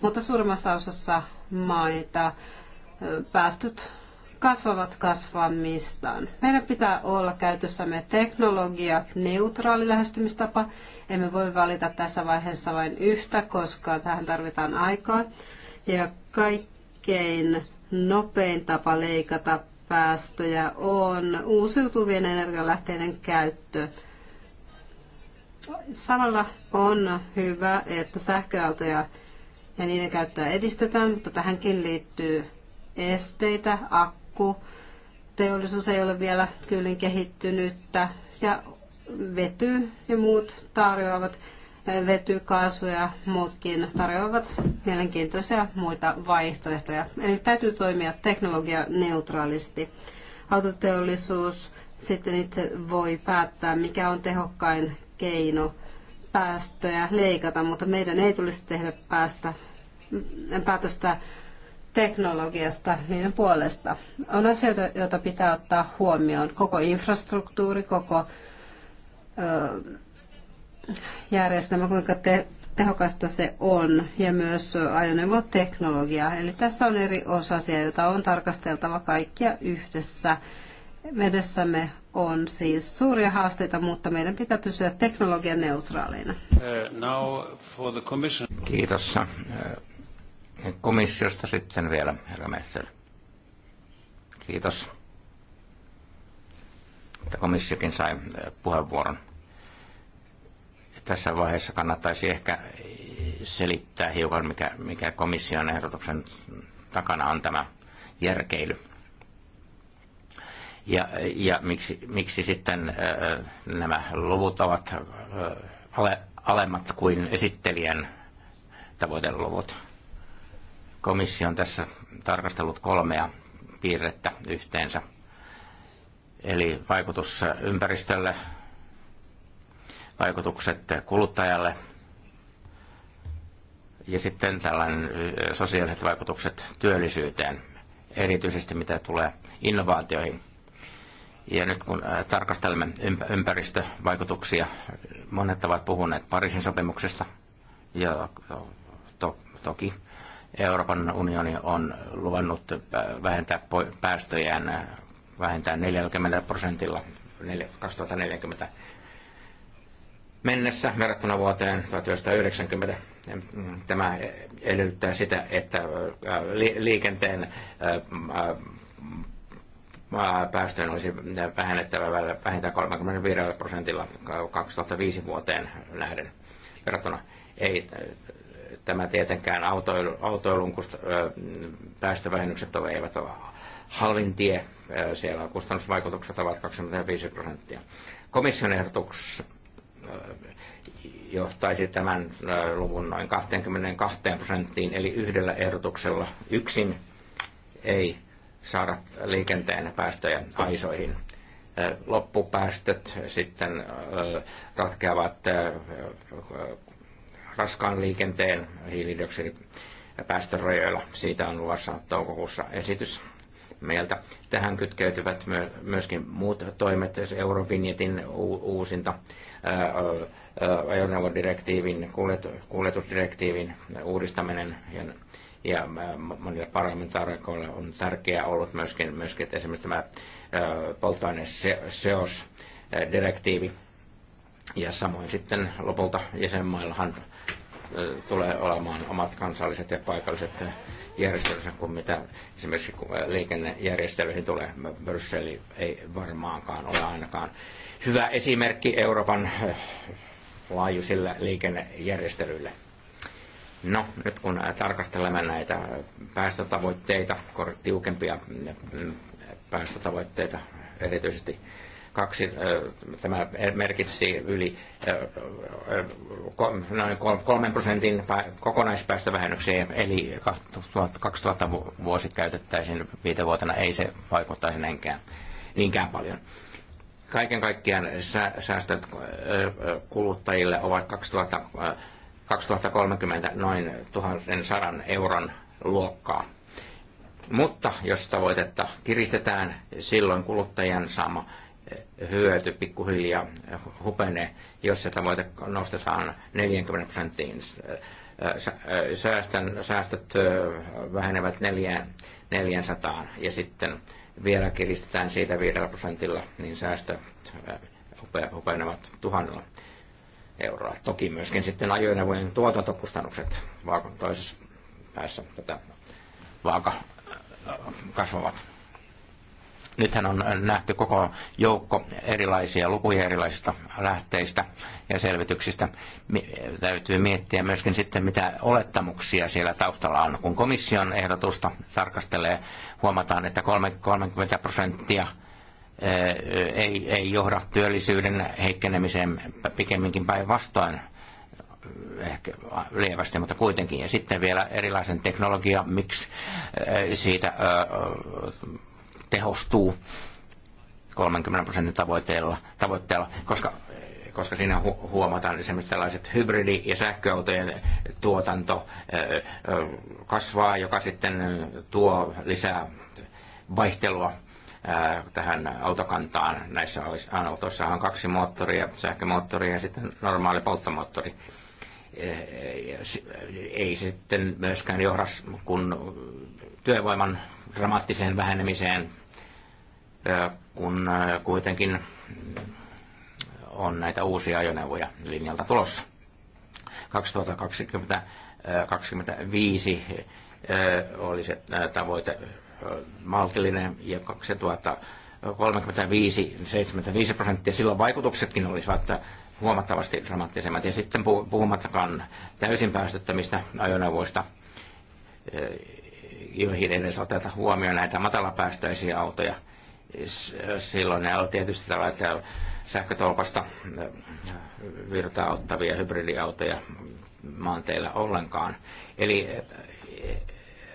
Mutta suurimmassa osassa maita päästöt kasvavat kasvamistaan. Meidän pitää olla käytössämme teknologia, neutraali lähestymistapa. Emme voi valita tässä vaiheessa vain yhtä, koska tähän tarvitaan aikaa. Ja kaikkein nopein tapa leikata päästöjä on uusiutuvien energialähteiden käyttö. Samalla on hyvä, että sähköautoja ja niiden käyttöä edistetään, mutta tähänkin liittyy esteitä, akku, teollisuus ei ole vielä kyllin kehittynyttä ja vety ja muut tarjoavat vety, ja muutkin tarjoavat mielenkiintoisia muita vaihtoehtoja. Eli täytyy toimia teknologianeutraalisti. Autoteollisuus sitten itse voi päättää, mikä on tehokkain keino päästöjä leikata, mutta meidän ei tulisi tehdä päästä, päätöstä teknologiasta niiden puolesta. On asioita, joita pitää ottaa huomioon. Koko infrastruktuuri, koko ö, järjestelmä, kuinka te, tehokasta se on ja myös ajoneuvoteknologia. Eli tässä on eri osasia, joita on tarkasteltava kaikkia yhdessä. Vedessämme on siis suuria haasteita, mutta meidän pitää pysyä teknologian neutraaleina. Uh, Kiitos. Uh, komissiosta sitten vielä, herra Messel. Kiitos. Komissiokin sai uh, puheenvuoron tässä vaiheessa kannattaisi ehkä selittää hiukan, mikä, mikä komission ehdotuksen takana on tämä järkeily. Ja, ja miksi, miksi sitten ää, nämä luvut ovat ää, ale, alemmat kuin esittelijän tavoiteluvut. Komissio on tässä tarkastellut kolmea piirrettä yhteensä. Eli vaikutus ympäristölle, vaikutukset kuluttajalle ja sitten tällainen sosiaaliset vaikutukset työllisyyteen, erityisesti mitä tulee innovaatioihin. Ja nyt kun tarkastelemme ympäristövaikutuksia, monet ovat puhuneet Pariisin sopimuksesta ja to, toki Euroopan unioni on luvannut vähentää päästöjään vähentää 40 prosentilla 2040 mennessä verrattuna vuoteen 1990. Tämä edellyttää sitä, että liikenteen päästöjen olisi vähennettävä vähintään 35 prosentilla 2005 vuoteen nähden verrattuna. Ei tämä tietenkään autoilu, autoilun kust, päästövähennykset eivät ole halvin tie. Siellä kustannusvaikutukset ovat 25 prosenttia. Komission ehdotuksessa johtaisi tämän luvun noin 22 prosenttiin, eli yhdellä ehdotuksella yksin ei saada liikenteen päästöjä aisoihin. Loppupäästöt sitten ratkeavat raskaan liikenteen hiilidioksidipäästörajoilla. Siitä on luvassa toukokuussa esitys meiltä. Tähän kytkeytyvät myöskin muut toimet, siis Eurovinjetin uusinta, ajoneuvodirektiivin, kuljetusdirektiivin uudistaminen ja ja monilla parlamentaarikoille on tärkeää ollut myöskin, myöskin että esimerkiksi tämä polttoaineseosdirektiivi ja samoin sitten lopulta jäsenmaillahan tulee olemaan omat kansalliset ja paikalliset järjestelmässä kuin mitä esimerkiksi liikennejärjestelyihin tulee. Brysseli ei varmaankaan ole ainakaan hyvä esimerkki Euroopan äh, laajuisille liikennejärjestelyille. No, nyt kun tarkastelemme näitä päästötavoitteita, tiukempia mm, mm, päästötavoitteita erityisesti kaksi, tämä merkitsi yli noin kolmen prosentin kokonaispäästövähennyksiä, eli 2000 vuosi käytettäisiin viitevuotena, ei se vaikuttaisi niinkään, niinkään paljon. Kaiken kaikkiaan säästöt kuluttajille ovat 2000, 2030 noin 1100 euron luokkaa. Mutta jos tavoitetta kiristetään, silloin kuluttajien saama hyöty pikkuhiljaa hupenee, jos se tavoite nostetaan 40 prosenttiin. Äh, äh, säästön, säästöt äh, vähenevät 400 ja sitten vielä kiristetään siitä 5 prosentilla, niin säästöt hupenevat tuhannella euroa. Toki myöskin sitten ajoneuvojen tuotantokustannukset toisessa päässä tätä vaaka kasvavat. Nythän on nähty koko joukko erilaisia lukuja erilaisista lähteistä ja selvityksistä. Täytyy miettiä myöskin sitten, mitä olettamuksia siellä taustalla on. Kun komission ehdotusta tarkastelee, huomataan, että 30 prosenttia ei, ei johda työllisyyden heikkenemiseen pikemminkin päinvastoin ehkä lievästi, mutta kuitenkin. Ja sitten vielä erilaisen teknologian miksi siitä tehostuu 30 prosentin tavoitteella, tavoitteella koska, koska siinä hu- huomataan esimerkiksi tällaiset hybridi- ja sähköautojen tuotanto kasvaa, joka sitten tuo lisää vaihtelua tähän autokantaan. Näissä autoissa on kaksi moottoria, sähkömoottori ja sitten normaali polttomoottori. Ei sitten myöskään johda, kun työvoiman dramaattiseen vähenemiseen, kun äh, kuitenkin on näitä uusia ajoneuvoja linjalta tulossa. 2025 äh, äh, oli se tavoite maltillinen ja 2035 75 prosenttia. Silloin vaikutuksetkin olisivat huomattavasti dramaattisemmat. Ja sitten puhumattakaan täysin päästöttömistä ajoneuvoista, joihin edes oteta huomioon näitä matalapäästöisiä autoja. Äh, silloin ne on tietysti tällaisia sähkötolpasta äh, virtaa ottavia hybridiautoja maanteilla ollenkaan. Eli äh,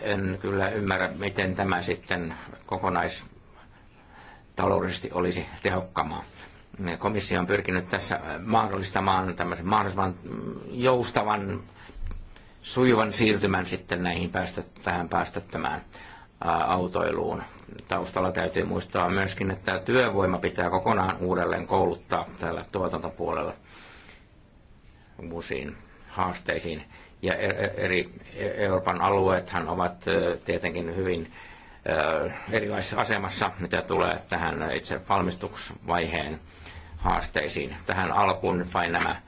en kyllä ymmärrä, miten tämä sitten kokonaistaloudellisesti olisi tehokkaampaa. Komissio on pyrkinyt tässä mahdollistamaan tämmöisen mahdollisimman joustavan sujuvan siirtymän sitten näihin päästä, tähän päästöttämään autoiluun. Taustalla täytyy muistaa myöskin, että työvoima pitää kokonaan uudelleen kouluttaa tällä tuotantopuolella uusiin haasteisiin. Ja e, e, eri e, Euroopan alueethan ovat tietenkin hyvin erilaisessa asemassa, mitä tulee tähän itse valmistuksvaiheen haasteisiin. Tähän alkuun vain nämä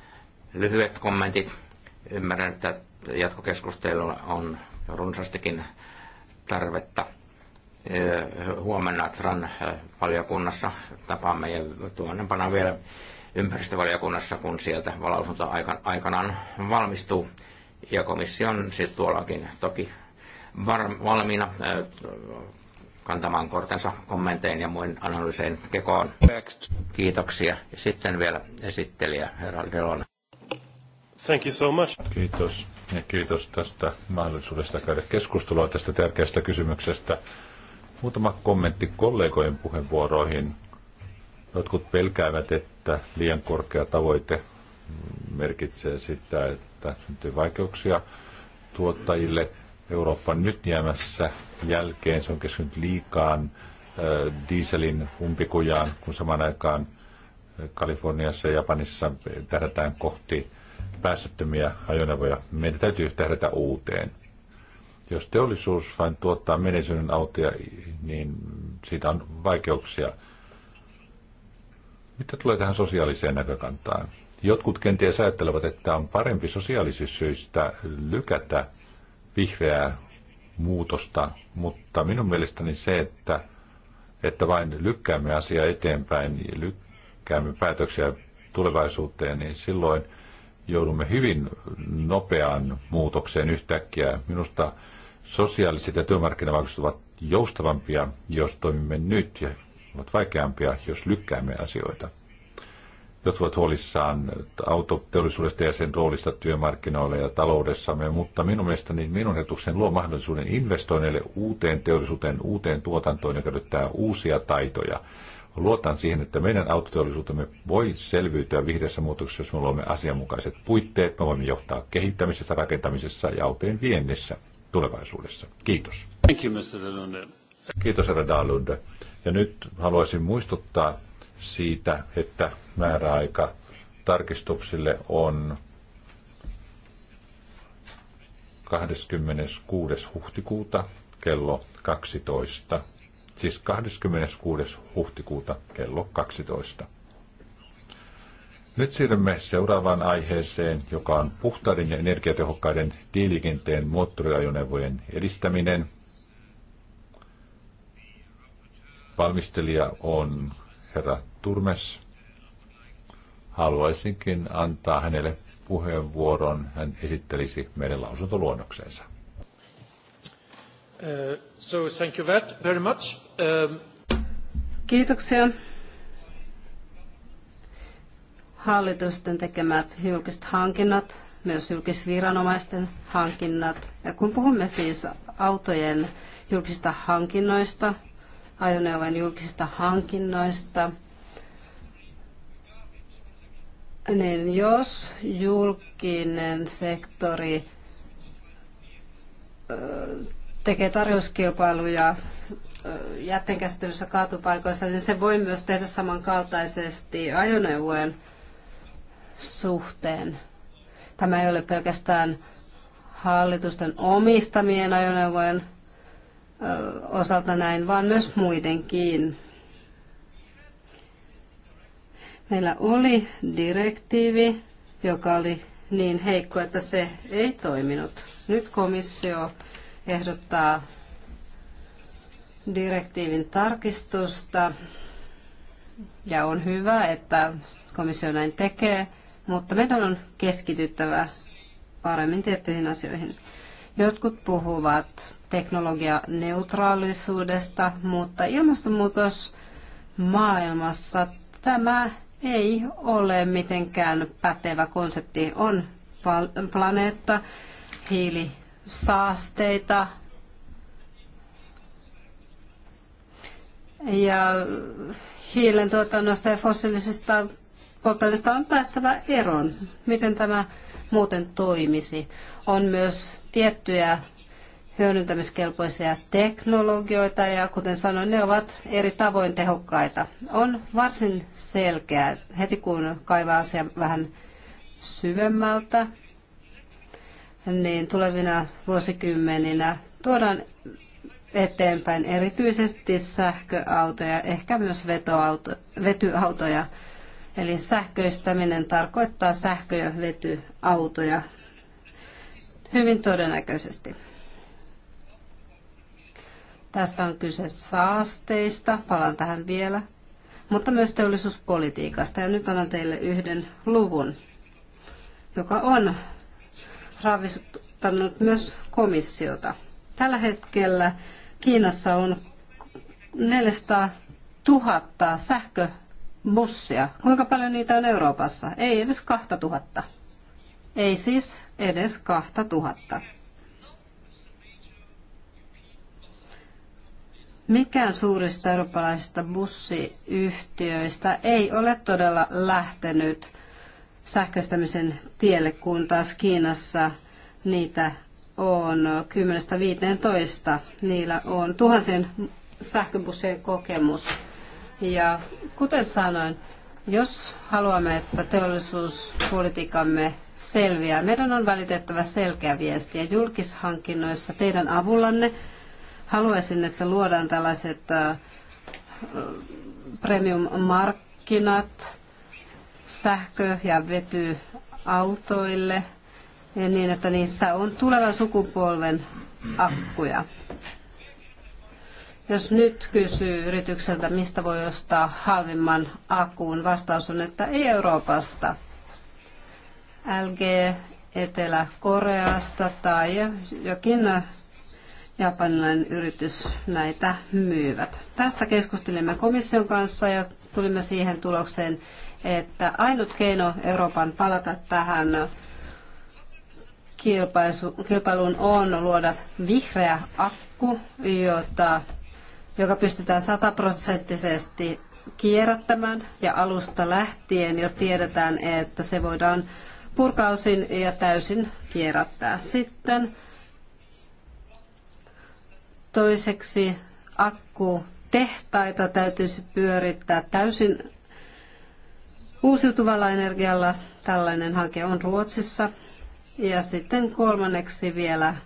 lyhyet kommentit. Ymmärrän, että jatkokeskustelulla on runsaastikin tarvetta. Huomenna TRAN valiokunnassa tapaamme ja tuonnepana vielä ympäristövaliokunnassa, kun sieltä lausunto aikanaan valmistuu. Ja komission sitten siis tuollakin toki valmiina kantamaan kortensa kommenteihin ja muin analyyseen kekoon. Kiitoksia. Ja sitten vielä esittelijä Herra Delon. Thank you so much. Kiitos ja kiitos tästä mahdollisuudesta käydä keskustelua tästä tärkeästä kysymyksestä. Muutama kommentti kollegojen puheenvuoroihin. Jotkut pelkäävät, että liian korkea tavoite merkitsee sitä, että syntyy vaikeuksia tuottajille. Eurooppa on nyt jäämässä jälkeen, se on keskittynyt liikaan dieselin umpikujaan, kun samaan aikaan Kaliforniassa ja Japanissa tähdätään kohti päästöttömiä ajoneuvoja. Meidän täytyy tähdätä uuteen. Jos teollisuus vain tuottaa menisyyden autoja, niin siitä on vaikeuksia. Mitä tulee tähän sosiaaliseen näkökantaan? Jotkut kenties ajattelevat, että on parempi sosiaalisista syistä lykätä vihreää muutosta, mutta minun mielestäni se, että, että vain lykkäämme asiaa eteenpäin, lykkäämme päätöksiä tulevaisuuteen, niin silloin – joudumme hyvin nopeaan muutokseen yhtäkkiä. Minusta sosiaaliset ja työmarkkinavaikutukset ovat joustavampia, jos toimimme nyt, ja ovat vaikeampia, jos lykkäämme asioita. Jotkut ovat huolissaan autoteollisuudesta ja sen roolista työmarkkinoilla ja taloudessamme, mutta minun mielestäni minun etuksen luo mahdollisuuden investoinneille uuteen teollisuuteen, uuteen tuotantoon, joka käyttää uusia taitoja. Luotan siihen, että meidän autoteollisuutemme voi selviytyä vihreässä muutoksessa, jos me luomme asianmukaiset puitteet. Me voimme johtaa kehittämisessä, rakentamisessa ja autojen viennissä tulevaisuudessa. Kiitos. Thank you, Mr. Kiitos, herra Dahlund. Ja nyt haluaisin muistuttaa siitä, että määräaika tarkistuksille on 26. huhtikuuta kello 12 siis 26. huhtikuuta kello 12. Nyt siirrymme seuraavaan aiheeseen, joka on puhtaiden ja energiatehokkaiden tieliikenteen moottoriajoneuvojen edistäminen. Valmistelija on herra Turmes. Haluaisinkin antaa hänelle puheenvuoron. Hän esittelisi meidän lausuntoluonnoksensa. Uh, so thank you very much. Um, Kiitoksia. Hallitusten tekemät julkiset hankinnat, myös julkisviranomaisten hankinnat. Ja kun puhumme siis autojen julkisista hankinnoista, ajoneuvojen julkisista hankinnoista, niin jos julkinen sektori tekee tarjouskilpailuja jätteenkäsittelyssä kaatupaikoissa, niin se voi myös tehdä samankaltaisesti ajoneuvojen suhteen. Tämä ei ole pelkästään hallitusten omistamien ajoneuvojen osalta näin, vaan myös muidenkin. Meillä oli direktiivi, joka oli niin heikko, että se ei toiminut. Nyt komissio ehdottaa direktiivin tarkistusta. Ja on hyvä, että komissio näin tekee, mutta meidän on keskityttävä paremmin tiettyihin asioihin. Jotkut puhuvat teknologianeutraalisuudesta, mutta ilmastonmuutos maailmassa tämä ei ole mitenkään pätevä konsepti. On planeetta, hiili saasteita ja hiilen tuotannosta ja fossiilisista polttoaineista on päästävä eroon. Miten tämä muuten toimisi? On myös tiettyjä hyödyntämiskelpoisia teknologioita ja kuten sanoin, ne ovat eri tavoin tehokkaita. On varsin selkeää heti kun kaivaa asia vähän syvemmältä, niin tulevina vuosikymmeninä tuodaan eteenpäin erityisesti sähköautoja, ehkä myös vetoauto, vetyautoja. Eli sähköistäminen tarkoittaa sähkö- ja vetyautoja hyvin todennäköisesti. Tässä on kyse saasteista, palaan tähän vielä, mutta myös teollisuuspolitiikasta. Ja nyt annan teille yhden luvun, joka on ravistuttanut myös komissiota. Tällä hetkellä Kiinassa on 400 000 sähköbussia. Kuinka paljon niitä on Euroopassa? Ei edes 2000. Ei siis edes 2000. Mikään suurista eurooppalaisista bussiyhtiöistä ei ole todella lähtenyt sähköistämisen tielle, kun taas Kiinassa niitä on 10-15. Niillä on tuhansien sähköbussien kokemus. Ja kuten sanoin, jos haluamme, että teollisuuspolitiikamme selviää, meidän on välitettävä selkeä viesti. Ja julkishankinnoissa teidän avullanne haluaisin, että luodaan tällaiset premium-markkinat, sähkö- ja vetyautoille ja niin, että niissä on tulevan sukupolven akkuja. Jos nyt kysyy yritykseltä, mistä voi ostaa halvimman akun, vastaus on, että ei Euroopasta. LG Etelä-Koreasta tai jokin japanilainen yritys näitä myyvät. Tästä keskustelimme komission kanssa ja tulimme siihen tulokseen, että ainut keino Euroopan palata tähän kilpailuun on luoda vihreä akku, jota, joka pystytään sataprosenttisesti kierrättämään ja alusta lähtien jo tiedetään, että se voidaan purkausin ja täysin kierrättää. Sitten toiseksi akkutehtaita täytyisi pyörittää täysin Uusiutuvalla energialla tällainen hanke on Ruotsissa. Ja sitten kolmanneksi vielä ähm,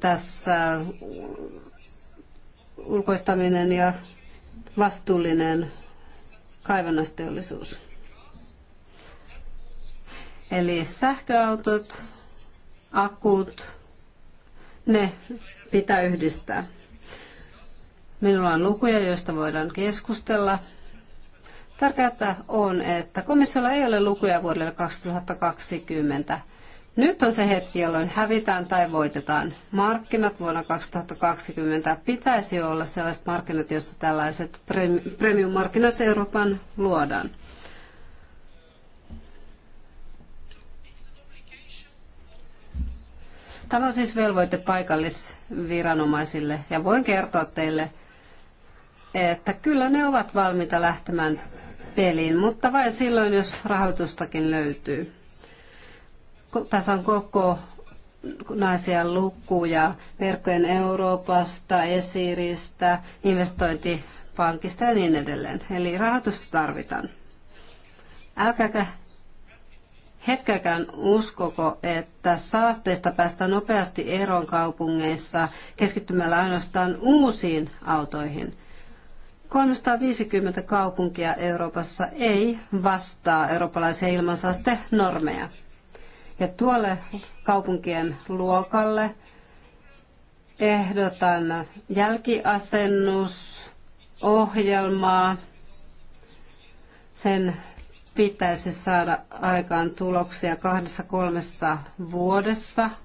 tässä ulkoistaminen ja vastuullinen kaivannaisteollisuus. Eli sähköautot, akut, ne pitää yhdistää. Minulla on lukuja, joista voidaan keskustella. Tärkeää on, että komissiolla ei ole lukuja vuodelle 2020. Nyt on se hetki, jolloin hävitään tai voitetaan. Markkinat vuonna 2020 pitäisi olla sellaiset markkinat, joissa tällaiset premium-markkinat Euroopan luodaan. Tämä on siis velvoite paikallisviranomaisille ja voin kertoa teille, että kyllä ne ovat valmiita lähtemään peliin, mutta vain silloin, jos rahoitustakin löytyy. Tässä on koko naisia lukuja verkkojen Euroopasta, Esiristä, investointipankista ja niin edelleen. Eli rahoitusta tarvitaan. Älkääkä hetkäkään uskoko, että saasteista päästään nopeasti eroon kaupungeissa keskittymällä ainoastaan uusiin autoihin. 350 kaupunkia Euroopassa ei vastaa eurooppalaisia ilmansaastenormeja. Ja tuolle kaupunkien luokalle ehdotan jälkiasennusohjelmaa. Sen pitäisi saada aikaan tuloksia kahdessa kolmessa vuodessa –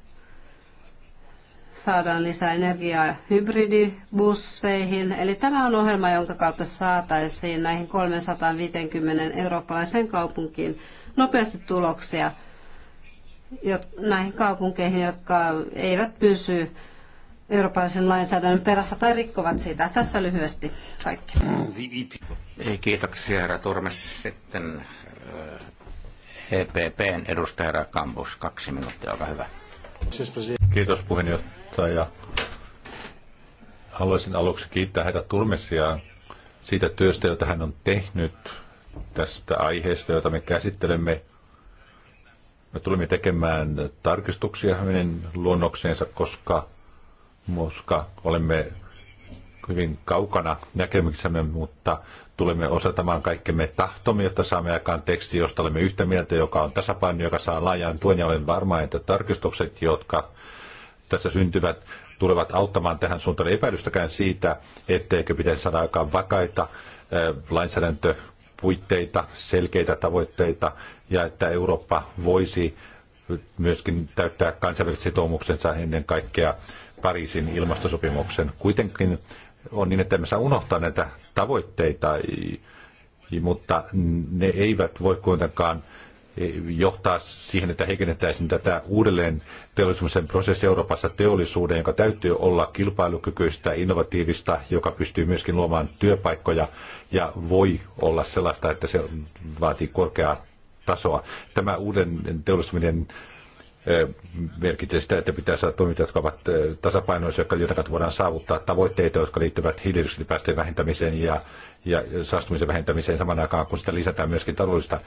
saadaan lisää energiaa hybridibusseihin. Eli tämä on ohjelma, jonka kautta saataisiin näihin 350 eurooppalaiseen kaupunkiin nopeasti tuloksia näihin kaupunkeihin, jotka eivät pysy eurooppalaisen lainsäädännön perässä tai rikkovat sitä. Tässä lyhyesti kaikki. E kiitoksia herra Turmes. Sitten äh, EPPn edustaja Kampus, kaksi minuuttia, olkaa hyvä. Kiitos puheenjohtaja ja Haluaisin aluksi kiittää heitä Turmesia siitä työstä, jota hän on tehnyt tästä aiheesta, jota me käsittelemme. Me tulimme tekemään tarkistuksia hänen luonnokseensa, koska, koska olemme hyvin kaukana näkemyksemme, mutta tulemme osatamaan kaikkemme tahtomme, jotta saamme aikaan teksti, josta olemme yhtä mieltä, joka on tasapaino, joka saa laajan tuen. Ja olen varma, että tarkistukset, jotka tässä syntyvät tulevat auttamaan tähän suuntaan. Epäilystäkään siitä, etteikö pitäisi saada aikaan vakaita äh, lainsäädäntöpuitteita, selkeitä tavoitteita ja että Eurooppa voisi myöskin täyttää kansainväliset sitoumuksensa ennen kaikkea Pariisin ilmastosopimuksen. Kuitenkin on niin, että emme saa unohtaa näitä tavoitteita, mutta ne eivät voi kuitenkaan E, johtaa siihen, että heikennettäisiin tätä uudelleen teollistumisen prosessi Euroopassa teollisuuden, joka täytyy olla kilpailukykyistä, innovatiivista, joka pystyy myöskin luomaan työpaikkoja ja voi olla sellaista, että se vaatii korkeaa tasoa. Tämä uuden teollistuminen e, merkitsee sitä, että pitää saada toimintoja, jotka ovat e, tasapainoisia, jotka joiden kautta voidaan saavuttaa tavoitteita, jotka liittyvät hiilidioksidipäästöjen vähentämiseen ja ja saastumisen vähentämiseen saman aikaan, kun sitä lisätään myöskin taloudellista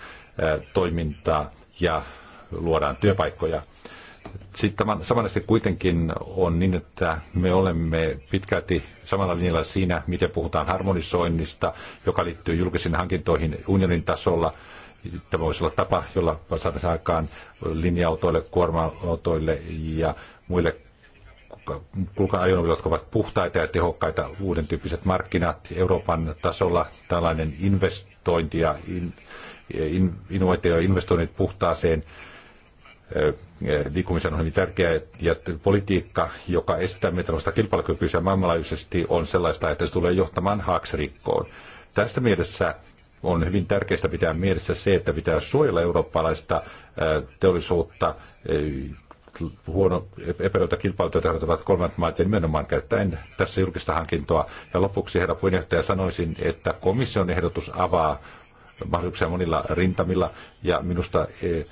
toimintaa ja luodaan työpaikkoja. Sitten samanlaisesti kuitenkin on niin, että me olemme pitkälti samalla linjalla siinä, miten puhutaan harmonisoinnista, joka liittyy julkisiin hankintoihin unionin tasolla. Tämä voisi olla tapa, jolla saataisiin aikaan linja-autoille, kuorma-autoille ja muille kulkaa ajoneuvoja, jotka ovat puhtaita ja tehokkaita, uuden tyyppiset markkinat Euroopan tasolla, tällainen investointi ja in, in, innovaatio ja investoinnit puhtaaseen liikkumisen on hyvin tärkeää, ja politiikka, joka estää meitä kilpailukykyisiä maailmanlaajuisesti, on sellaista, että se tulee johtamaan haaksirikkoon. Tästä mielessä on hyvin tärkeää pitää mielessä se, että pitää suojella eurooppalaista teollisuutta huono epäreiluta kilpailutyötä harjoittavat kolmannet maat ja nimenomaan käyttäen tässä julkista hankintoa. Ja lopuksi, herra puheenjohtaja, sanoisin, että komission ehdotus avaa mahdollisuuksia monilla rintamilla. Ja minusta e, e,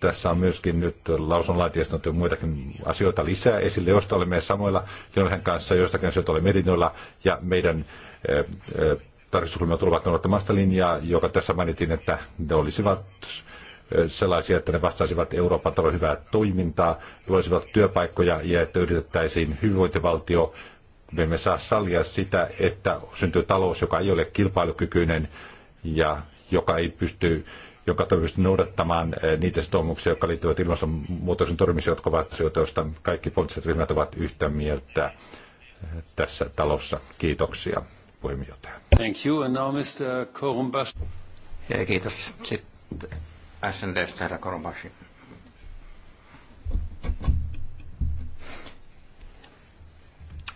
tässä on myöskin nyt lausunnonlaatiasta on muitakin asioita lisää esille, joista olemme samoilla joiden kanssa, joistakin asioita olemme merinoilla ja meidän e, e, tarkistusryhmät tulevat noudattamasta linjaa, joka tässä mainitin, että ne olisivat sellaisia, että ne vastaisivat Euroopan talouden hyvää toimintaa, loisivat työpaikkoja ja että yritettäisiin hyvinvointivaltio. Me emme saa sallia sitä, että syntyy talous, joka ei ole kilpailukykyinen ja joka ei pysty joka toivottavasti noudattamaan niitä sitoumuksia, jotka liittyvät ilmastonmuutoksen torjumiseen, jotka ovat joista kaikki poliittiset ryhmät ovat yhtä mieltä tässä talossa. Kiitoksia puheenjohtaja. Thank you. And now Mr. Kiitos. Sitten SNDstä, herra Korobashi.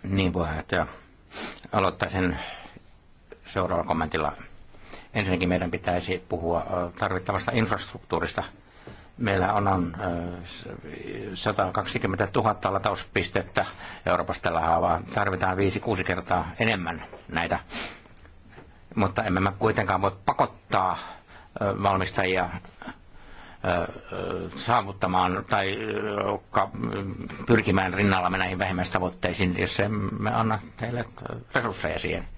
Niin puheenjohtaja. Aloittaisin seuraavalla kommentilla. Ensinnäkin meidän pitäisi puhua tarvittavasta infrastruktuurista. Meillä on, on 120 000 latauspistettä Euroopassa tällä haavaa. Tarvitaan 5-6 kertaa enemmän näitä. Mutta emme me kuitenkaan voi pakottaa valmistajia Äh, saavuttamaan tai äh, äh, pyrkimään rinnallamme näihin vähimmäistavoitteisiin, jos emme anna teille resursseja siihen.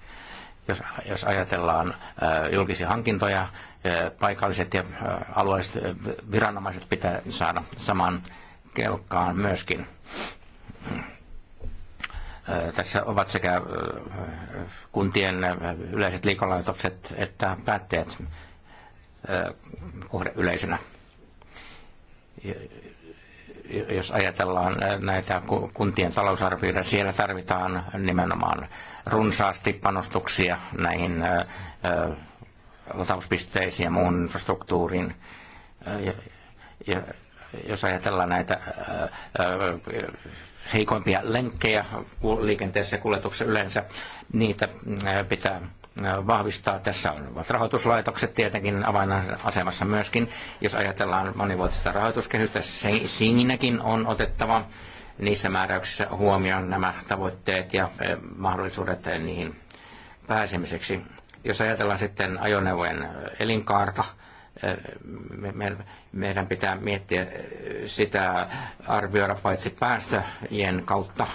Jos, jos ajatellaan julkisia hankintoja, paikalliset ja alueelliset viranomaiset pitää saada saman kelkkaan myöskin. Tässä ovat sekä kuntien yleiset liikolaitokset että päätteet kohdeyleisönä. yleisönä jos ajatellaan näitä kuntien talousarvioita, siellä tarvitaan nimenomaan runsaasti panostuksia näihin latauspisteisiin ja muun infrastruktuuriin. Ja jos ajatellaan näitä heikoimpia lenkkejä liikenteessä ja kuljetuksessa yleensä, niitä pitää vahvistaa. Tässä on rahoituslaitokset tietenkin avainasemassa myöskin. Jos ajatellaan monivuotista rahoituskehystä, siinäkin on otettava niissä määräyksissä huomioon nämä tavoitteet ja mahdollisuudet niihin pääsemiseksi. Jos ajatellaan sitten ajoneuvojen elinkaarta, me, meidän pitää miettiä sitä, arvioida paitsi päästöjen kautta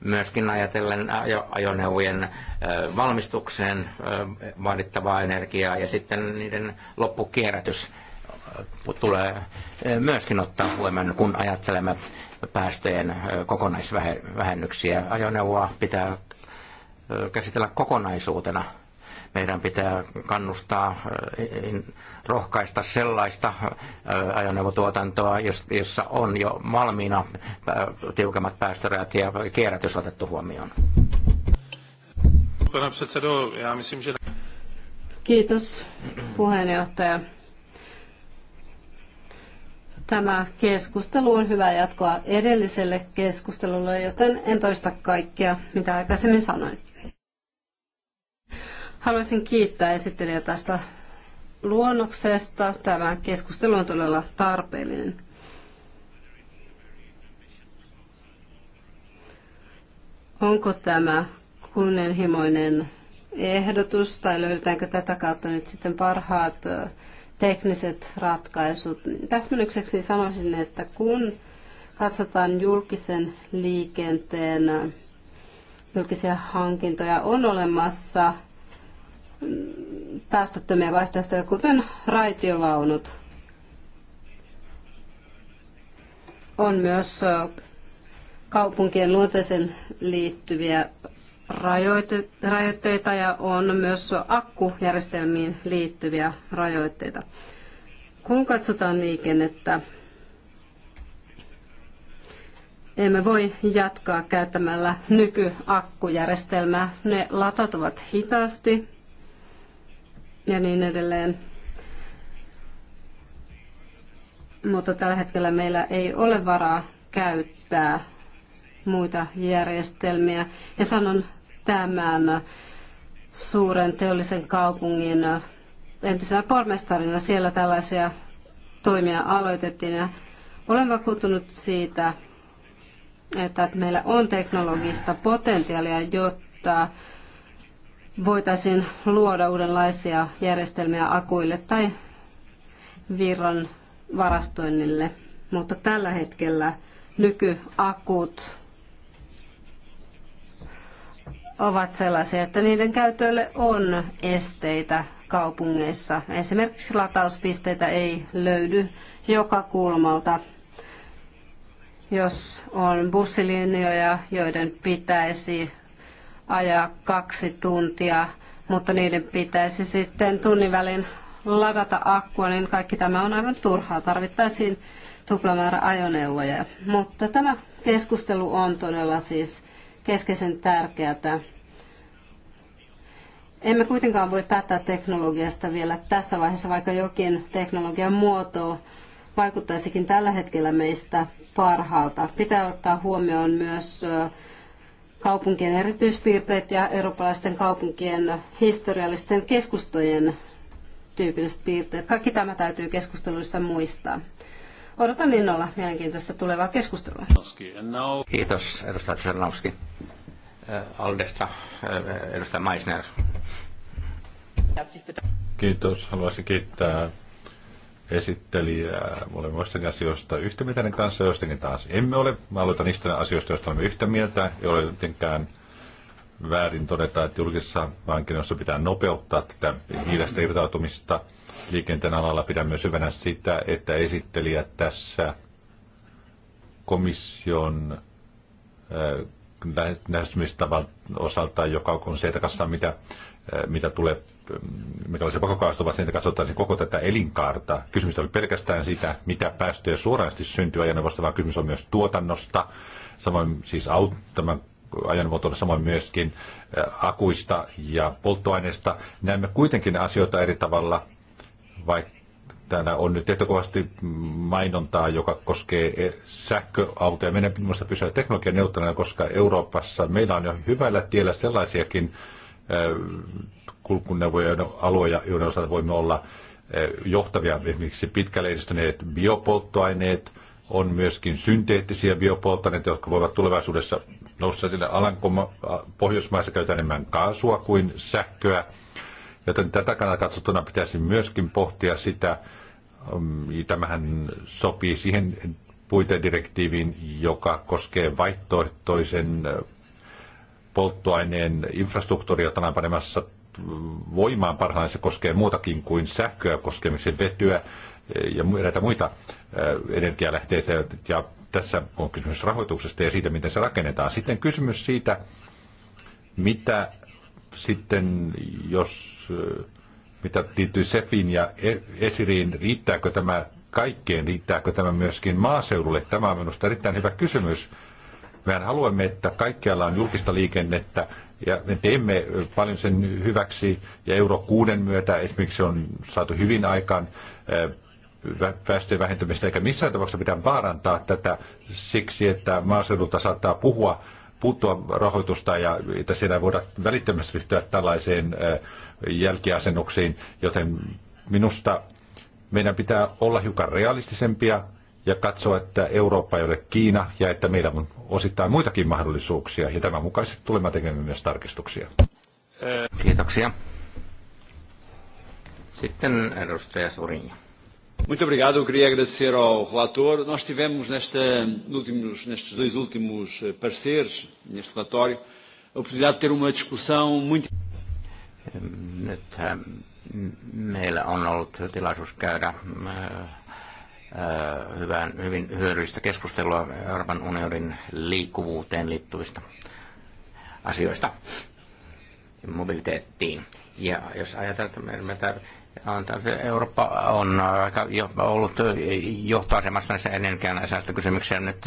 myöskin ajatellen ajoneuvojen valmistukseen vaadittavaa energiaa ja sitten niiden loppukierrätys tulee myöskin ottaa huomioon, kun ajattelemme päästöjen kokonaisvähennyksiä. Ajoneuvoa pitää käsitellä kokonaisuutena meidän pitää kannustaa, eh, rohkaista sellaista eh, ajoneuvotuotantoa, jossa on jo valmiina eh, tiukemmat päästörajat ja kierrätys otettu huomioon. Kiitos puheenjohtaja. Tämä keskustelu on hyvä jatkoa edelliselle keskustelulle, joten en toista kaikkea, mitä aikaisemmin sanoin. Haluaisin kiittää esittelijä tästä luonnoksesta. Tämä keskustelu on todella tarpeellinen. Onko tämä kunnianhimoinen ehdotus tai löydetäänkö tätä kautta nyt sitten parhaat tekniset ratkaisut? Täsmennykseksi sanoisin, että kun katsotaan julkisen liikenteen julkisia hankintoja, on olemassa päästöttömiä vaihtoehtoja, kuten raitiovaunut. On myös kaupunkien luonteeseen liittyviä rajoitteita ja on myös akkujärjestelmiin liittyviä rajoitteita. Kun katsotaan liikennettä, emme voi jatkaa käyttämällä nykyakkujärjestelmää. Ne latautuvat hitaasti ja niin edelleen. Mutta tällä hetkellä meillä ei ole varaa käyttää muita järjestelmiä. Ja sanon tämän suuren teollisen kaupungin entisenä pormestarina. Siellä tällaisia toimia aloitettiin ja olen vakuuttunut siitä, että meillä on teknologista potentiaalia, jotta voitaisiin luoda uudenlaisia järjestelmiä akuille tai virran varastoinnille. Mutta tällä hetkellä nykyakut ovat sellaisia, että niiden käytölle on esteitä kaupungeissa. Esimerkiksi latauspisteitä ei löydy joka kulmalta. Jos on bussilinjoja, joiden pitäisi ajaa kaksi tuntia, mutta niiden pitäisi sitten tunnin välin ladata akkua, niin kaikki tämä on aivan turhaa. Tarvittaisiin tuplamäärä ajoneuvoja. Mutta tämä keskustelu on todella siis keskeisen tärkeää. Emme kuitenkaan voi päättää teknologiasta vielä tässä vaiheessa, vaikka jokin teknologian muoto vaikuttaisikin tällä hetkellä meistä parhaalta. Pitää ottaa huomioon myös kaupunkien erityispiirteet ja eurooppalaisten kaupunkien historiallisten keskustojen tyypilliset piirteet. Kaikki tämä täytyy keskusteluissa muistaa. Odotan innolla mielenkiintoista tulevaa keskustelua. Kiitos, edustaja Tsernowski. Aldesta, edustaja Meisner. Kiitos. Haluaisin kiittää esittelijää. Me olemme joistakin asioista yhtä mieltä kanssa, joistakin taas emme ole. Mä aloitan niistä asioista, joista olemme yhtä mieltä. Ei ole jotenkään väärin todeta, että julkisessa vankilossa pitää nopeuttaa tätä hiilestä irtautumista. Liikenteen alalla pidän myös hyvänä sitä, että esittelijä tässä komission äh, lähestymistavan osalta, joka on se, että katsotaan mitä, äh, mitä tulee mikälaisia pakokaasut ovat, niitä katsottaisiin koko tätä elinkaarta. Kysymys oli pelkästään sitä, mitä päästöjä suorasti syntyy ajoneuvosta, vaan kysymys on myös tuotannosta, samoin siis auttaman tämän samoin myöskin äh, akuista ja polttoaineista. Näemme kuitenkin asioita eri tavalla, vaikka täällä on nyt tietokuvasti mainontaa, joka koskee e, sähköautoja. Meidän minusta pysyä teknologian neutraalina, koska Euroopassa meillä on jo hyvällä tiellä sellaisiakin äh, kulkuneuvojen aloja, joiden osalta voimme olla eh, johtavia. Esimerkiksi pitkälle edistyneet biopolttoaineet, on myöskin synteettisiä biopolttoaineita, jotka voivat tulevaisuudessa nousta alan, alankoma, Pohjoismaissa käytetään enemmän kaasua kuin sähköä. Joten tätä kannalta katsottuna pitäisi myöskin pohtia sitä, mm, tämähän sopii siihen puitedirektiiviin, joka koskee vaihtoehtoisen polttoaineen infrastruktuuria, jota on panemassa voimaan parhaillaan. Se koskee muutakin kuin sähköä, koskee myös vetyä eh, ja eräitä muita eh, energialähteitä. Ja tässä on kysymys rahoituksesta ja siitä, miten se rakennetaan. Sitten kysymys siitä, mitä sitten, jos eh, mitä liittyy SEFin ja e-, ESIRiin, riittääkö tämä kaikkeen, riittääkö tämä myöskin maaseudulle? Tämä on minusta erittäin hyvä kysymys. Mehän haluamme, että kaikkialla on julkista liikennettä, ja me teemme paljon sen hyväksi ja euro kuuden myötä esimerkiksi on saatu hyvin aikaan päästöjen vähentämistä, eikä missään tapauksessa pitää vaarantaa tätä siksi, että maaseudulta saattaa puhua puuttua rahoitusta ja että siellä voidaan välittömästi ryhtyä tällaiseen jälkiasennuksiin, joten minusta meidän pitää olla hiukan realistisempia ja katsoa, että Eurooppa ei ole Kiina ja että meillä on osittain muitakin mahdollisuuksia. Ja tämän mukaisesti tulemme tekemään myös tarkistuksia. Kiitoksia. Sitten edustaja Surin. Muito obrigado. Eu queria agradecer ao relator. Nós tivemos nesta, últimos, nestes dois últimos eh, parceiros, neste relatório, a oportunidade de ter uma discussão muito. Nyt meillä on ollut tilaisuus käydä eh, Äh, hyvään, hyvin hyödyllistä keskustelua Euroopan unionin liikkuvuuteen liittyvistä asioista ja mobiliteettiin. Ja jos ajatellaan, että Eurooppa on äh, aika jo, ollut johtoasemassa näissä energian säästökysymyksissä. Nyt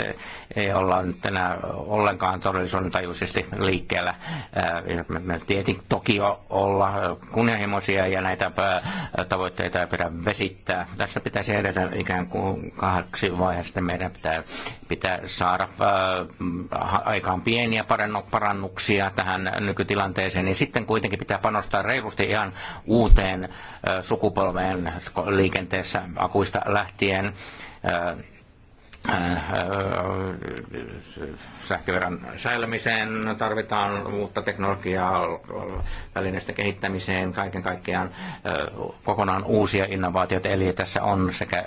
ei olla nyt enää ollenkaan todellisuuden tajuisesti liikkeellä. Äh, me tietenkin toki olla kunnianhimoisia ja näitä äh, tavoitteita ei pidä vesittää. Tässä pitäisi edetä ikään kuin kahdeksi vaiheesta. Meidän pitää, pitää saada aikaan pieniä parannuksia tähän nykytilanteeseen. Ja sitten kuitenkin pitää panostaa reilusti ihan uuteen sukupolveen liikenteessä akuista lähtien äh, äh, äh, sähköverän säilymiseen tarvitaan uutta teknologiaa välineistä kehittämiseen, kaiken kaikkiaan kokonaan uusia innovaatioita. Eli tässä on sekä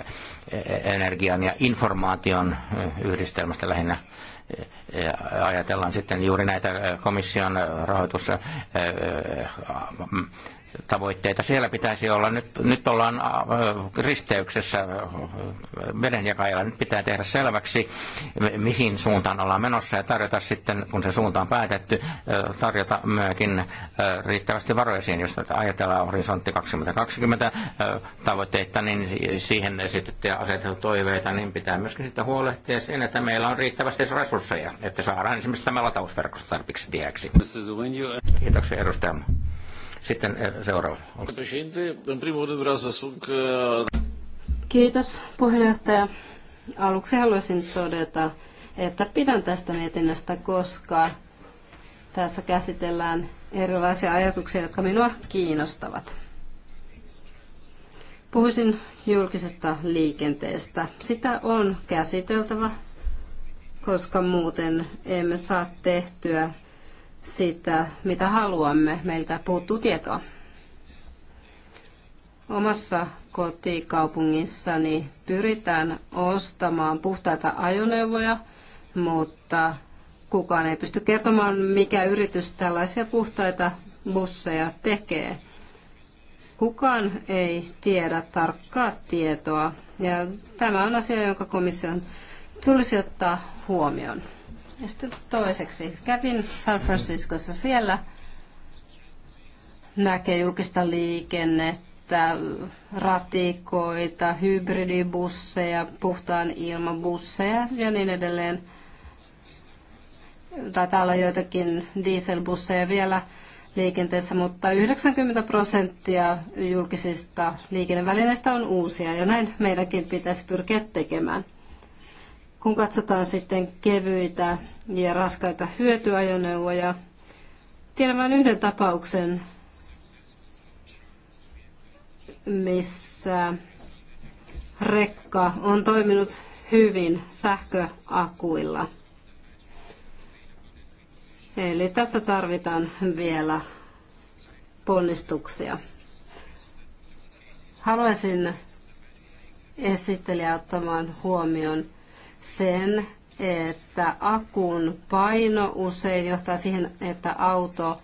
energian ja informaation yhdistelmästä lähinnä ja ajatellaan sitten juuri näitä komission rahoitus tavoitteita. Siellä pitäisi olla, nyt, nyt ollaan äh, risteyksessä äh, vedenjakajalla, nyt pitää tehdä selväksi, mihin suuntaan ollaan menossa ja tarjota sitten, kun se suunta on päätetty, äh, tarjota myöskin riittävästi varoja siihen, jos ajatellaan horisontti 2020 tavoitteita, niin siihen ja asetettu toiveita, niin pitää myöskin sitten huolehtia siinä, että meillä on riittävästi resursseja, että saadaan esimerkiksi tämä latausverkosto tarpeeksi tieksi. Kiitoksia edustajamme. Sitten eh, seuraava. Kiitos puheenjohtaja. Aluksi haluaisin todeta, että pidän tästä mietinnöstä, koska tässä käsitellään erilaisia ajatuksia, jotka minua kiinnostavat. Puhuisin julkisesta liikenteestä. Sitä on käsiteltävä, koska muuten emme saa tehtyä siitä, mitä haluamme. Meiltä puuttuu tietoa. Omassa kotikaupungissani pyritään ostamaan puhtaita ajoneuvoja, mutta kukaan ei pysty kertomaan, mikä yritys tällaisia puhtaita busseja tekee. Kukaan ei tiedä tarkkaa tietoa, ja tämä on asia, jonka komission tulisi ottaa huomioon. Ja sitten toiseksi, kävin San Franciscossa siellä, näkee julkista liikennettä, ratikoita, hybridibusseja, puhtaan ilmabusseja ja niin edelleen. Taitaa olla joitakin dieselbusseja vielä liikenteessä, mutta 90 prosenttia julkisista liikennevälineistä on uusia ja näin meidänkin pitäisi pyrkiä tekemään. Kun katsotaan sitten kevyitä ja raskaita hyötyajoneuvoja, tiedän vain yhden tapauksen, missä rekka on toiminut hyvin sähköakuilla. Eli tässä tarvitaan vielä ponnistuksia. Haluaisin esittelijä ottamaan huomioon sen, että akun paino usein johtaa siihen, että auto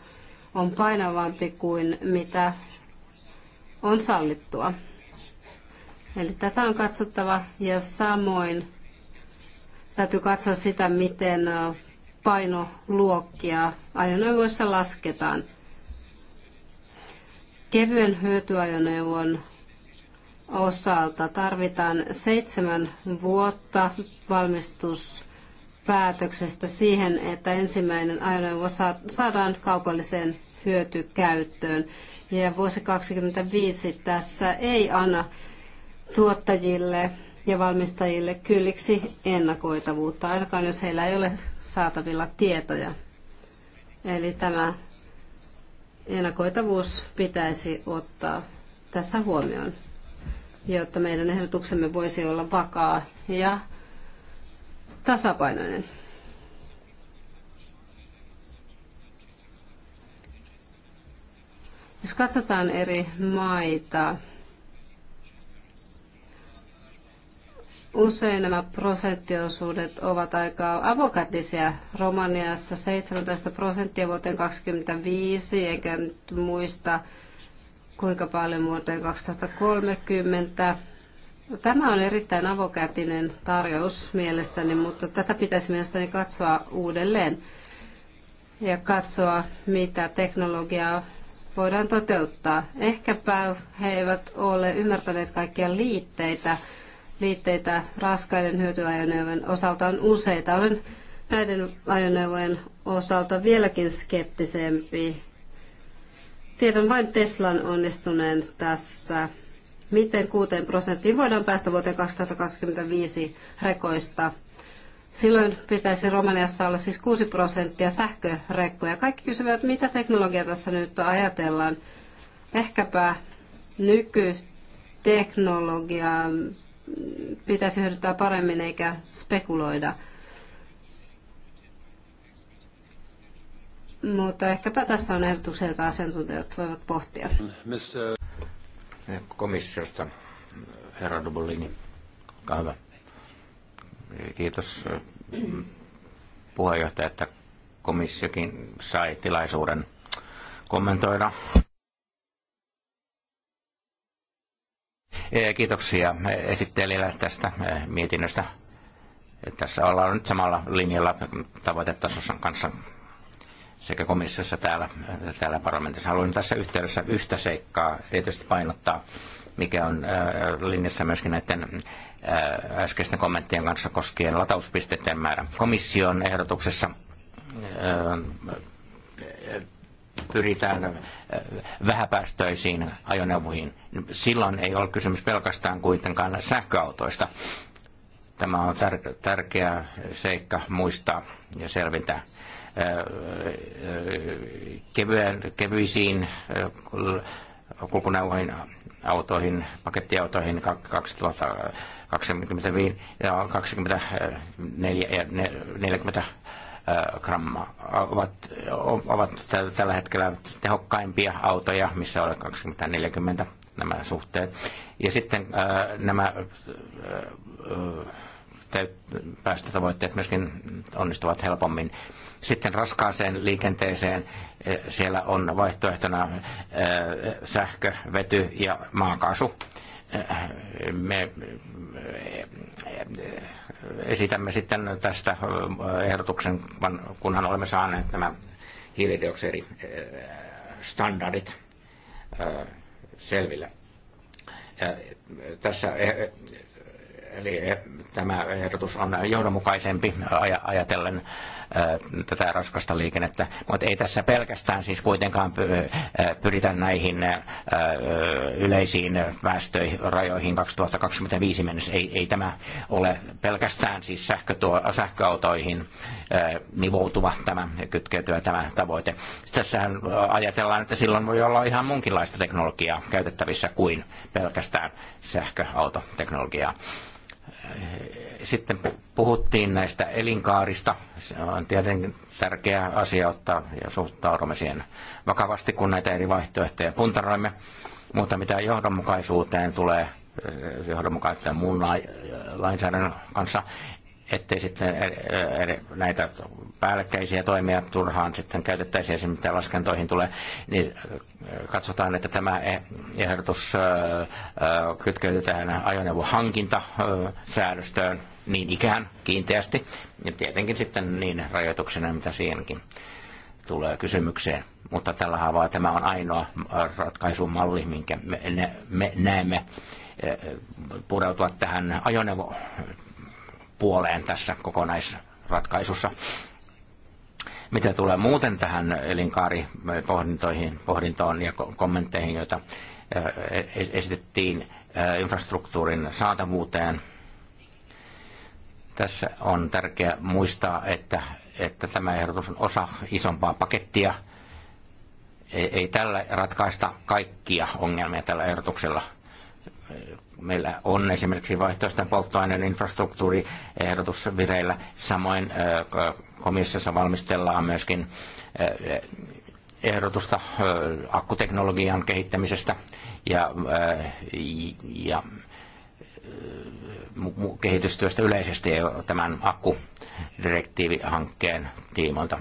on painavampi kuin mitä on sallittua. Eli tätä on katsottava ja samoin täytyy katsoa sitä, miten painoluokkia ajoneuvoissa lasketaan. Kevyen hyötyajoneuvon osalta tarvitaan seitsemän vuotta valmistuspäätöksestä siihen, että ensimmäinen ajoneuvo saadaan kaupalliseen hyötykäyttöön. Ja vuosi 2025 tässä ei anna tuottajille ja valmistajille kylliksi ennakoitavuutta, ainakaan jos heillä ei ole saatavilla tietoja. Eli tämä ennakoitavuus pitäisi ottaa tässä huomioon jotta meidän ehdotuksemme voisi olla vakaa ja tasapainoinen. Jos katsotaan eri maita, usein nämä prosenttiosuudet ovat aika avokatisia. Romaniassa 17 prosenttia vuoteen 2025, eikä nyt muista kuinka paljon vuoteen 2030. Tämä on erittäin avokätinen tarjous mielestäni, mutta tätä pitäisi mielestäni katsoa uudelleen ja katsoa, mitä teknologiaa voidaan toteuttaa. Ehkäpä he eivät ole ymmärtäneet kaikkia liitteitä. Liitteitä raskaiden hyötyajoneuvojen osalta on useita. Olen näiden ajoneuvojen osalta vieläkin skeptisempi Tiedän vain Teslan onnistuneen tässä. Miten 6 prosenttiin voidaan päästä vuoteen 2025 rekoista? Silloin pitäisi Romaniassa olla siis 6 prosenttia sähkörekkoja. Kaikki kysyvät, mitä teknologiaa tässä nyt ajatellaan. Ehkäpä nykyteknologiaa pitäisi hyödyntää paremmin eikä spekuloida. Mutta ehkäpä tässä on ehdotuksia, joita asiantuntijat voivat pohtia. Komissiosta, herra Dubolini, olkaa hyvä. Kiitos mm, puheenjohtaja, että komissiokin sai tilaisuuden kommentoida. Kiitoksia esittelijälle tästä mietinnöstä. Tässä ollaan nyt samalla linjalla tavoitetasossa kanssa sekä komissiossa täällä, täällä parlamentissa. Haluan tässä yhteydessä yhtä seikkaa tietysti painottaa, mikä on äh, linjassa myöskin näiden äh, äskeisten kommenttien kanssa koskien latauspisteiden määrä. Komission ehdotuksessa äh, pyritään vähäpäästöisiin ajoneuvoihin. Silloin ei ole kysymys pelkästään kuitenkaan sähköautoista. Tämä on tär- tärkeä seikka muistaa ja selvintää kevyen, kevyisiin äh, kulkuneuvoihin, autoihin, pakettiautoihin 2025 ja 24 äh, grammaa ovat, ovat tällä hetkellä tehokkaimpia autoja, missä on 2040 nämä suhteet. Ja sitten äh, nämä päästötavoitteet myöskin onnistuvat helpommin. Sitten raskaaseen liikenteeseen eh, siellä on vaihtoehtona eh, sähkö, vety ja maakaasu eh, me esitämme sitten tästä ehdotuksen, kunhan olemme saaneet nämä hiilidioksidistandardit selville. Tässä Eli eh, tämä ehdotus on johdonmukaisempi ajatellen tätä raskasta liikennettä. Mutta ei tässä pelkästään siis kuitenkaan pyritä näihin yleisiin päästörajoihin 2025 mennessä. Ei, ei tämä ole pelkästään siis tuo, sähköautoihin nivoutuva tämä kytkeytyvä tämä tavoite. Tässähän ajatellaan, että silloin voi olla ihan munkinlaista teknologiaa käytettävissä kuin pelkästään sähköautoteknologiaa. Sitten puhuttiin näistä elinkaarista. Se on tietenkin tärkeä asia ottaa ja suhtaudumme siihen vakavasti, kun näitä eri vaihtoehtoja puntaroimme. Mutta mitä johdonmukaisuuteen tulee, johdonmukaisuuteen muun lainsäädännön kanssa, ettei sitten näitä päällekkäisiä toimia turhaan sitten käytettäisiin esimerkiksi mitä laskentoihin tulee, niin katsotaan, että tämä e, ehdotus kytkeytetään ajoneuvohankintasäädöstöön niin ikään kiinteästi ja tietenkin sitten niin rajoituksena, mitä siihenkin tulee kysymykseen. Mutta tällä havaa tämä on ainoa ratkaisumalli, minkä me, me näemme pureutua tähän ajoneuvon puoleen tässä kokonaisratkaisussa. Mitä tulee muuten tähän elinkaaripohdintoihin, pohdintoon ja kommentteihin, joita e-, e-, esitettiin infrastruktuurin saatavuuteen, tässä on tärkeää muistaa, että, että tämä ehdotus on osa isompaa pakettia. Ei, ei tällä ratkaista kaikkia ongelmia tällä ehdotuksella. Meillä on esimerkiksi vaihtoehtoisten polttoaineen ehdotus vireillä. Samoin komissiossa valmistellaan myöskin e, ehdotusta akkuteknologian kehittämisestä ja, ja kehitystyöstä yleisesti tämän akkudirektiivihankkeen tiimoilta.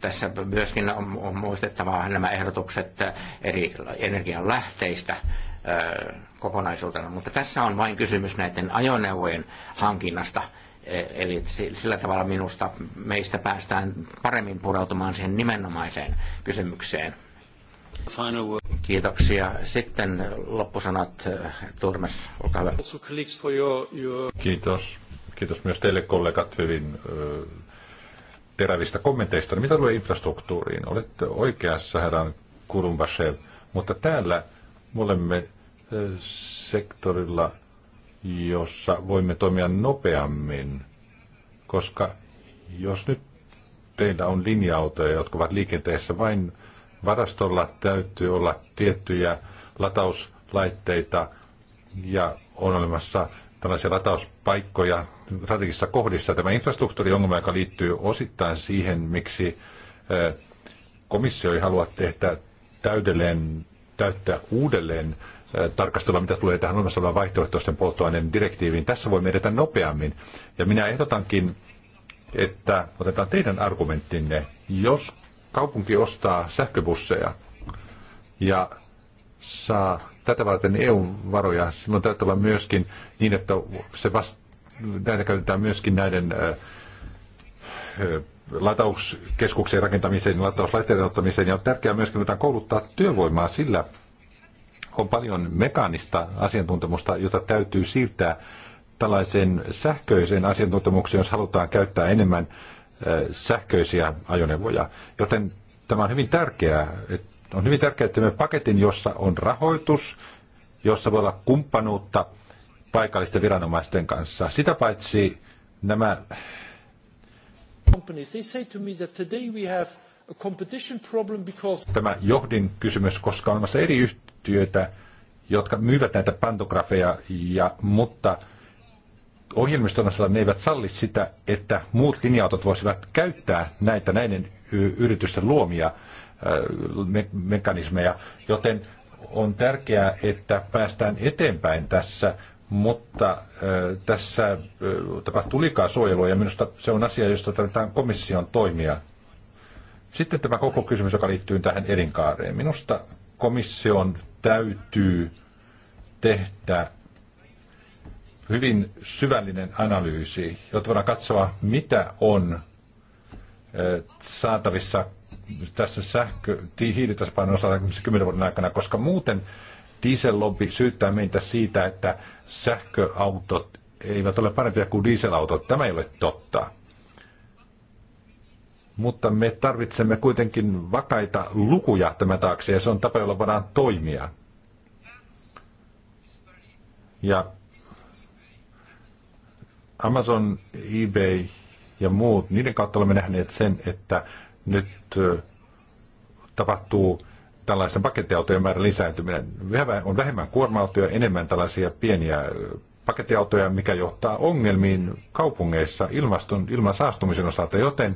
Tässä myöskin on, on muistettava nämä ehdotukset äh, eri energianlähteistä äh, kokonaisuutena, mutta tässä on vain kysymys näiden ajoneuvojen hankinnasta. E, eli sillä tavalla minusta meistä päästään paremmin pureutumaan siihen nimenomaiseen kysymykseen. Kiitoksia. Sitten loppusanat äh, Turmes, olkaa hyvä. Kiitos. Kiitos myös teille kollegat hyvin terävistä kommenteista. Niin mitä tulee infrastruktuuriin? Olette oikeassa, herran Kurumbashev, mutta täällä me olemme sektorilla, jossa voimme toimia nopeammin, koska jos nyt teillä on linja-autoja, jotka ovat liikenteessä vain varastolla, täytyy olla tiettyjä latauslaitteita ja on olemassa tällaisia latauspaikkoja strategisissa kohdissa. Tämä infrastruktuuriongelma, joka liittyy osittain siihen, miksi komissio ei halua tehdä täydelleen, täyttää uudelleen tarkastella, mitä tulee tähän olemassa olevan vaihtoehtoisten polttoaineen direktiiviin. Tässä voi edetä nopeammin. Ja minä ehdotankin, että otetaan teidän argumenttinne. Jos kaupunki ostaa sähköbusseja ja saa tätä varten EU-varoja, silloin täytyy olla myöskin niin, että se vast, näitä käytetään myöskin näiden latauskeskuksen rakentamiseen, latauslaitteiden ottamiseen. Ja on tärkeää myöskin että kouluttaa työvoimaa sillä, on paljon mekaanista asiantuntemusta, jota täytyy siirtää tällaiseen sähköiseen asiantuntemukseen, jos halutaan käyttää enemmän sähköisiä ajoneuvoja. Joten tämä on hyvin tärkeää. On hyvin tärkeää, että me paketin, jossa on rahoitus, jossa voi olla kumppanuutta – paikallisten viranomaisten kanssa. Sitä paitsi nämä Tämä johdin kysymys, koska on olemassa eri yhtiöitä, jotka myyvät näitä pantografeja, ja, mutta ohjelmiston ne eivät salli sitä, että muut linja-autot voisivat käyttää näitä näiden yritysten luomia me- mekanismeja, joten on tärkeää, että päästään eteenpäin tässä mutta tässä tapahtuu liikaa suojelua ja minusta se on asia, josta tarvitaan komission toimia. Sitten tämä koko kysymys, joka liittyy tähän elinkaareen. Minusta komission täytyy tehdä hyvin syvällinen analyysi, jotta voidaan katsoa, mitä on saatavissa tässä sähkö, hiilitasapainon osalta 10 vuoden aikana, koska muuten diesellobby syyttää meitä siitä, että sähköautot eivät ole parempia kuin dieselautot. Tämä ei ole totta. Mutta me tarvitsemme kuitenkin vakaita lukuja tämän taakse, ja se on tapa, jolla voidaan toimia. Ja Amazon, eBay ja muut, niiden kautta olemme nähneet sen, että nyt tapahtuu tällaisten pakettiautojen määrän lisääntyminen. On vähemmän kuorma-autoja, enemmän tällaisia pieniä pakettiautoja, mikä johtaa ongelmiin kaupungeissa ilmaston, ilman saastumisen osalta, joten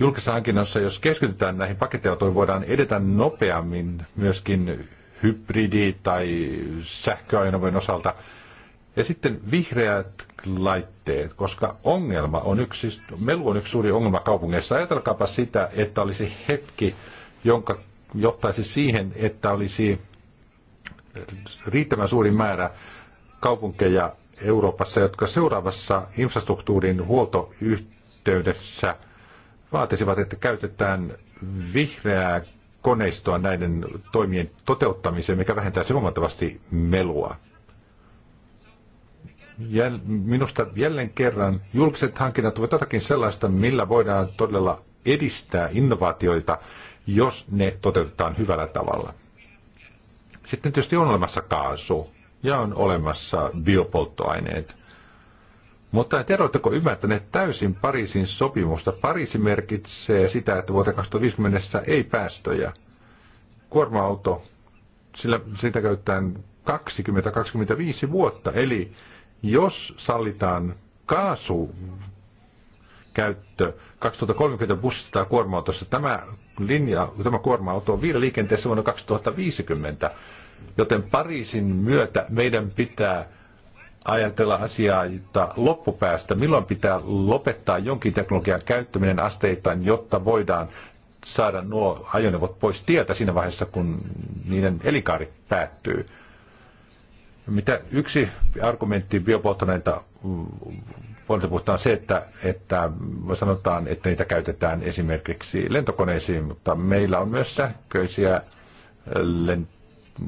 julkisessa hankinnassa, jos keskitytään näihin pakettiautoihin, voidaan edetä nopeammin myöskin hybridi- tai sähköajoneuvojen osalta. Ja sitten vihreät laitteet, koska ongelma on yksi, melu on yksi suuri ongelma kaupungeissa. Ajatelkaapa sitä, että olisi hetki, jonka johtaisi siihen, että olisi riittävän suuri määrä kaupunkeja Euroopassa, jotka seuraavassa infrastruktuurin huoltoyhteydessä vaatisivat, että käytetään vihreää koneistoa näiden toimien toteuttamiseen, mikä vähentäisi huomattavasti melua. Jäl, minusta jälleen kerran julkiset hankinnat ovat jotakin sellaista, millä voidaan todella edistää innovaatioita jos ne toteutetaan hyvällä tavalla. Sitten tietysti on olemassa kaasu ja on olemassa biopolttoaineet. Mutta en oletteko ymmärtäneet täysin Pariisin sopimusta. Pariisi merkitsee sitä, että vuoteen 2050 ei päästöjä. Kuorma-auto, sillä, sitä käytetään 20-25 vuotta. Eli jos sallitaan kaasu käyttö 2030 bussista tai kuorma-autossa, tämä linja, tämä kuorma-auto on vielä liikenteessä vuonna 2050, joten Pariisin myötä meidän pitää ajatella asiaa että loppupäästä, milloin pitää lopettaa jonkin teknologian käyttäminen asteittain, jotta voidaan saada nuo ajoneuvot pois tieltä siinä vaiheessa, kun niiden elikaari päättyy. Mitä yksi argumentti biopolttoaineita huolta puhutaan se, että, että sanotaan, että niitä käytetään esimerkiksi lentokoneisiin, mutta meillä on myös sähköisiä äh,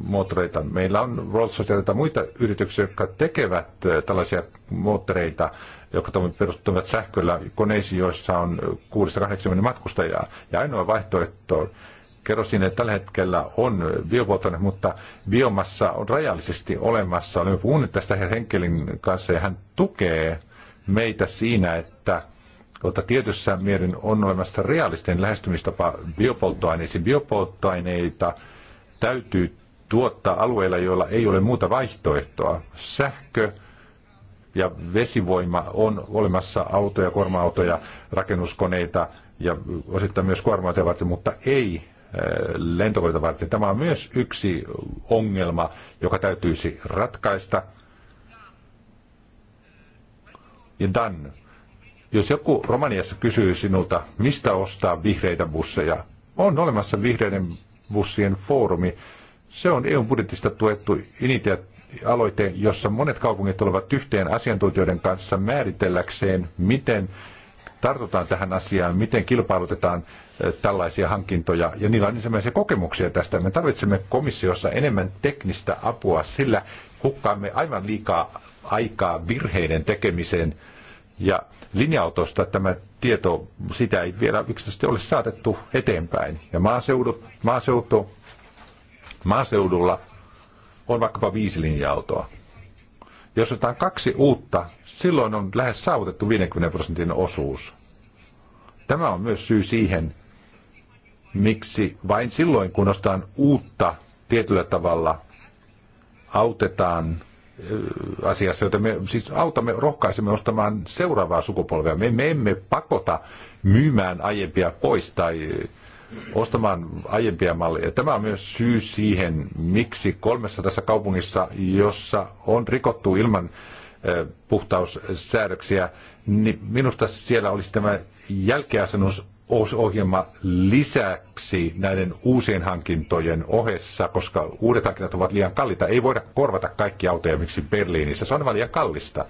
moottoreita. Meillä on Rolls ja muita yrityksiä, jotka tekevät äh, tällaisia moottoreita, jotka perustuvat sähköllä koneisiin, joissa on 6-80 matkustajaa. Ja ainoa vaihtoehto että tällä hetkellä on biopolttoaine, mutta biomassa on rajallisesti olemassa. Olen puhunut tästä Henkelin kanssa ja hän tukee meitä siinä, että mutta tietyssä mielin on olemassa realistinen lähestymistapa biopolttoaineisiin. Biopolttoaineita täytyy tuottaa alueilla, joilla ei ole muuta vaihtoehtoa. Sähkö ja vesivoima on olemassa autoja, kuorma-autoja, rakennuskoneita ja osittain myös kuorma varten, mutta ei äh, lentokoneita varten. Tämä on myös yksi ongelma, joka täytyisi ratkaista – ja Dan. Jos joku Romaniassa kysyy sinulta, mistä ostaa vihreitä busseja, on olemassa vihreiden bussien foorumi. Se on EUn budjetista tuettu aloite, jossa monet kaupungit tulevat yhteen asiantuntijoiden kanssa määritelläkseen, miten tartutaan tähän asiaan, miten kilpailutetaan tällaisia hankintoja, ja niillä on ensimmäisiä kokemuksia tästä. Me tarvitsemme komissiossa enemmän teknistä apua, sillä hukkaamme aivan liikaa aikaa virheiden tekemiseen, ja linja-autosta tämä tieto, sitä ei vielä yksityisesti ole saatettu eteenpäin. Ja maaseudu, maaseutu, maaseudulla on vaikkapa viisi linja-autoa. Jos otetaan kaksi uutta, silloin on lähes saavutettu 50 prosentin osuus. Tämä on myös syy siihen, miksi vain silloin, kun ostetaan uutta tietyllä tavalla, autetaan asiassa, joten me siis autamme, rohkaisemme ostamaan seuraavaa sukupolvea. Me, me emme pakota myymään aiempia pois tai ostamaan aiempia malleja. Tämä on myös syy siihen, miksi kolmessa tässä kaupungissa, jossa on rikottu ilman e, puhtaussäädöksiä, niin minusta siellä olisi tämä jälkeasennus uusi ohjelma lisäksi näiden uusien hankintojen ohessa, koska uudet hankinnat ovat liian kalliita. Ei voida korvata kaikki autoja miksi Berliinissä. Se on vain liian kallista.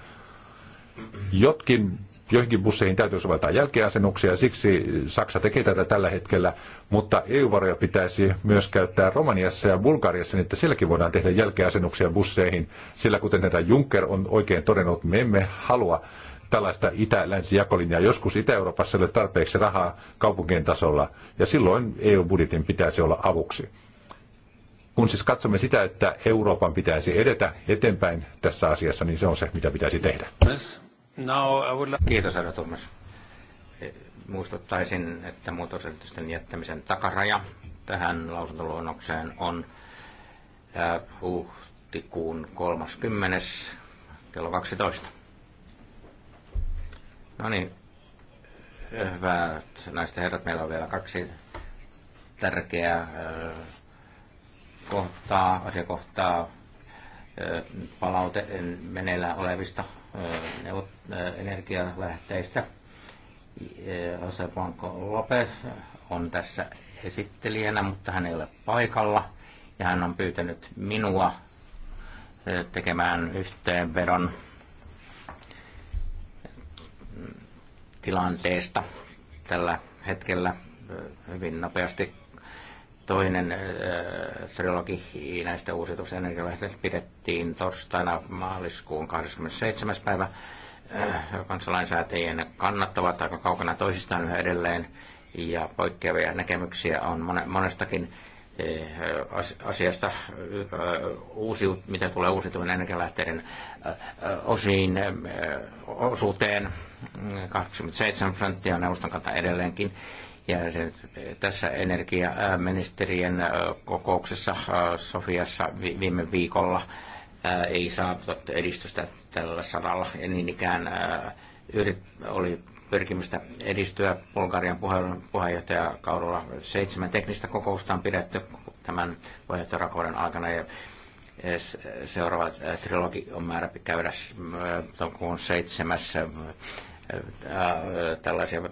Jotkin, joihinkin busseihin täytyy soveltaa jälkiasennuksia, siksi Saksa tekee tätä tällä hetkellä, mutta EU-varoja pitäisi myös käyttää Romaniassa ja Bulgariassa, niin että sielläkin voidaan tehdä jälkiasennuksia busseihin, sillä kuten herra Juncker on oikein todennut, me emme halua tällaista itä-länsi-jakolinjaa. Joskus Itä-Euroopassa ei ole tarpeeksi rahaa kaupunkien tasolla, ja silloin EU-budjetin pitäisi olla avuksi. Kun siis katsomme sitä, että Euroopan pitäisi edetä eteenpäin tässä asiassa, niin se on se, mitä pitäisi tehdä. Kiitos, Herra Tuomas. E, muistuttaisin, että muutoselitysten jättämisen takaraja tähän lausuntoluonnokseen on huhtikuun 30. kello 12. No niin, hyvät naiset ja herrat, meillä on vielä kaksi tärkeää kohtaa, asiakohtaa palaute meneillään olevista energialähteistä. Jose Blanco Lopez on tässä esittelijänä, mutta hän ei ole paikalla ja hän on pyytänyt minua tekemään yhteenvedon tilanteesta tällä hetkellä hyvin nopeasti. Toinen trilogi näistä uusituksista energialaisista pidettiin torstaina maaliskuun 27. päivä. Kansalainsäätäjien kannattavat aika kaukana toisistaan yhä edelleen ja poikkeavia näkemyksiä on monestakin asiasta uusiut, mitä tulee uusiutuvien energialähteiden osiin, osuuteen 27 prosenttia neuvoston kanta edelleenkin. Ja se, tässä energiaministerien kokouksessa Sofiassa viime viikolla ei saavutettu edistystä tällä saralla. Ja niin ikään oli pyrkimystä edistyä Bulgarian puheenjohtajakaudella. Seitsemän teknistä kokousta on pidetty tämän puheenjohtajakauden aikana ja seuraava trilogi on määrä käydä toukokuun seitsemässä tällaisia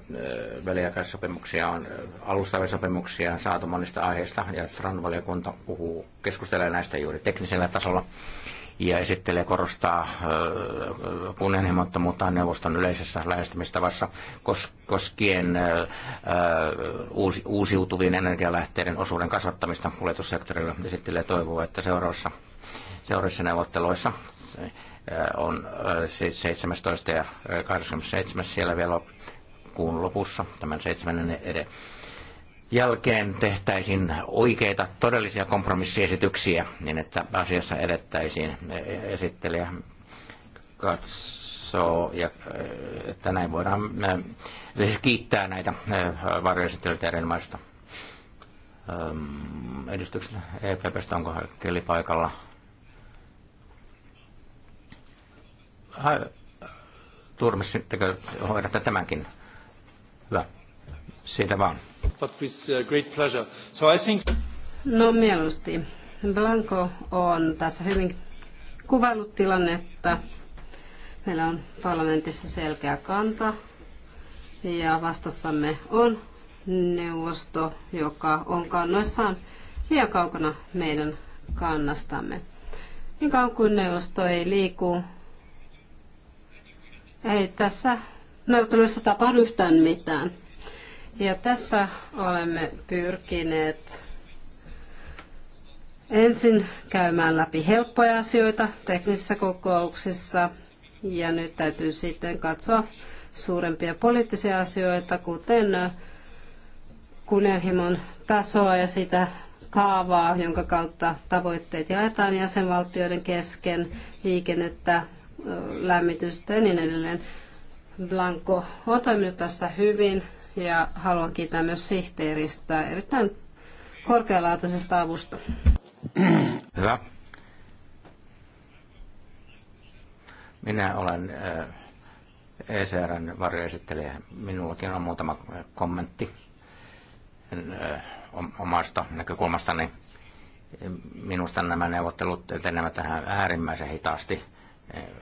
väliaikaissopimuksia on, alustavia sopimuksia saatu monista aiheista, ja Tran-valiokunta puhuu, keskustelee näistä juuri teknisellä tasolla, ja esittelee korostaa kunnianhimottomuutta neuvoston yleisessä lähestymistavassa koskien uusiutuvien energialähteiden osuuden kasvattamista kuljetussektorilla. Esittelee toivoa, että seuraavassa, seuraavissa neuvotteluissa Äh, on 17. Äh, siis ja 27. Äh, siellä vielä kuun lopussa, tämän seitsemännen eden jälkeen tehtäisiin oikeita todellisia kompromissiesityksiä, niin että asiassa edettäisiin. Esittelijä katsoo, ja, että näin voidaan siis kiittää näitä varjoesittelijöitä erinomaisesta ähm, edistyksestä. EPPstä onko Keli paikalla? Turmes, sittenkö hoidatte tämänkin? Hyvä. Siitä vaan. But with uh, great pleasure. So I think... No mieluusti. Blanco on tässä hyvin kuvailut tilannetta. Meillä on parlamentissa selkeä kanta ja vastassamme on neuvosto, joka on kannoissaan liian kaukana meidän kannastamme. Niin kauan kuin neuvosto ei liiku ei tässä neuvotteluissa tapahdu yhtään mitään. Ja tässä olemme pyrkineet ensin käymään läpi helppoja asioita teknisissä kokouksissa ja nyt täytyy sitten katsoa suurempia poliittisia asioita, kuten kunnianhimon tasoa ja sitä kaavaa, jonka kautta tavoitteet jaetaan jäsenvaltioiden kesken, liikennettä, lämmitystä ja niin edelleen. Blanco on toiminut tässä hyvin ja haluan kiittää myös sihteeristä erittäin korkealaatuisesta avusta. Hyvä. Minä olen äh, ECRn varjoesittelijä. Minullakin on muutama äh, kommentti äh, omasta näkökulmastani. Minusta nämä neuvottelut etenevät tähän äärimmäisen hitaasti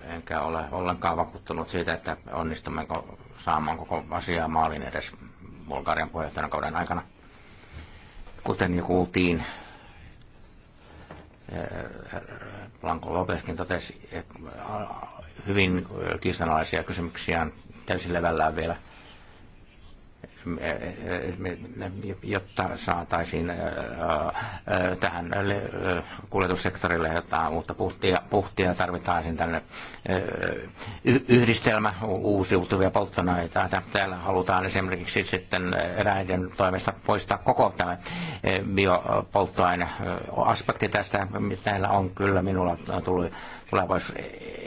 enkä ole ollenkaan vakuuttunut siitä, että onnistummeko saamaan koko asiaa maalin edes Bulgarian kauden aikana. Kuten jo kuultiin, eh, Blanco Lopeskin totesi, että eh, hyvin kiistanalaisia kysymyksiä on täysin levällään vielä – jotta saataisiin tähän kuljetussektorille jotain uutta puhtia, puhtia tarvitaan tänne yhdistelmä uusiutuvia polttoaineita. Täällä halutaan esimerkiksi sitten eräiden toimesta poistaa koko tämä biopolttoaine aspekti tästä. Täällä on kyllä minulla tullut tulevaisuus.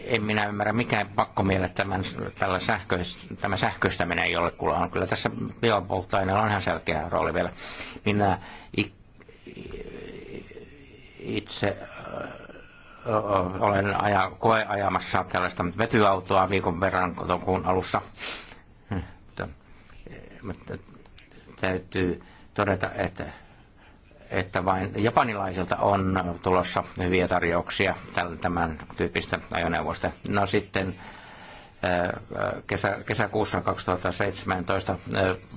En minä ymmärrä, mikä pakkomielle tämän, tällä sähköis, tämä sähköistäminen ei ole kuulla. Kyllä tässä biopolttoaineella on ihan selkeä rooli vielä. Minä itse olen aja, koe ajamassa tällaista vetyautoa viikon verran kuun alussa. Hm, e, mutta täytyy todeta, että että vain japanilaisilta on tulossa hyviä tarjouksia tämän tyyppistä ajoneuvoista. No sitten äh, kesä, kesäkuussa 2017 äh,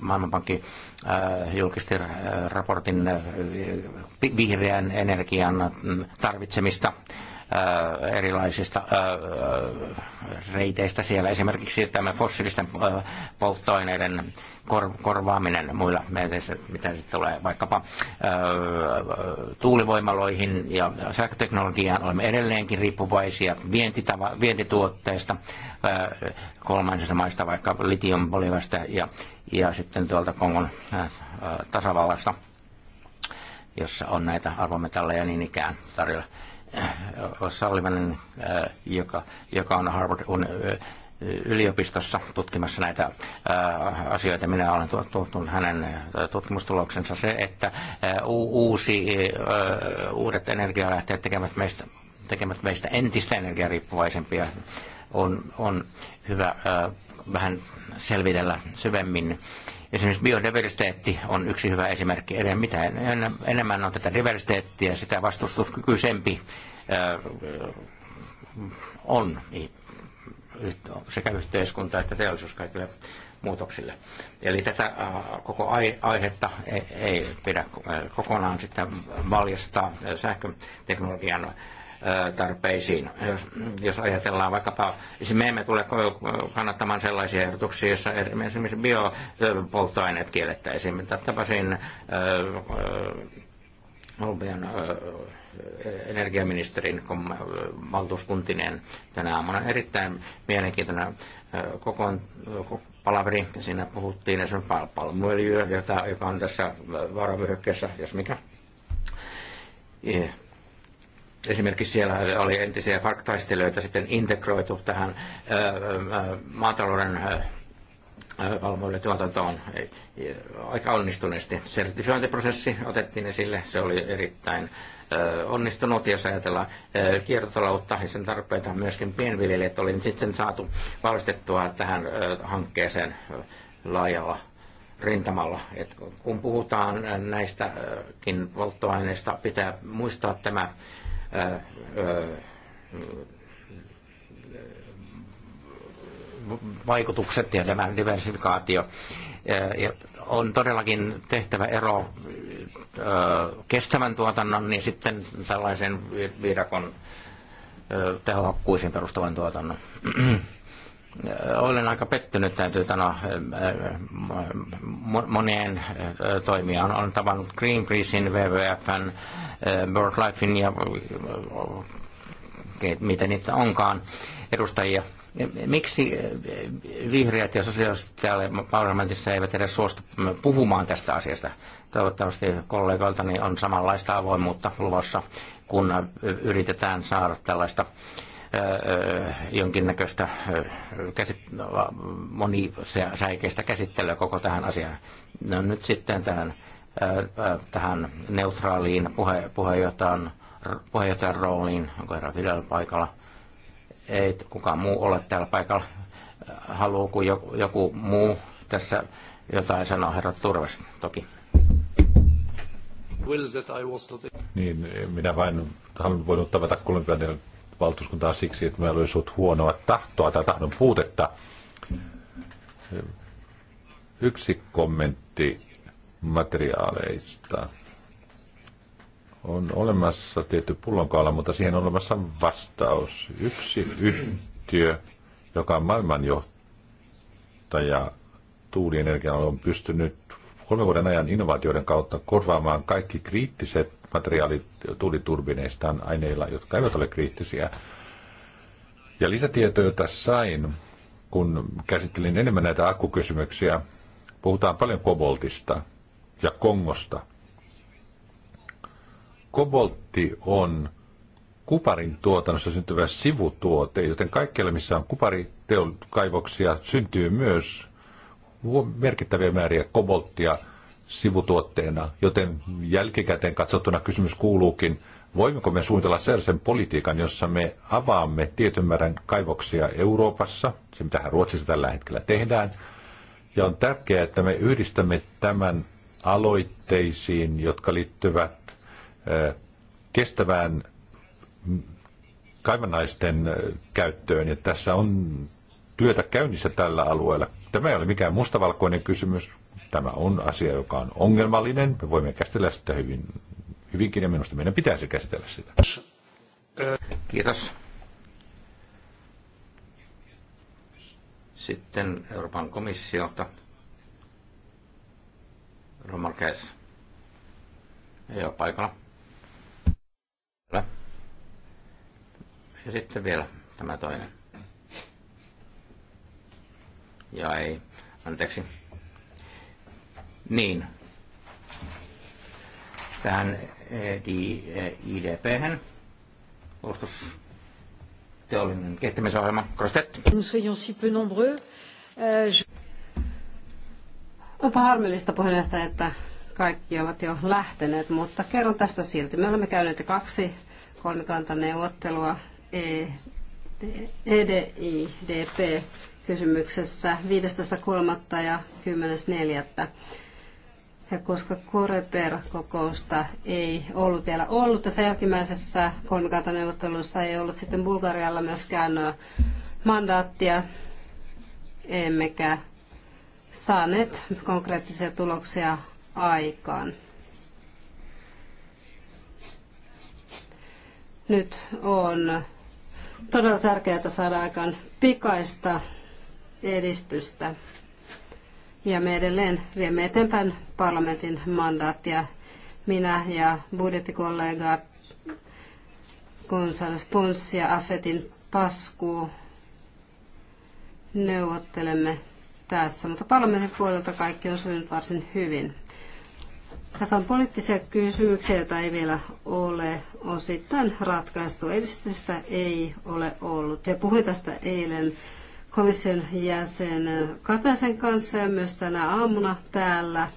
Maailmanpankki äh, julkisti raportin vihreän energian tarvitsemista Äh, erilaisista äh, äh, reiteistä siellä. Esimerkiksi tämä fossiilisten polttoaineiden korvaaminen muilla, mitä se tulee vaikkapa tuulivoimaloihin ja sähköteknologiaan, olemme edelleenkin riippuvaisia vientitava, vientituotteista kolmansista maista, vaikka litiumbolivasta ja, ja sitten tuolta Kongon tasavallasta jossa on näitä arvometalleja niin ikään tarjolla Sallivanen, äh, joka, joka on Harvard äh, yliopistossa tutkimassa näitä äh, asioita. Minä olen tuottunut hänen tutkimustuloksensa se, että uusi, uudet energialähteet tekevät meistä, tekevät meistä entistä energiariippuvaisempia. On, on hyvä vähän selvitellä syvemmin Esimerkiksi biodiversiteetti on yksi hyvä esimerkki. mitä enemmän on tätä diversiteettiä, sitä vastustuskykyisempi on sekä yhteiskunta että teollisuus kaikille muutoksille. Eli tätä koko aihetta ei pidä kokonaan sitten valjastaa sähköteknologian tarpeisiin. Jos, jos ajatellaan vaikkapa, siis me emme tule kannattamaan sellaisia ehdotuksia, joissa er- esimerkiksi biopolttoaineet kiellettäisiin. Tapasin Olbean energiaministerin valtuuskuntinen tänä aamuna. Erittäin mielenkiintoinen kokoon, palaveri. Siinä puhuttiin esimerkiksi palmuöljyä, joka on tässä varavyöhykkeessä, jos mikä. Yeah esimerkiksi siellä oli entisiä farktaistelijoita sitten integroitu tähän maatalouden palveluiden tuotantoon aika onnistuneesti. Sertifiointiprosessi otettiin esille, se oli erittäin onnistunut, jos ajatellaan kiertotaloutta ja sen tarpeita myöskin pienviljelijät oli niin sitten saatu valmistettua tähän hankkeeseen laajalla rintamalla. Et kun puhutaan näistäkin polttoaineista, pitää muistaa tämä Äh, äh, vaikutukset ja tämä diversifikaatio. Äh, on todellakin tehtävä ero kestävän tuotannon ja sitten tällaisen viidakon tehohakkuisiin perustuvan tuotannon olen aika pettynyt, täytyy sanoa, moneen toimijaan. Olen tavannut Greenpeacein, WWFn, BirdLifein ja mitä niitä onkaan edustajia. Miksi vihreät ja sosiaaliset täällä parlamentissa eivät edes suostu puhumaan tästä asiasta? Toivottavasti kollegoiltani on samanlaista avoimuutta luvassa, kun yritetään saada tällaista äh, jonkinnäköistä käsit- no, monisäikeistä käsittelyä koko tähän asiaan. No nyt sitten tähän, tähän neutraaliin puhe- puheenjohtajan, puheenjohtajan rooliin, onko herra Fidel paikalla? Ei kukaan muu ole täällä paikalla. Haluuko joku muu tässä jotain sanoa herra Turves toki? Niin, minä vain haluan voinut tavata kolumbialainen valtuuskuntaa siksi, että meillä olisi ollut huonoa tahtoa tai tahdon puutetta. Yksi kommentti materiaaleista. On olemassa tietty pullonkaala, mutta siihen on olemassa vastaus. Yksi yhtiö, joka on maailmanjohtaja tuulienergialla, on pystynyt kolmen vuoden ajan innovaatioiden kautta korvaamaan kaikki kriittiset materiaalit tuuliturbineistaan aineilla, jotka eivät ole kriittisiä. Ja lisätietoja tässä sain, kun käsittelin enemmän näitä akkukysymyksiä. Puhutaan paljon koboltista ja Kongosta. Koboltti on kuparin tuotannossa syntyvä sivutuote, joten kaikkialla missä on kuparikaivoksia syntyy myös merkittäviä määriä kobolttia – sivutuotteena, joten jälkikäteen katsottuna kysymys kuuluukin, voimmeko me suunnitella sellaisen politiikan, jossa me avaamme tietyn määrän kaivoksia Euroopassa, se mitä Ruotsissa tällä hetkellä tehdään, ja on tärkeää, että me yhdistämme tämän aloitteisiin, jotka liittyvät kestävään kaivannaisten käyttöön. Ja tässä on työtä käynnissä tällä alueella. Tämä ei ole mikään mustavalkoinen kysymys. Tämä on asia, joka on ongelmallinen. Me voimme käsitellä sitä hyvin, hyvinkin ja minusta meidän pitäisi käsitellä sitä. Kiitos. Sitten Euroopan komissiolta Romarkes ei ole paikalla. Ja sitten vielä tämä toinen. Ja ei, anteeksi. Niin. Tähän eh, eh, idp -hän. Puolustus teollinen kehittämisohjelma. Krostet. Nous soyons si peu nombreux. Eh, Onpa harmillista puheenjohtaja, että kaikki ovat jo lähteneet, mutta kerron tästä silti. Me olemme käyneet kaksi kolmikantaneuvottelua EDIDP e kysymyksessä 15.3. ja 10.4. Ja koska Koreper-kokousta ei ollut vielä ollut, tässä jälkimmäisessä kolmikantaneuvottelussa ei ollut sitten Bulgarialla myöskään mandaattia, emmekä saaneet konkreettisia tuloksia aikaan. Nyt on todella tärkeää saada aikaan pikaista edistystä ja me edelleen viemme eteenpäin parlamentin mandaattia. Minä ja budjettikollega Gonzales Pons ja Afetin Pasku neuvottelemme tässä, mutta parlamentin puolelta kaikki on sujunut varsin hyvin. Tässä on poliittisia kysymyksiä, joita ei vielä ole osittain ratkaistu. Edistystä ei ole ollut. Ja puhuin tästä eilen komission jäsen Kataisen kanssa ja myös tänä aamuna täällä.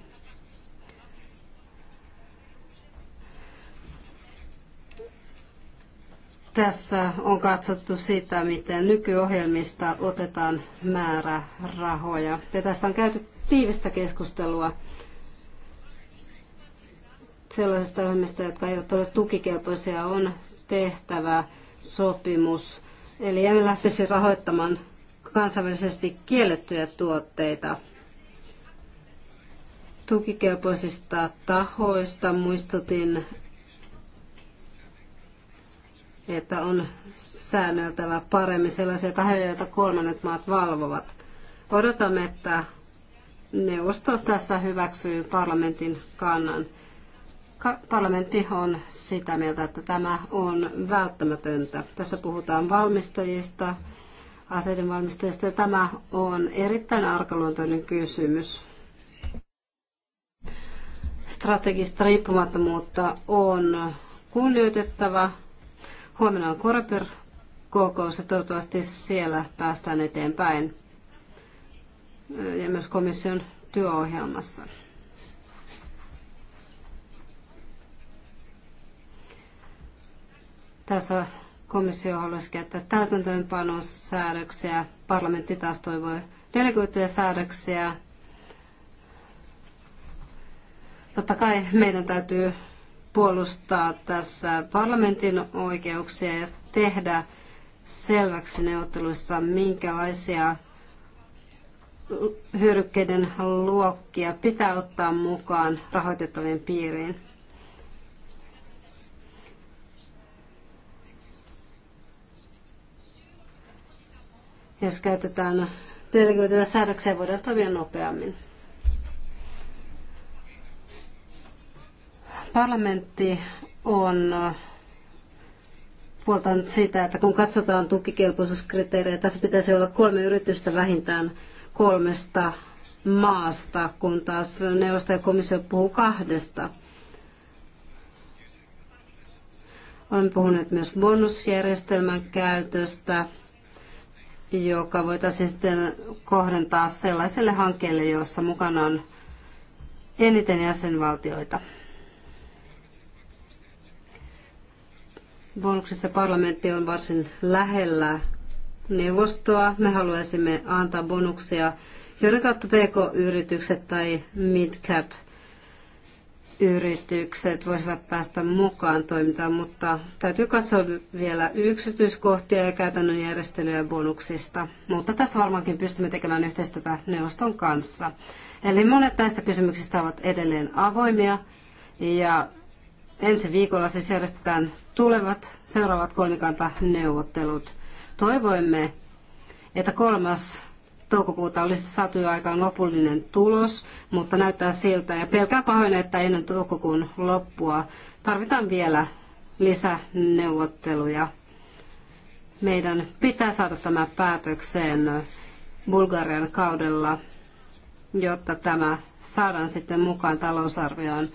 Tässä on katsottu sitä, miten nykyohjelmista otetaan määrä rahoja. Ja tästä on käyty tiivistä keskustelua sellaisista ohjelmista, jotka eivät ole tukikelpoisia, on tehtävä sopimus. Eli emme lähtisi rahoittamaan kansainvälisesti kiellettyjä tuotteita. Tukikelpoisista tahoista muistutin, että on säänneltävä paremmin sellaisia tahoja, joita kolmannet maat valvovat. Odotamme, että neuvosto tässä hyväksyy parlamentin kannan. Parlamentti on sitä mieltä, että tämä on välttämätöntä. Tässä puhutaan valmistajista, aseiden valmistajista. Tämä on erittäin arkaluontoinen kysymys. Strategista riippumattomuutta on kunnioitettava. Huomenna on Koreper kokous ja toivottavasti siellä päästään eteenpäin ja myös komission työohjelmassa. Tässä komissio haluaisi käyttää täytäntöönpanosäädöksiä, parlamentti taas toivoi delegoituja säädöksiä. Totta kai meidän täytyy puolustaa tässä parlamentin oikeuksia ja tehdä selväksi neuvotteluissa, minkälaisia hyödykkeiden luokkia pitää ottaa mukaan rahoitettavien piiriin. Jos käytetään delegoituja säädöksiä, voidaan toimia nopeammin. Parlamentti on puoltanut sitä, että kun katsotaan tukikelpoisuuskriteerejä, tässä pitäisi olla kolme yritystä vähintään kolmesta maasta, kun taas neuvosto ja komissio puhuu kahdesta. Olemme puhuneet myös bonusjärjestelmän käytöstä joka voitaisiin sitten kohdentaa sellaiselle hankkeelle, jossa mukana on eniten jäsenvaltioita. Bonuksessa parlamentti on varsin lähellä neuvostoa. Me haluaisimme antaa bonuksia, joiden kautta pk-yritykset tai midcap. cap yritykset voisivat päästä mukaan toimintaan, mutta täytyy katsoa vielä yksityiskohtia ja käytännön järjestelyjä bonuksista. Mutta tässä varmaankin pystymme tekemään yhteistyötä neuvoston kanssa. Eli monet näistä kysymyksistä ovat edelleen avoimia ja ensi viikolla siis järjestetään tulevat seuraavat kolmikantaneuvottelut. Toivoimme, että kolmas toukokuuta olisi saatu jo aikaan lopullinen tulos, mutta näyttää siltä ja pelkään pahoin, että ennen toukokuun loppua tarvitaan vielä lisäneuvotteluja. Meidän pitää saada tämä päätökseen Bulgarian kaudella, jotta tämä saadaan sitten mukaan talousarvioon.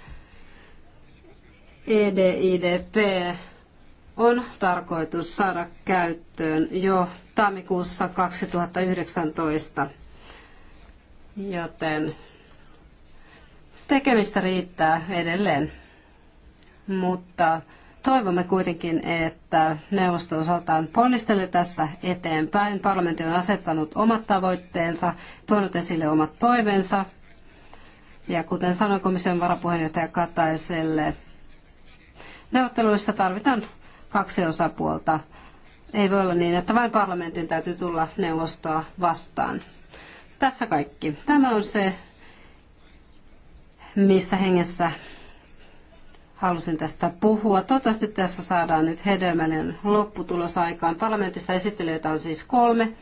EDIDP on tarkoitus saada käyttöön jo tammikuussa 2019. Joten tekemistä riittää edelleen. Mutta toivomme kuitenkin, että neuvosto osaltaan ponnistelee tässä eteenpäin. Parlamentti on asettanut omat tavoitteensa, tuonut esille omat toiveensa. Ja kuten sanoin komission varapuheenjohtaja Kataiselle, neuvotteluissa tarvitaan kaksi osapuolta. Ei voi olla niin, että vain parlamentin täytyy tulla neuvostoa vastaan. Tässä kaikki. Tämä on se, missä hengessä halusin tästä puhua. Toivottavasti tässä saadaan nyt hedelmällinen lopputulos aikaan. Parlamentissa esittelijöitä on siis kolme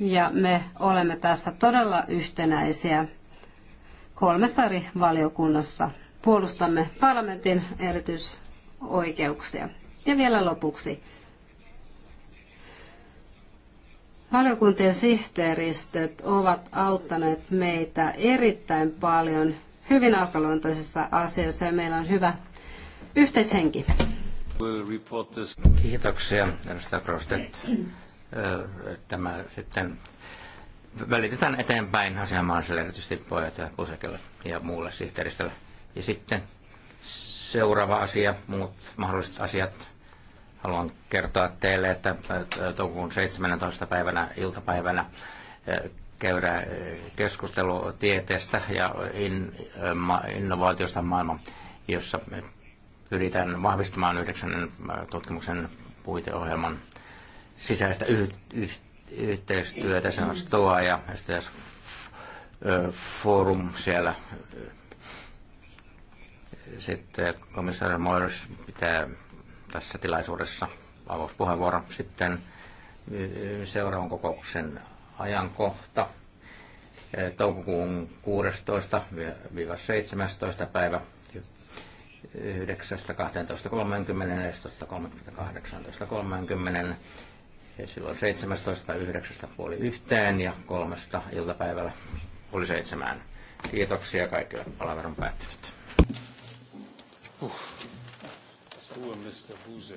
ja me olemme tässä todella yhtenäisiä kolmessa eri valiokunnassa. Puolustamme parlamentin erityisoikeuksia. Ja vielä lopuksi. Valiokuntien sihteeristöt ovat auttaneet meitä erittäin paljon hyvin arkaluontoisissa asioissa ja meillä on hyvä yhteishenki. Kiitoksia, edustaja Prostet. Tämä sitten välitetään eteenpäin asianmaalaiselle, erityisesti ja Pusekelle ja muulle sihteeristölle. Ja sitten seuraava asia, muut mahdolliset asiat Haluan kertoa teille, että toukokuun 17. päivänä iltapäivänä eh, käydään eh, keskustelu tieteestä ja eh, innovaatiosta maailman, jossa pyritään vahvistamaan yhdeksännen tutkimuksen puiteohjelman sisäistä yh, yh, yhteistyötä, se on STOA ja STS Forum siellä. Sitten komissaari Moiris pitää tässä tilaisuudessa avauspuheenvuoro. Sitten seuraavan kokouksen ajankohta toukokuun 16-17 päivä 9.12.30, ja ja silloin 17. 9. puoli yhteen ja kolmesta iltapäivällä puoli seitsemään. Kiitoksia kaikille. Palaveron päättynyt. Uh. Ruhe, Mr. Buse.